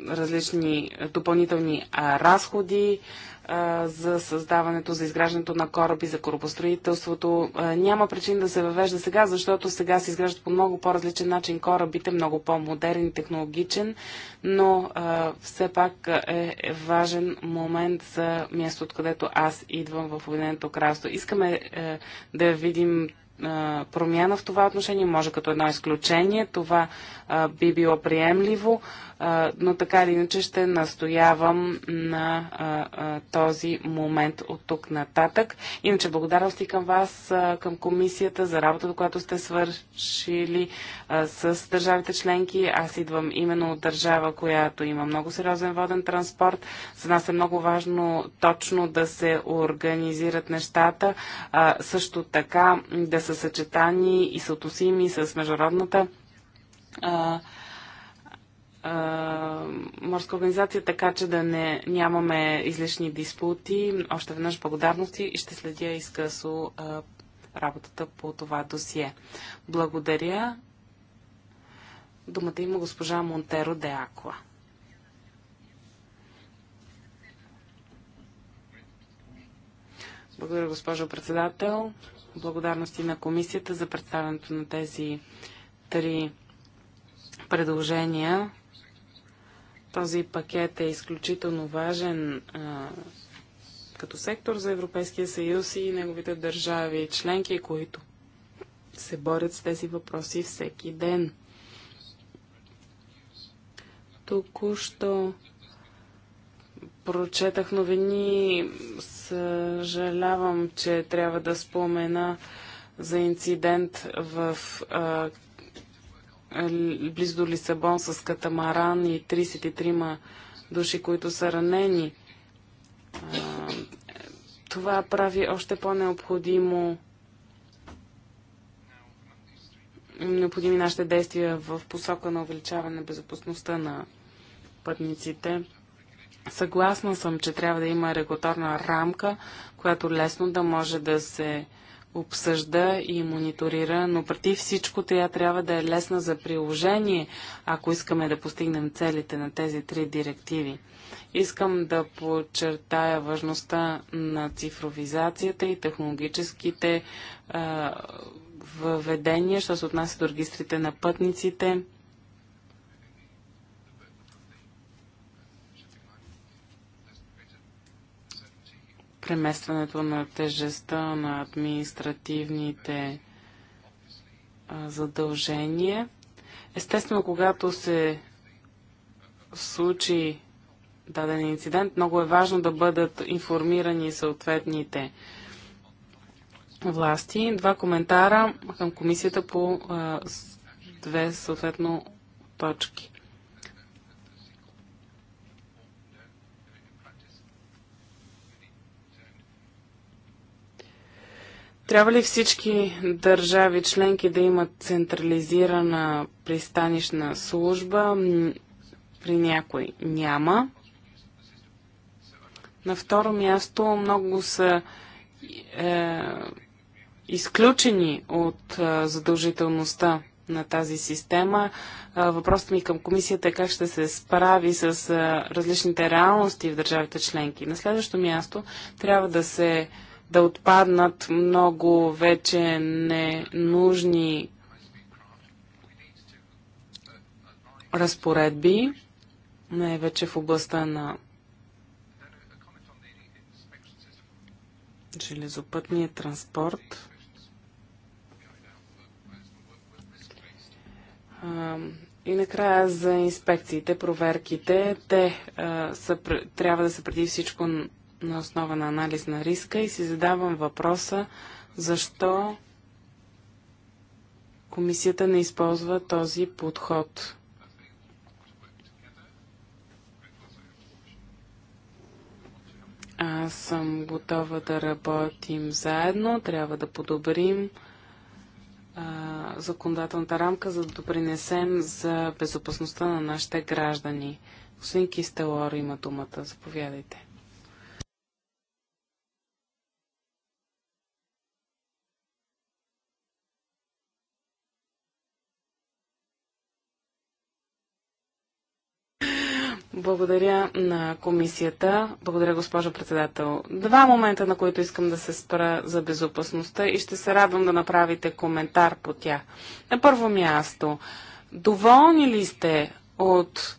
различни допълнителни разходи а, за създаването, за изграждането на кораби, за корабостроителството. А, няма причина да се въвежда сега, защото сега се изграждат по много по-различен начин корабите, много по-модерен, технологичен, но а, все пак е, е важен момент за място, откъдето аз идвам в Обединеното кралство. Искаме е, да видим промяна в това отношение, може като едно изключение, това а, би било приемливо, но така или иначе ще настоявам на този момент от тук нататък. Иначе благодарности към вас, към комисията за работата, която сте свършили с държавите членки. Аз идвам именно от държава, която има много сериозен воден транспорт. За нас е много важно точно да се организират нещата, също така да са съчетани и съотносими с международната морска организация, така че да не, нямаме излишни диспути. Още веднъж благодарности и ще следя изкъсо работата по това досие. Благодаря. Думата има госпожа Монтеро де Аква. Благодаря, госпожо председател. Благодарности на комисията за представянето на тези три предложения този пакет е изключително важен а, като сектор за Европейския съюз и неговите държави членки, които се борят с тези въпроси всеки ден. Току-що прочетах новини. Съжалявам, че трябва да спомена за инцидент в а, близо до Лисабон с катамаран и 33 души, които са ранени. Това прави още по-необходимо необходими нашите действия в посока на увеличаване безопасността на пътниците. Съгласна съм, че трябва да има регуляторна рамка, която лесно да може да се обсъжда и мониторира, но преди всичко тя трябва да е лесна за приложение, ако искаме да постигнем целите на тези три директиви. Искам да подчертая важността на цифровизацията и технологическите а, въведения, що се отнася до регистрите на пътниците преместването на тежестта на административните задължения. Естествено, когато се случи даден инцидент, много е важно да бъдат информирани съответните власти. Два коментара към комисията по две съответно точки. Трябва ли всички държави членки да имат централизирана пристанищна служба? При някой няма. На второ място много са е, изключени от е, задължителността на тази система. Е, въпросът ми към комисията е как ще се справи с е, различните реалности в държавите членки. На следващо място трябва да се да отпаднат много вече ненужни разпоредби, най-вече в областта на железопътния транспорт. и накрая за инспекциите, проверките, те а, са, трябва да са преди всичко на основа на анализ на риска и си задавам въпроса защо комисията не използва този подход. Аз съм готова да работим заедно, трябва да подобрим законодателната рамка, за да допринесем за безопасността на нашите граждани. Господин Кистелор има думата. Заповядайте. Благодаря на комисията. Благодаря, госпожо председател. Два момента, на които искам да се спра за безопасността и ще се радвам да направите коментар по тях. На първо място, доволни ли сте от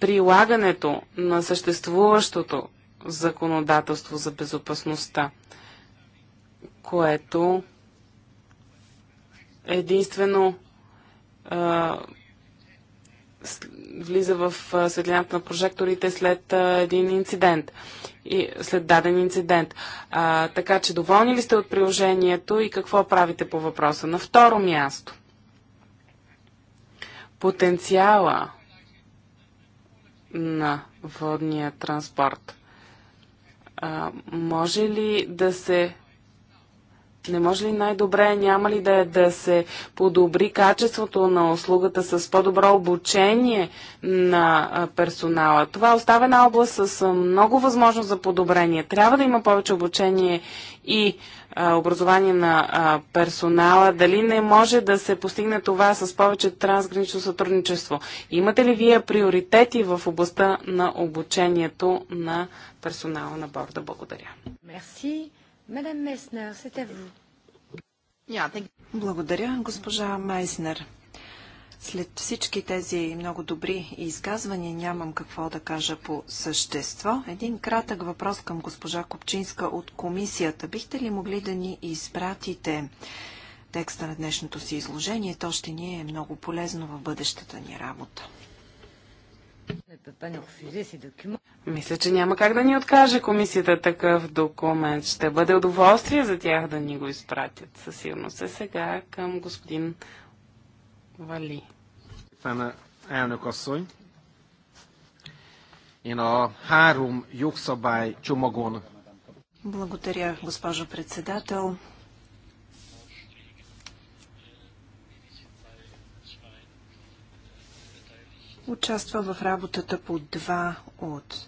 прилагането на съществуващото законодателство за безопасността, което единствено влиза в светлината на прожекторите след един инцидент и след даден инцидент. А, така че доволни ли сте от приложението и какво правите по въпроса? На второ място. Потенциала на водния транспорт. А, може ли да се не може ли най-добре, няма ли да е да се подобри качеството на услугата с по-добро обучение на персонала? Това остава една област с много възможност за подобрение. Трябва да има повече обучение и образование на персонала. Дали не може да се постигне това с повече трансгранично сътрудничество? Имате ли вие приоритети в областта на обучението на персонала на борда? Благодаря. Мерси. Мадам Меснер, сете Благодаря, госпожа Майснер. След всички тези много добри изказвания нямам какво да кажа по същество. Един кратък въпрос към госпожа Копчинска от комисията. Бихте ли могли да ни изпратите текста на днешното си изложение? То ще ни е много полезно в бъдещата ни работа. Е, мисля, че няма как да ни откаже комисията такъв документ. Ще бъде удоволствие за тях да ни го изпратят. Със сигурност е сега към господин Вали. asszony, én a három jogszabály csomagon. Благодаря, госпожо председател. Участва в работата по два от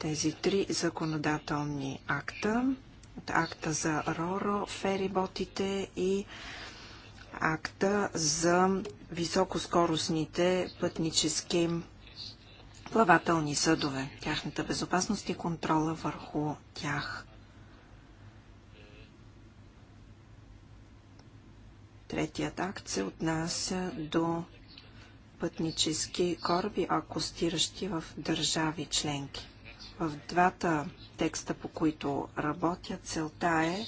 тези три законодателни акта. Акта за Роро, фериботите и акта за високоскоростните пътнически плавателни съдове, тяхната безопасност и контрола върху тях. Третият акт се отнася до пътнически кораби, акостиращи в държави членки. В двата текста, по които работя, целта е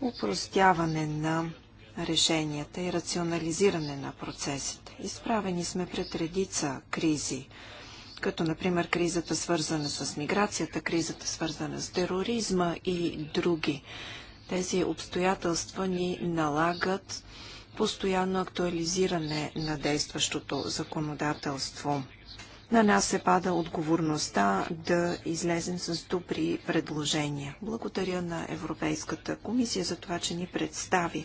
упростяване на решенията и рационализиране на процесите. Изправени сме пред редица кризи, като например кризата свързана с миграцията, кризата свързана с тероризма и други. Тези обстоятелства ни налагат постоянно актуализиране на действащото законодателство на нас се пада отговорността да излезем с добри предложения. Благодаря на Европейската комисия за това, че ни представи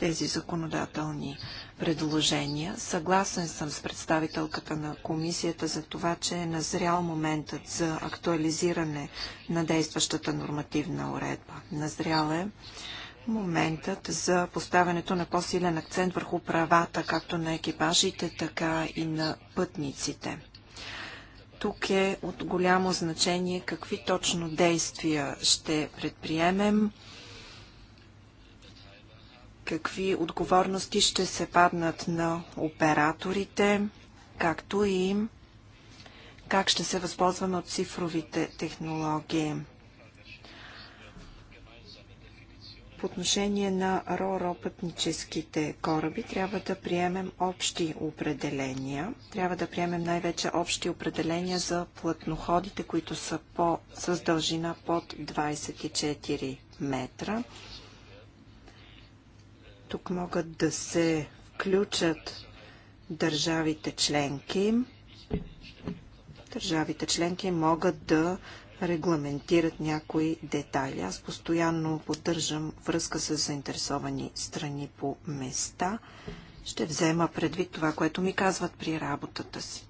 тези законодателни предложения. Съгласен съм с представителката на комисията за това, че е назрял моментът за актуализиране на действащата нормативна уредба. Назрял е моментът за поставянето на по-силен акцент върху правата, както на екипажите, така и на пътниците. Тук е от голямо значение какви точно действия ще предприемем, какви отговорности ще се паднат на операторите, както и как ще се възползваме от цифровите технологии. по отношение на РОРО пътническите кораби трябва да приемем общи определения. Трябва да приемем най-вече общи определения за плътноходите, които са по, с дължина под 24 метра. Тук могат да се включат държавите членки. Държавите членки могат да регламентират някои детайли. Аз постоянно поддържам връзка с заинтересовани страни по места. Ще взема предвид това, което ми казват при работата си.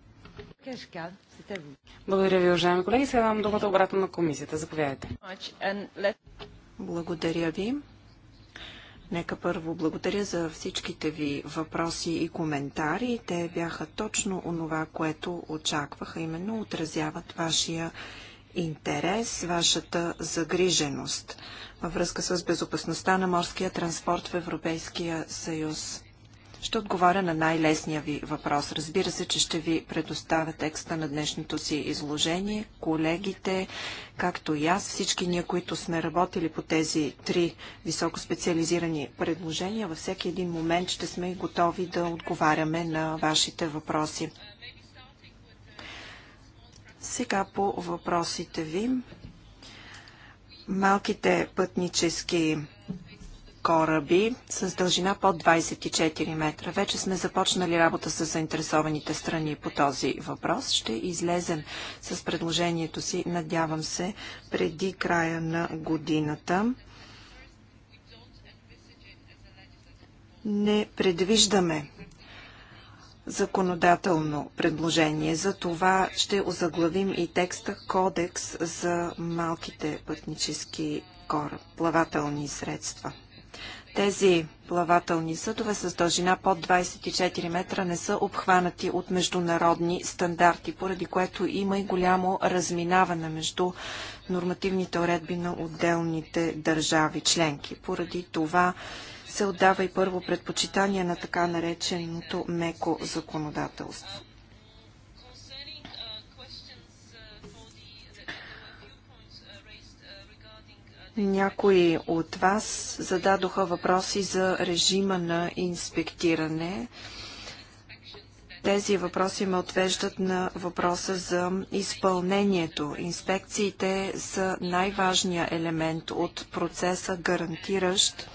Благодаря ви, уважаеми колеги. Сега давам думата обратно на комисията. Заповядайте. Благодаря ви. Нека първо благодаря за всичките ви въпроси и коментари. Те бяха точно онова, което очакваха, именно отразяват вашия интерес, вашата загриженост във връзка с безопасността на морския транспорт в Европейския съюз. Ще отговоря на най-лесния ви въпрос. Разбира се, че ще ви предоставя текста на днешното си изложение. Колегите, както и аз, всички ние, които сме работили по тези три високо специализирани предложения, във всеки един момент ще сме готови да отговаряме на вашите въпроси. Сега по въпросите ви. Малките пътнически кораби с дължина под 24 метра. Вече сме започнали работа с заинтересованите страни по този въпрос. Ще излезем с предложението си, надявам се, преди края на годината. Не предвиждаме законодателно предложение. За това ще озаглавим и текста Кодекс за малките пътнически кораб, плавателни средства. Тези плавателни съдове с дължина под 24 метра не са обхванати от международни стандарти, поради което има и голямо разминаване между нормативните уредби на отделните държави членки. Поради това се отдава и първо предпочитание на така нареченото меко законодателство. Някои от вас зададоха въпроси за режима на инспектиране. Тези въпроси ме отвеждат на въпроса за изпълнението. Инспекциите са най-важният елемент от процеса, гарантиращ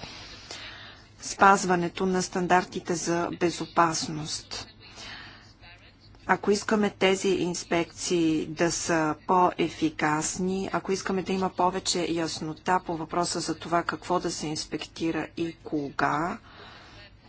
спазването на стандартите за безопасност. Ако искаме тези инспекции да са по-ефикасни, ако искаме да има повече яснота по въпроса за това какво да се инспектира и кога,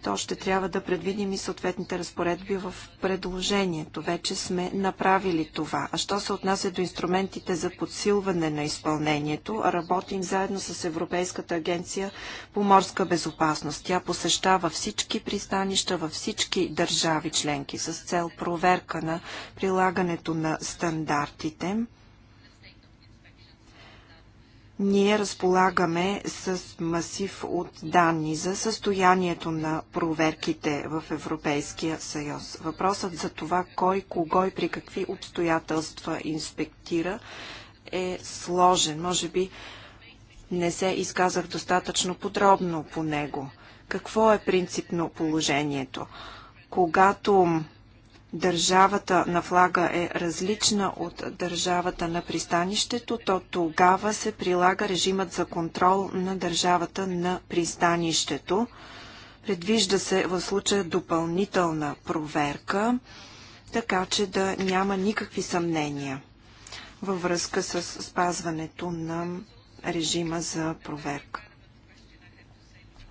то ще трябва да предвидим и съответните разпоредби в предложението. Вече сме направили това. А що се отнася до инструментите за подсилване на изпълнението, работим заедно с Европейската агенция по морска безопасност. Тя посещава всички пристанища във всички държави членки с цел проверка на прилагането на стандартите ние разполагаме с масив от данни за състоянието на проверките в Европейския съюз. Въпросът за това кой, кого и при какви обстоятелства инспектира е сложен. Може би не се изказах достатъчно подробно по него. Какво е принципно положението? Когато държавата на флага е различна от държавата на пристанището, то тогава се прилага режимът за контрол на държавата на пристанището. Предвижда се в случая допълнителна проверка, така че да няма никакви съмнения във връзка с спазването на режима за проверка.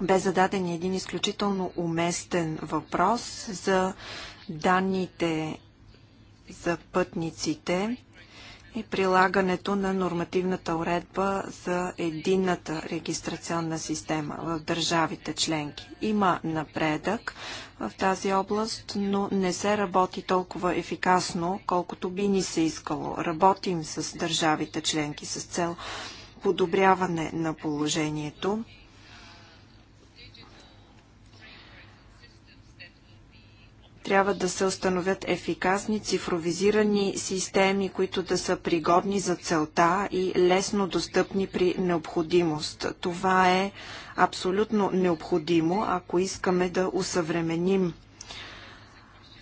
Бе зададен един изключително уместен въпрос за данните за пътниците и прилагането на нормативната уредба за единната регистрационна система в държавите членки. Има напредък в тази област, но не се работи толкова ефикасно, колкото би ни се искало. Работим с държавите членки с цел подобряване на положението. Трябва да се установят ефикасни цифровизирани системи, които да са пригодни за целта и лесно достъпни при необходимост. Това е абсолютно необходимо, ако искаме да усъвременим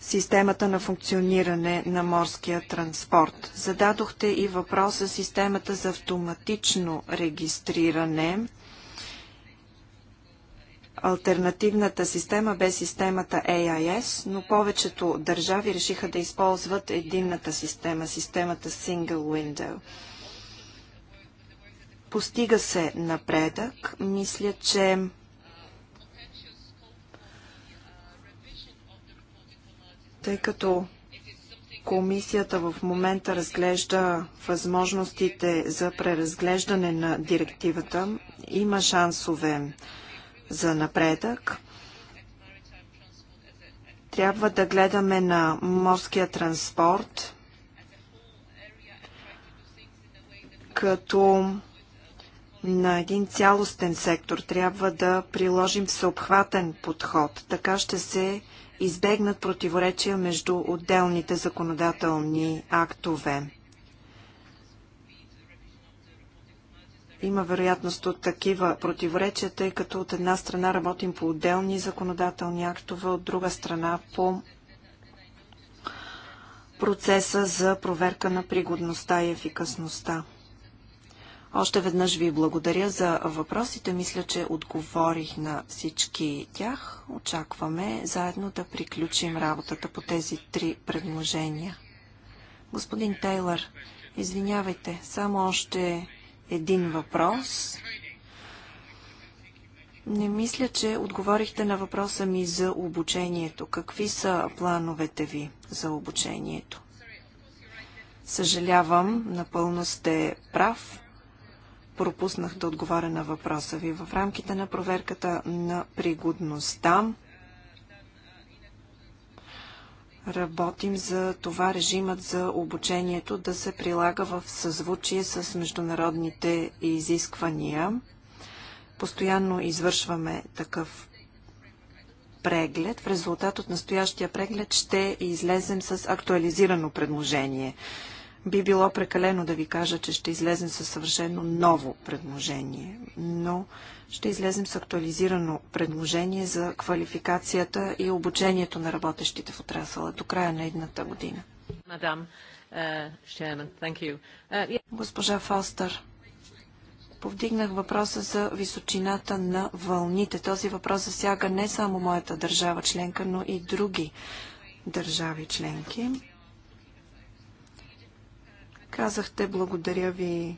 системата на функциониране на морския транспорт. Зададохте и въпроса за системата за автоматично регистриране. Альтернативната система бе системата AIS, но повечето държави решиха да използват единната система, системата Single Window. Постига се напредък. Мисля, че тъй като комисията в момента разглежда възможностите за преразглеждане на директивата, има шансове за напредък. Трябва да гледаме на морския транспорт като на един цялостен сектор. Трябва да приложим всеобхватен подход. Така ще се избегнат противоречия между отделните законодателни актове. Има вероятност от такива противоречия, тъй като от една страна работим по отделни законодателни актове, от друга страна по процеса за проверка на пригодността и ефикасността. Още веднъж ви благодаря за въпросите. Мисля, че отговорих на всички тях. Очакваме заедно да приключим работата по тези три предложения. Господин Тейлър, извинявайте, само още един въпрос. Не мисля, че отговорихте на въпроса ми за обучението. Какви са плановете ви за обучението? Съжалявам, напълно сте прав. Пропуснах да отговоря на въпроса ви. В рамките на проверката на пригодността работим за това режимът за обучението да се прилага в съзвучие с международните изисквания. Постоянно извършваме такъв преглед. В резултат от настоящия преглед ще излезем с актуализирано предложение. Би било прекалено да ви кажа, че ще излезем със съвършено ново предложение, но ще излезем с актуализирано предложение за квалификацията и обучението на работещите в отрасъла до края на едната година. Мадам, е, е, Госпожа Фостер, повдигнах въпроса за височината на вълните. Този въпрос засяга не само моята държава членка, но и други държави членки. Казахте благодаря ви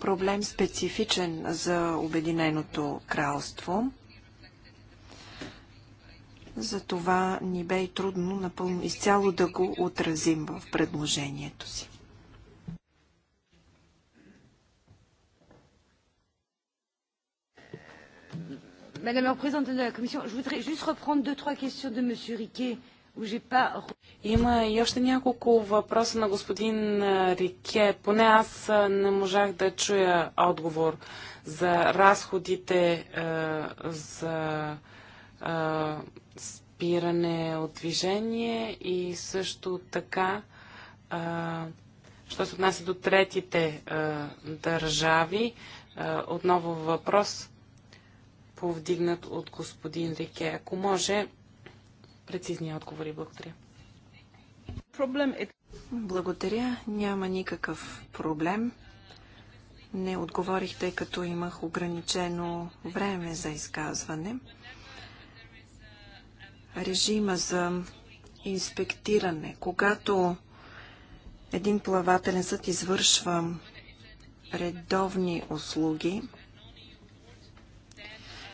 проблем специфичен за Обединеното кралство. Затова ни бе и трудно напълно изцяло да го отразим в предложението си. Madame la Présidente de la Commission, je voudrais juste reprendre deux, trois questions de Monsieur Riquet има и още няколко въпроса на господин Рике. Поне аз не можах да чуя отговор за разходите за спиране от движение и също така, що се отнася до третите държави, отново въпрос повдигнат от господин Рике. Ако може, прецизни отговори. Благодаря. Е- Благодаря. Няма никакъв проблем. Не отговорих, тъй като имах ограничено време за изказване. Режима за инспектиране. Когато един плавателен съд извършва редовни услуги,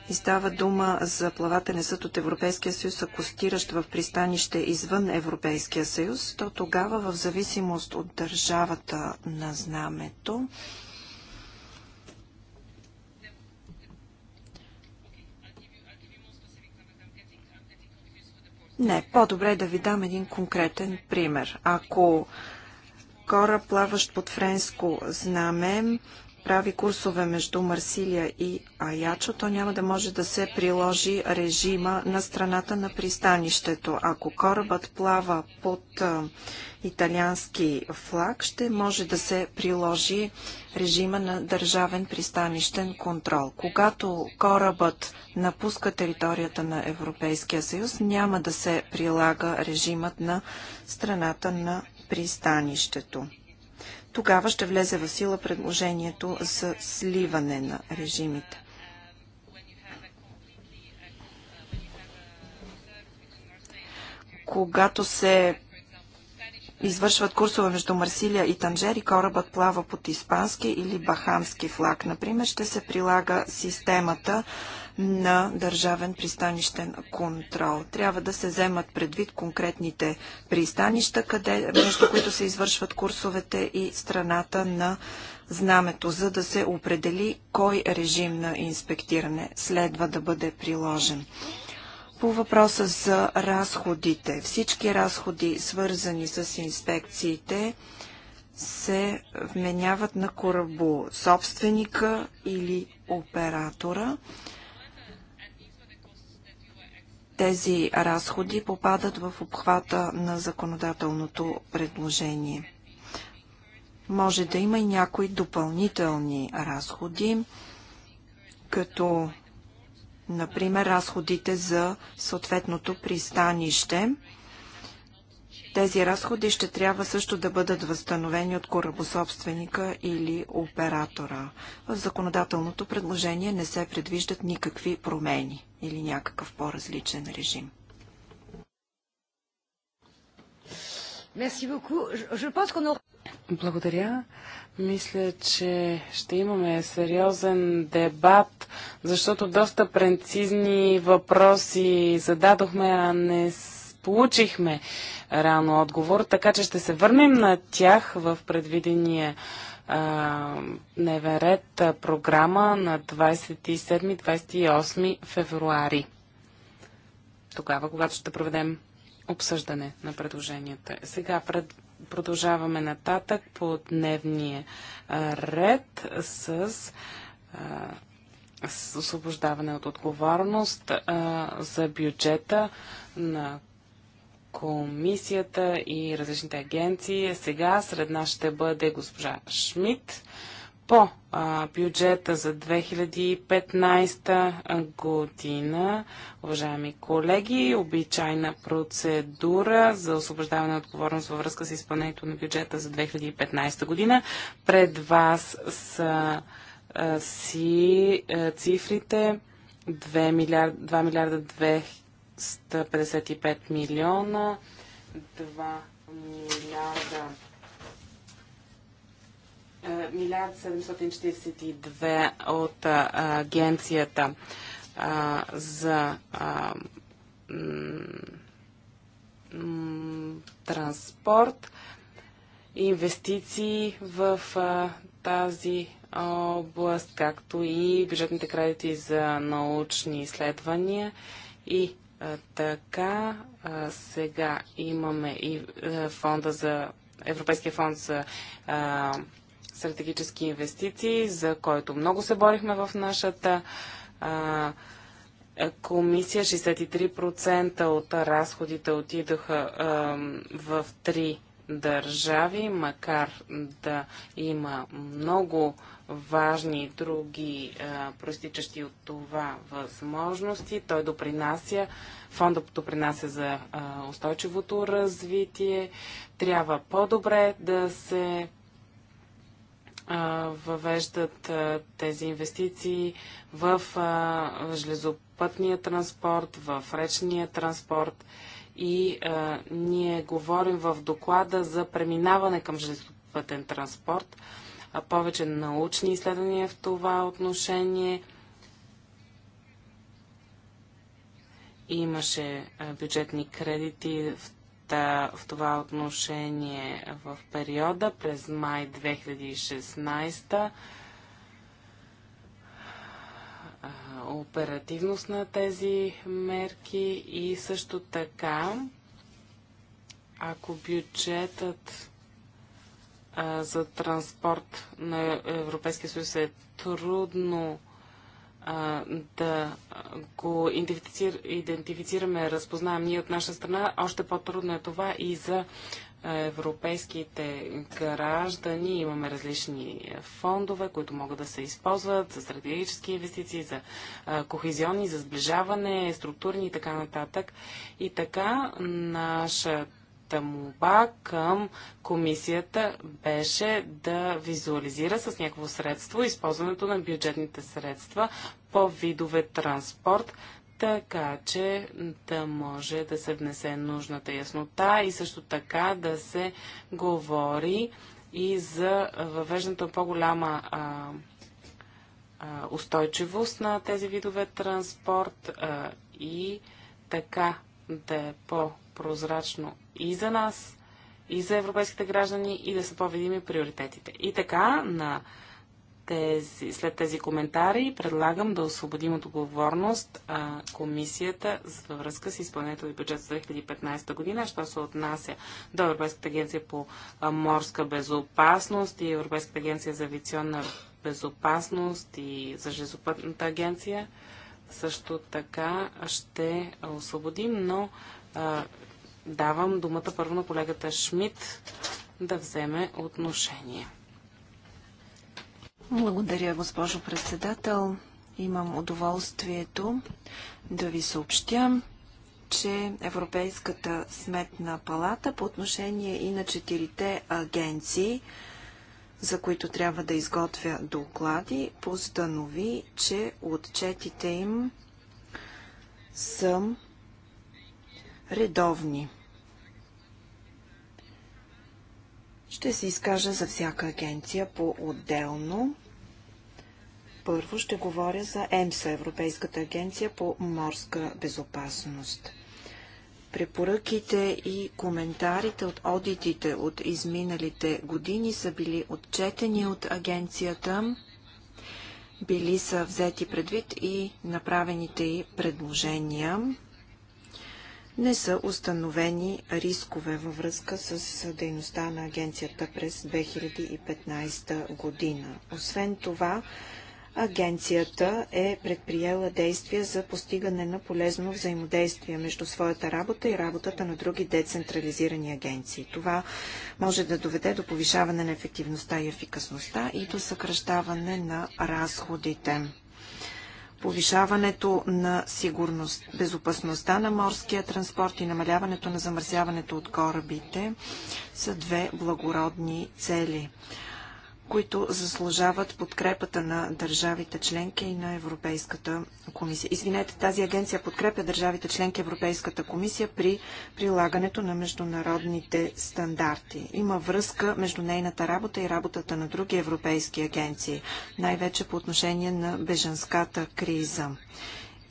и става дума за плавателен съд от Европейския съюз, акостиращ в пристанище извън Европейския съюз, то тогава в зависимост от държавата на знамето, Не, по-добре е да ви дам един конкретен пример. Ако кора, плаващ под френско знаме, прави курсове между Марсилия и Аячо, то няма да може да се приложи режима на страната на пристанището. Ако корабът плава под италиански флаг, ще може да се приложи режима на държавен пристанищен контрол. Когато корабът напуска територията на Европейския съюз, няма да се прилага режимът на страната на пристанището тогава ще влезе в сила предложението за сливане на режимите. Когато се извършват курсове между Марсилия и Танжери, корабът плава под испански или бахамски флаг, например, ще се прилага системата на държавен пристанищен контрол. Трябва да се вземат предвид конкретните пристанища, къде, между които се извършват курсовете и страната на знамето, за да се определи кой режим на инспектиране следва да бъде приложен. По въпроса за разходите, всички разходи, свързани с инспекциите, се вменяват на корабо собственика или оператора. Тези разходи попадат в обхвата на законодателното предложение. Може да има и някои допълнителни разходи, като например разходите за съответното пристанище – тези разходи ще трябва също да бъдат възстановени от корабособственика или оператора. В законодателното предложение не се предвиждат никакви промени или някакъв по-различен режим. Благодаря. Мисля, че ще имаме сериозен дебат, защото доста прецизни въпроси зададохме, а не са получихме реално отговор, така че ще се върнем на тях в предвидения дневен ред програма на 27-28 февруари. Тогава, когато ще проведем обсъждане на предложенията. Сега пред, продължаваме нататък по дневния а, ред с, а, с освобождаване от отговорност а, за бюджета на комисията и различните агенции. Сега сред нас ще бъде госпожа Шмидт по а, бюджета за 2015 година. Уважаеми колеги, обичайна процедура за освобождаване на отговорност във връзка с изпълнението на бюджета за 2015 година. Пред вас са а, си а, цифрите 2 милиарда, 2 милиарда 2 155 милиона, 2 милиарда е, милиард 742 от агенцията за транспорт, инвестиции в тази област, както и бюджетните кредити за научни изследвания и така, сега имаме и фонда за Европейския фонд за а, стратегически инвестиции, за който много се борихме в нашата а, комисия. 63% от разходите отидаха в три държави, макар да има много а, важни други проистичащи от това възможности. Той допринася, фонда допринася за устойчивото развитие. Трябва по-добре да се въвеждат тези инвестиции в железопътния транспорт, в речния транспорт и ние говорим в доклада за преминаване към железопътен транспорт повече научни изследвания в това отношение. Имаше бюджетни кредити в, та, в това отношение в периода през май 2016 оперативност на тези мерки и също така, ако бюджетът за транспорт на Европейския съюз е трудно да го идентифицираме, разпознаем ние от наша страна, още по-трудно е това и за европейските граждани. Имаме различни фондове, които могат да се използват за стратегически инвестиции, за кохезионни, за сближаване, структурни и така нататък. И така нашата Моята молба към комисията беше да визуализира с някакво средство използването на бюджетните средства по видове транспорт, така че да може да се внесе нужната яснота и също така да се говори и за въвеждането по-голяма устойчивост на тези видове транспорт а, и така да е по-прозрачно и за нас, и за европейските граждани, и да са по-видими приоритетите. И така, на тези, след тези коментари, предлагам да освободим от отговорност а, комисията за връзка с изпълнението на бюджет за 2015 година, що се отнася до Европейската агенция по морска безопасност и Европейската агенция за авиационна безопасност и за железопътната агенция. Също така ще освободим, но а, давам думата първо на колегата Шмидт да вземе отношение. Благодаря, госпожо председател. Имам удоволствието да ви съобщя, че Европейската сметна палата по отношение и на четирите агенции, за които трябва да изготвя доклади, постанови, че отчетите им са редовни. Ще се изкажа за всяка агенция по-отделно. Първо ще говоря за ЕМСА, Европейската агенция по морска безопасност. Препоръките и коментарите от одитите от изминалите години са били отчетени от агенцията, били са взети предвид и направените и предложения не са установени рискове във връзка с дейността на агенцията през 2015 година. Освен това, агенцията е предприела действия за постигане на полезно взаимодействие между своята работа и работата на други децентрализирани агенции. Това може да доведе до повишаване на ефективността и ефикасността и до съкръщаване на разходите повишаването на сигурност, безопасността на морския транспорт и намаляването на замърсяването от корабите са две благородни цели които заслужават подкрепата на държавите членки и на Европейската комисия. Извинете, тази агенция подкрепя държавите членки Европейската комисия при прилагането на международните стандарти. Има връзка между нейната работа и работата на други европейски агенции, най-вече по отношение на беженската криза.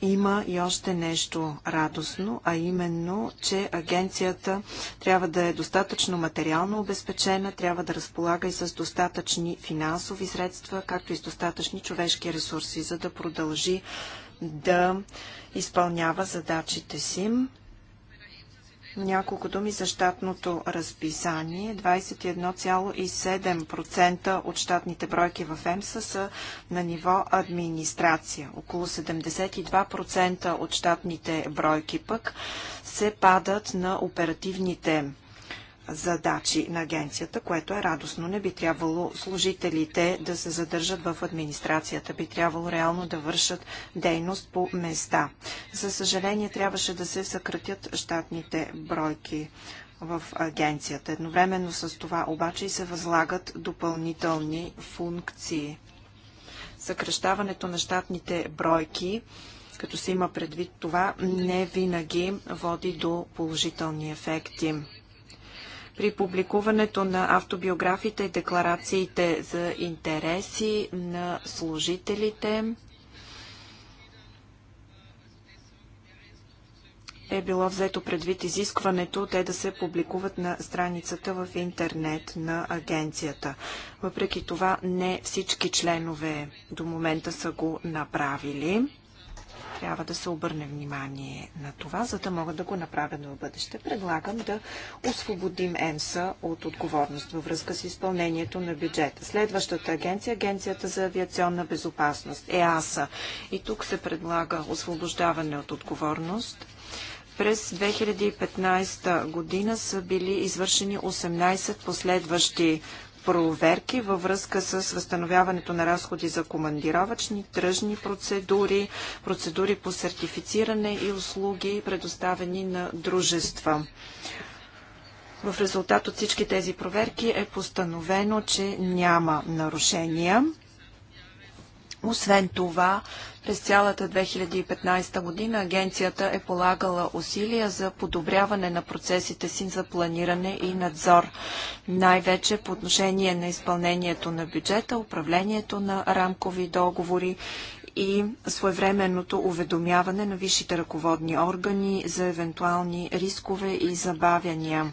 Има и още нещо радостно, а именно, че агенцията трябва да е достатъчно материално обезпечена, трябва да разполага и с достатъчни финансови средства, както и с достатъчни човешки ресурси, за да продължи да изпълнява задачите си. Няколко думи за щатното разписание. 21,7% от щатните бройки в ЕМСА са на ниво администрация. Около 72% от щатните бройки пък се падат на оперативните задачи на агенцията, което е радостно. Не би трябвало служителите да се задържат в администрацията. Би трябвало реално да вършат дейност по места. За съжаление, трябваше да се съкратят щатните бройки в агенцията. Едновременно с това обаче и се възлагат допълнителни функции. Съкръщаването на щатните бройки като се има предвид това, не винаги води до положителни ефекти. При публикуването на автобиографите и декларациите за интереси на служителите е било взето предвид изискването те да се публикуват на страницата в интернет на агенцията. Въпреки това не всички членове до момента са го направили трябва да се обърне внимание на това, за да могат да го направят в бъдеще. Предлагам да освободим ЕМСА от отговорност във връзка с изпълнението на бюджета. Следващата агенция, е Агенцията за авиационна безопасност, ЕАСА. И тук се предлага освобождаване от отговорност през 2015 година са били извършени 18 последващи проверки във връзка с възстановяването на разходи за командировачни, тръжни процедури, процедури по сертифициране и услуги, предоставени на дружества. В резултат от всички тези проверки е постановено, че няма нарушения. Освен това, през цялата 2015 година агенцията е полагала усилия за подобряване на процесите си за планиране и надзор, най-вече по отношение на изпълнението на бюджета, управлението на рамкови договори и своевременното уведомяване на висшите ръководни органи за евентуални рискове и забавяния.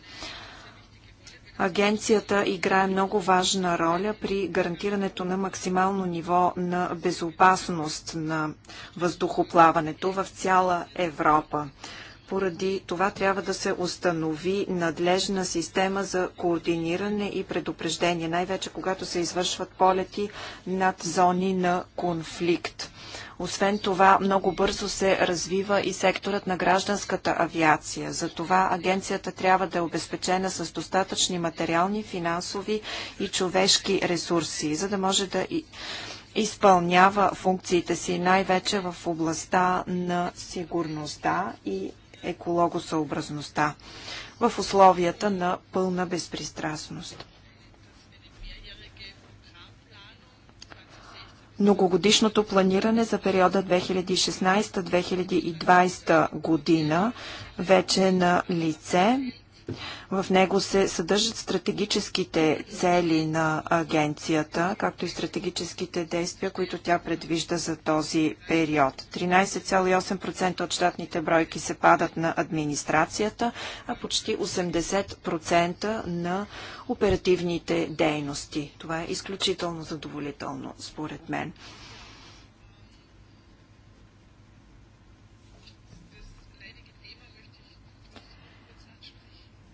Агенцията играе много важна роля при гарантирането на максимално ниво на безопасност на въздухоплаването в цяла Европа. Поради това трябва да се установи надлежна система за координиране и предупреждение, най-вече когато се извършват полети над зони на конфликт. Освен това, много бързо се развива и секторът на гражданската авиация. Затова агенцията трябва да е обезпечена с достатъчни материални, финансови и човешки ресурси, за да може да изпълнява функциите си най-вече в областта на сигурността и екологосъобразността в условията на пълна безпристрастност. многогодишното планиране за периода 2016-2020 година вече е на лице. В него се съдържат стратегическите цели на агенцията, както и стратегическите действия, които тя предвижда за този период. 13,8% от щатните бройки се падат на администрацията, а почти 80% на оперативните дейности. Това е изключително задоволително, според мен.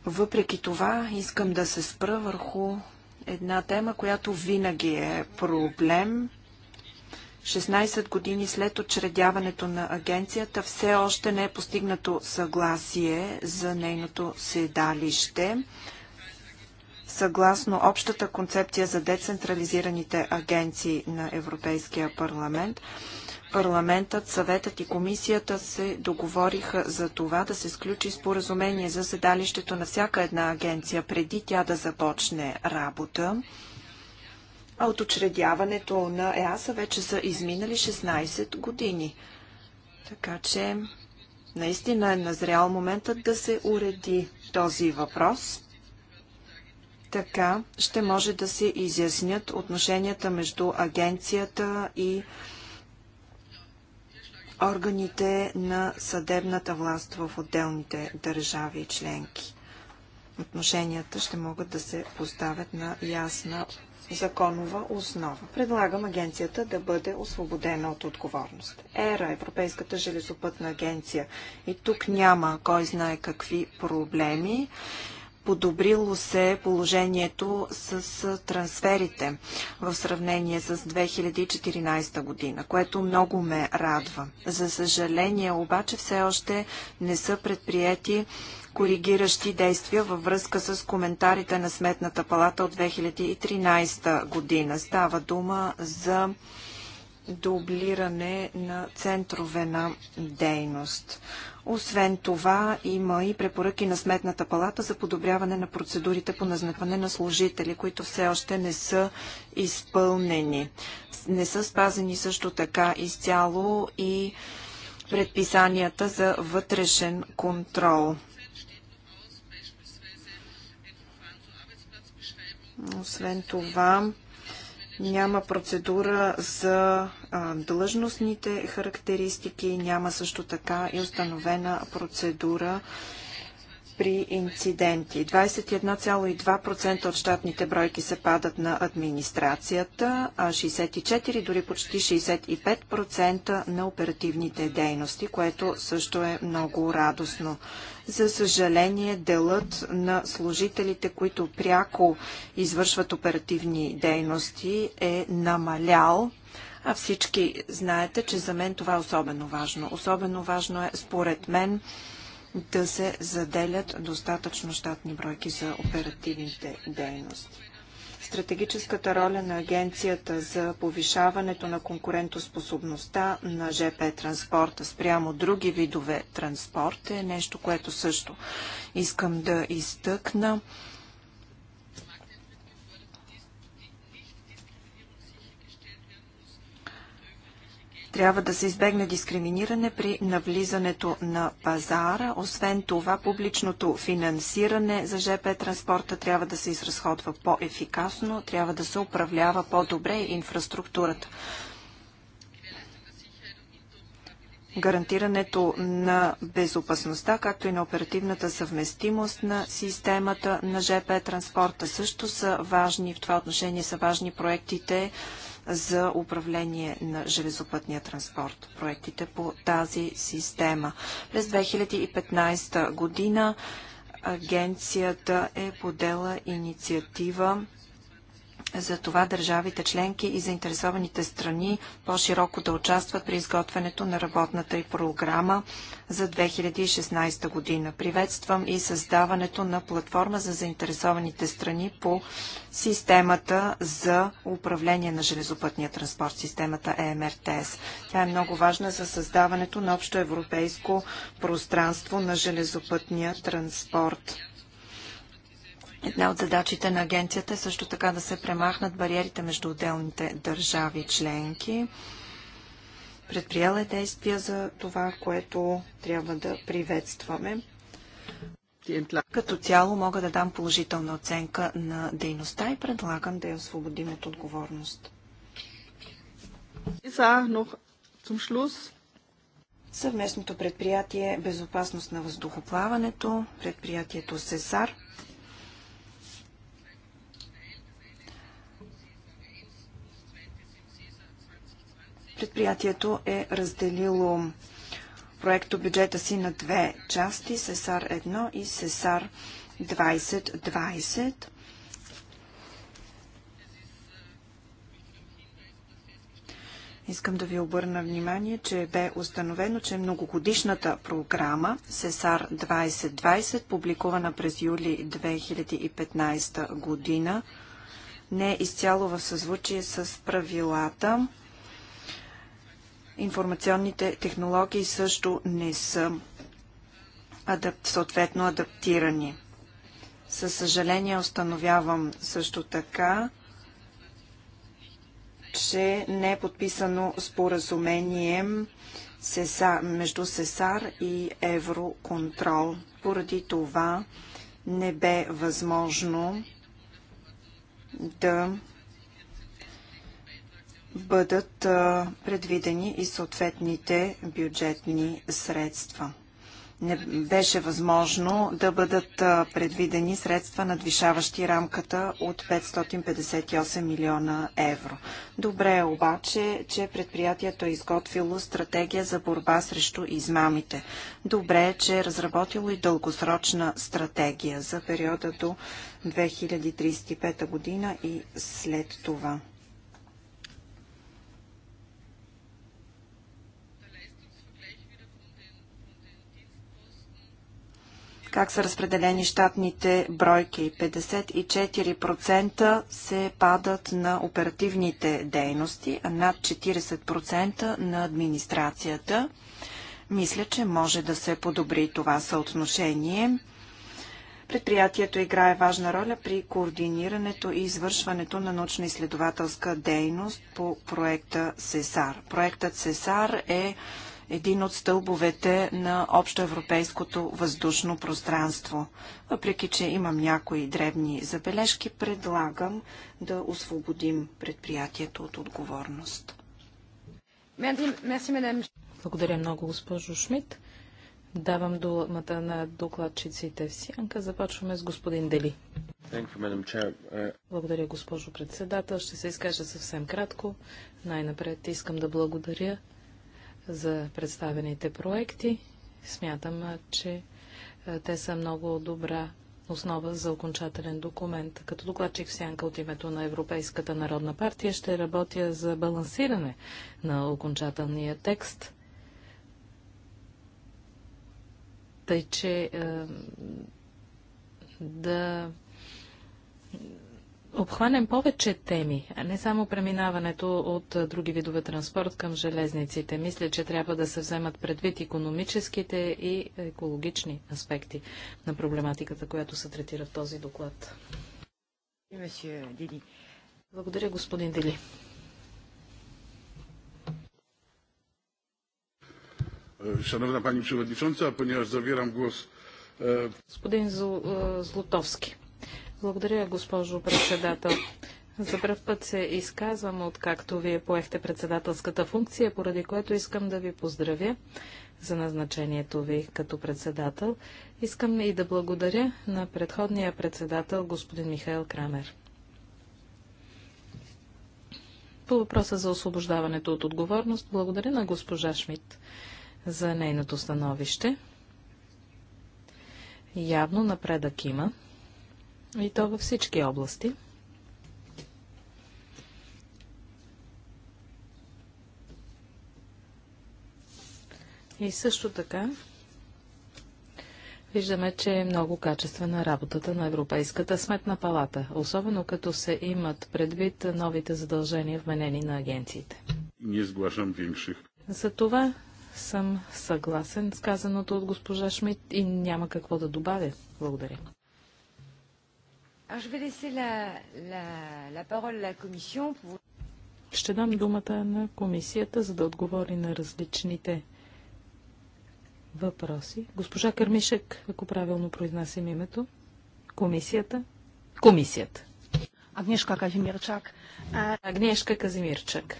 Въпреки това, искам да се спра върху една тема, която винаги е проблем. 16 години след очредяването на агенцията все още не е постигнато съгласие за нейното седалище. Съгласно общата концепция за децентрализираните агенции на Европейския парламент, Парламентът, съветът и комисията се договориха за това да се сключи споразумение за седалището на всяка една агенция преди тя да започне работа. А от учредяването на ЕАСА вече са изминали 16 години. Така че наистина е назрял моментът да се уреди този въпрос. Така ще може да се изяснят отношенията между агенцията и агенцията органите на съдебната власт в отделните държави и членки. Отношенията ще могат да се поставят на ясна законова основа. Предлагам агенцията да бъде освободена от отговорност. ЕРА, Европейската железопътна агенция. И тук няма кой знае какви проблеми. Подобрило се положението с трансферите в сравнение с 2014 година, което много ме радва. За съжаление обаче все още не са предприяти коригиращи действия във връзка с коментарите на Сметната палата от 2013 година. Става дума за дублиране на центрове на дейност. Освен това, има и препоръки на Сметната палата за подобряване на процедурите по назначаване на служители, които все още не са изпълнени. Не са спазени също така изцяло и предписанията за вътрешен контрол. Освен това, няма процедура за длъжностните характеристики, няма също така и установена процедура при инциденти. 21,2% от щатните бройки се падат на администрацията, а 64, дори почти 65% на оперативните дейности, което също е много радостно. За съжаление, делът на служителите, които пряко извършват оперативни дейности, е намалял. А всички знаете, че за мен това е особено важно. Особено важно е, според мен, да се заделят достатъчно щатни бройки за оперативните дейности. Стратегическата роля на Агенцията за повишаването на конкурентоспособността на ЖП транспорта спрямо други видове транспорт е нещо, което също искам да изтъкна. Трябва да се избегне дискриминиране при навлизането на пазара. Освен това, публичното финансиране за ЖП транспорта трябва да се изразходва по-ефикасно, трябва да се управлява по-добре инфраструктурата. гарантирането на безопасността, както и на оперативната съвместимост на системата на ЖП транспорта също са важни. В това отношение са важни проектите за управление на железопътния транспорт, проектите по тази система. През 2015 година агенцията е подела инициатива затова държавите членки и заинтересованите страни по-широко да участват при изготвянето на работната и програма за 2016 година. Приветствам и създаването на платформа за заинтересованите страни по системата за управление на железопътния транспорт, системата ЕМРТС. Тя е много важна за създаването на общо европейско пространство на железопътния транспорт. Една от задачите на агенцията е също така да се премахнат бариерите между отделните държави членки. Предприела е действия за това, което трябва да приветстваме. Като цяло мога да дам положителна оценка на дейността и предлагам да я освободим от отговорност. Съвместното предприятие Безопасност на въздухоплаването, предприятието СЕСАР – Предприятието е разделило проекто бюджета си на две части, Сесар 1 и Сесар 2020. Искам да ви обърна внимание, че бе установено, че многогодишната програма СЕСАР 2020, публикувана през юли 2015 година, не е изцяло в съзвучие с правилата информационните технологии също не са адап... съответно адаптирани. Със съжаление установявам също така, че не е подписано споразумение СЕСА, между СЕСАР и Евроконтрол. Поради това не бе възможно да бъдат предвидени и съответните бюджетни средства. Не беше възможно да бъдат предвидени средства, надвишаващи рамката от 558 милиона евро. Добре е обаче, че предприятието е изготвило стратегия за борба срещу измамите. Добре е, че е разработило и дългосрочна стратегия за периода до 2035 година и след това. как са разпределени щатните бройки. 54% се падат на оперативните дейности, а над 40% на администрацията. Мисля, че може да се подобри това съотношение. Предприятието играе важна роля при координирането и извършването на научно-изследователска дейност по проекта СЕСАР. Проектът СЕСАР е един от стълбовете на общоевропейското въздушно пространство. Въпреки, че имам някои дребни забележки, предлагам да освободим предприятието от отговорност. Благодаря много, госпожо Шмидт. Давам думата на докладчиците в Сянка. Започваме с господин Дели. Uh, благодаря, госпожо председател. Ще се изкажа съвсем кратко. Най-напред искам да благодаря за представените проекти. Смятам, че те са много добра основа за окончателен документ. Като докладчик в сянка от името на Европейската народна партия ще работя за балансиране на окончателния текст, тъй че да обхванем повече теми, а не само преминаването от други видове транспорт към железниците. Мисля, че трябва да се вземат предвид економическите и екологични аспекти на проблематиката, която се третира в този доклад. Благодаря, господин Дели. Е, господин е, Злотовски. Благодаря, госпожо председател. За първ път се изказвам, откакто вие поехте председателската функция, поради което искам да ви поздравя за назначението ви като председател. Искам и да благодаря на предходния председател, господин Михаил Крамер. По въпроса за освобождаването от отговорност, благодаря на госпожа Шмидт за нейното становище. Явно напредък има. И то във всички области. И също така виждаме, че е много качествена работата на Европейската сметна палата, особено като се имат предвид новите задължения вменени на агенциите. Не сглашам винших. За това съм съгласен с казаното от госпожа Шмидт и няма какво да добавя. Благодаря. Ще дам думата на комисията, за да отговори на различните въпроси. Госпожа Кърмишек, ако правилно произнасям името. Комисията. Комисията. Агнешка Казимирчак. Агнешка Казимирчак.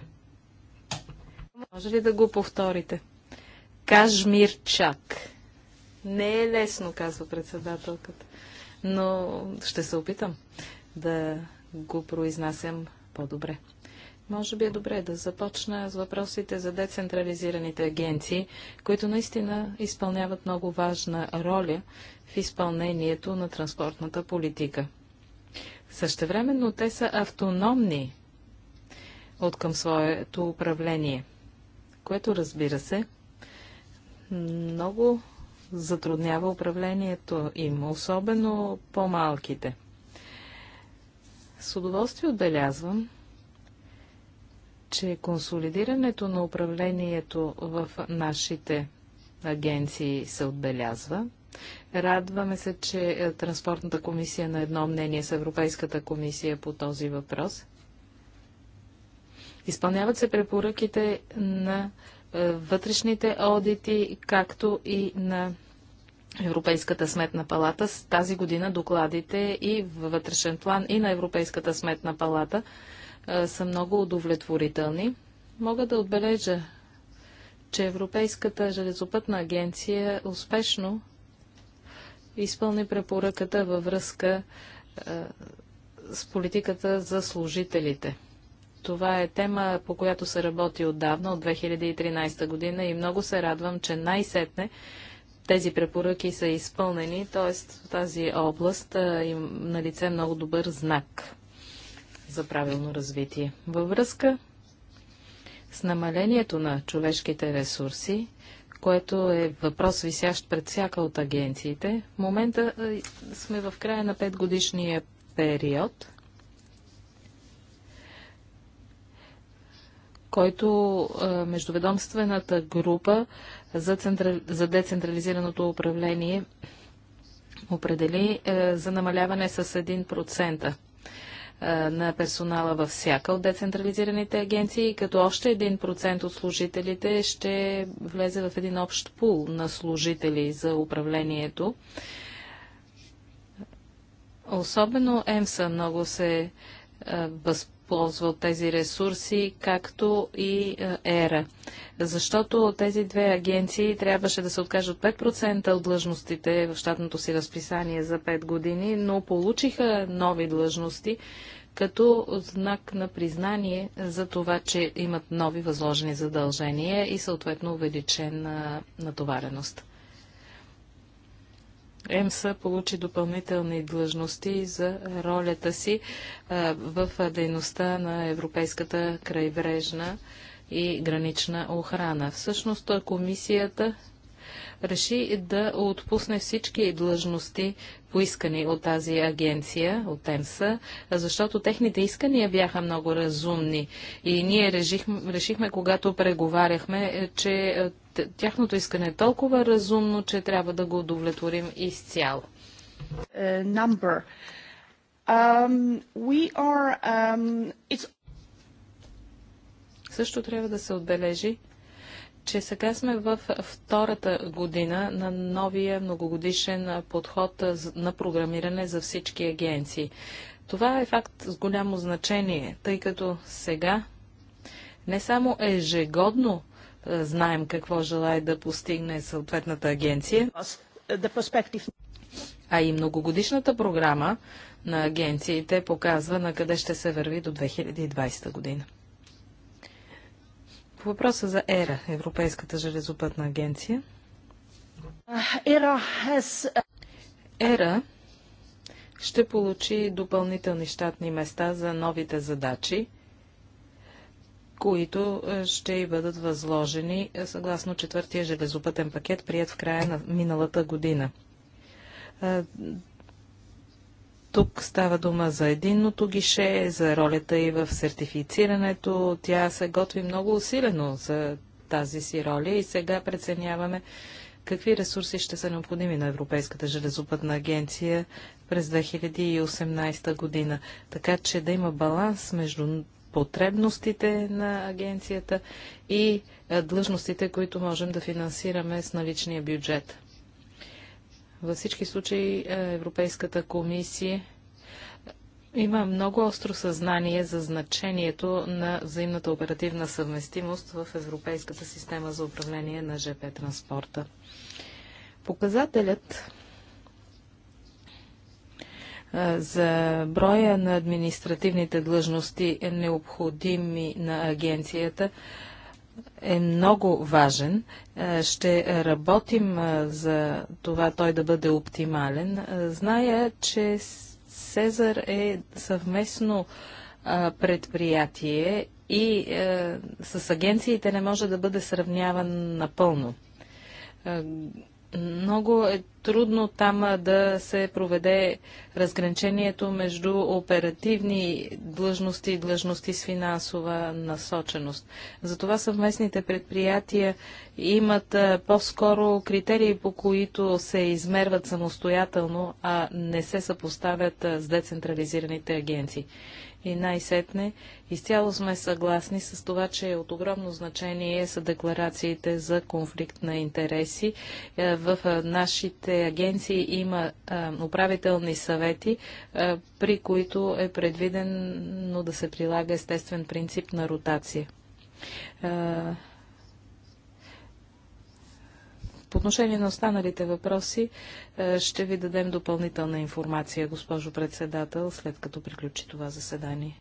Може ли да го повторите? Кажмирчак. Не е лесно, казва председателката но ще се опитам да го произнасям по-добре. Може би е добре да започна с въпросите за децентрализираните агенции, които наистина изпълняват много важна роля в изпълнението на транспортната политика. Същевременно те са автономни от към своето управление, което разбира се много затруднява управлението им, особено по-малките. С удоволствие отбелязвам, че консолидирането на управлението в нашите агенции се отбелязва. Радваме се, че е, Транспортната комисия на едно мнение с Европейската комисия по този въпрос. Изпълняват се препоръките на е, вътрешните одити, както и на Европейската сметна палата. С тази година докладите и в вътрешен план и на Европейската сметна палата е, са много удовлетворителни. Мога да отбележа, че Европейската железопътна агенция успешно изпълни препоръката във връзка е, с политиката за служителите. Това е тема, по която се работи отдавна, от 2013 година и много се радвам, че най-сетне тези препоръки са изпълнени, т.е. в тази област е на лице много добър знак за правилно развитие. Във връзка с намалението на човешките ресурси, което е въпрос висящ пред всяка от агенциите, в момента сме в края на 5 годишния период – който е, междуведомствената група за, централи... за децентрализираното управление определи е, за намаляване с 1% е, на персонала във всяка от децентрализираните агенции, като още 1% от служителите ще влезе в един общ пул на служители за управлението. Особено ЕМСА много се е, ползва от тези ресурси, както и е, ЕРА. Защото тези две агенции трябваше да се откажат 5% от длъжностите в щатното си разписание за 5 години, но получиха нови длъжности като знак на признание за това, че имат нови възложени задължения и съответно увеличена натовареност. ЕМСА получи допълнителни длъжности за ролята си в дейността на Европейската крайбрежна и гранична охрана. Всъщност комисията реши да отпусне всички длъжности, поискани от тази агенция, от ЕМСА, защото техните искания бяха много разумни. И ние решихме, решихме когато преговаряхме, е, че е, тяхното искане е толкова разумно, че трябва да го удовлетворим изцяло. Е, um, are, um, Също трябва да се отбележи, че сега сме в втората година на новия многогодишен подход на програмиране за всички агенции. Това е факт с голямо значение, тъй като сега не само ежегодно знаем какво желая да постигне съответната агенция, а и многогодишната програма на агенциите показва на къде ще се върви до 2020 година. По въпроса за ЕРА, Европейската железопътна агенция. ЕРА, ЕРА ще получи допълнителни щатни места за новите задачи, които е, ще и бъдат възложени е, съгласно четвъртия железопътен пакет, прият в края на миналата година. Е, тук става дума за единното гише, за ролята и в сертифицирането. Тя се готви много усилено за тази си роля и сега преценяваме какви ресурси ще са необходими на Европейската железопътна агенция през 2018 година, така че да има баланс между потребностите на агенцията и длъжностите, които можем да финансираме с наличния бюджет. Във всички случаи е, Европейската комисия има много остро съзнание за значението на взаимната оперативна съвместимост в Европейската система за управление на ЖП транспорта. Показателят е, за броя на административните длъжности, е необходими на агенцията, е много важен. Е, ще работим е, за това той да бъде оптимален. Е, зная, че Сезар е съвместно предприятие и с агенциите не може да бъде сравняван напълно. Много е трудно там да се проведе разграничението между оперативни длъжности и длъжности с финансова насоченост. Затова съвместните предприятия имат по-скоро критерии, по които се измерват самостоятелно, а не се съпоставят с децентрализираните агенции. И най-сетне, изцяло сме съгласни с това, че е от огромно значение са декларациите за конфликт на интереси. Е, в е, нашите агенции има е, управителни съвети, при които е предвидено да се прилага естествен принцип на ротация. По отношение на останалите въпроси е, ще ви дадем допълнителна информация, госпожо председател, след като приключи това заседание.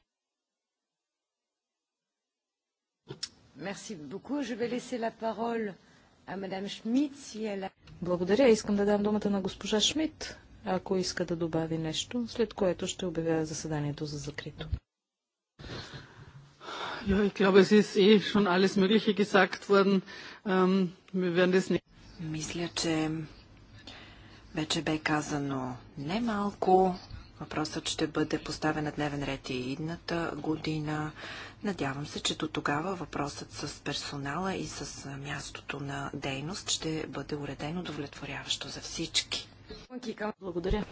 Благодаря. Искам да дам думата на госпожа Шмидт, ако иска да добави нещо, след което ще обявя заседанието за закрито. Ja, ich glaube, es ist eh schon alles Mögliche gesagt worden. Ähm, wir werden das nicht. Мисля, че вече бе казано немалко. Въпросът ще бъде поставен на дневен ред и идната година. Надявам се, че до тогава въпросът с персонала и с мястото на дейност ще бъде уреден удовлетворяващо за всички. Благодаря.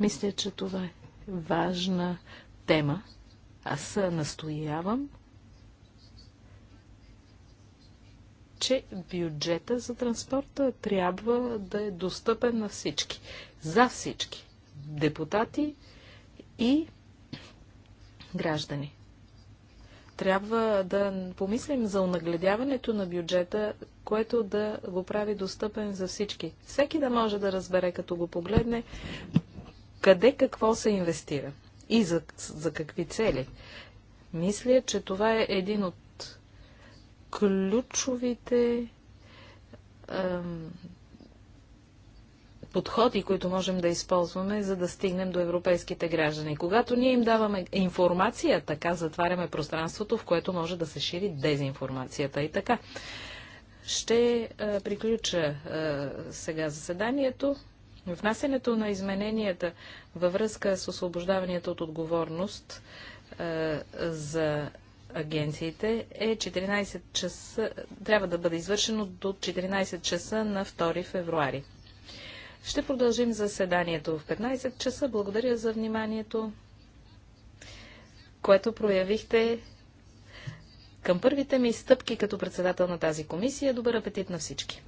Мисля, че това е важна тема. Аз настоявам че бюджета за транспорта трябва да е достъпен на всички. За всички. Депутати и граждани. Трябва да помислим за онагледяването на бюджета, което да го прави достъпен за всички. Всеки да може да разбере, като го погледне, къде какво се инвестира и за, за какви цели. Мисля, че това е един от ключовите подходи, които можем да използваме, за да стигнем до европейските граждани. Когато ние им даваме информация, така затваряме пространството, в което може да се шири дезинформацията и така. Ще приключа сега заседанието. Внасенето на измененията във връзка с освобождаването от отговорност за агенциите е 14 часа, трябва да бъде извършено до 14 часа на 2 февруари. Ще продължим заседанието в 15 часа. Благодаря за вниманието, което проявихте към първите ми стъпки като председател на тази комисия. Добър апетит на всички!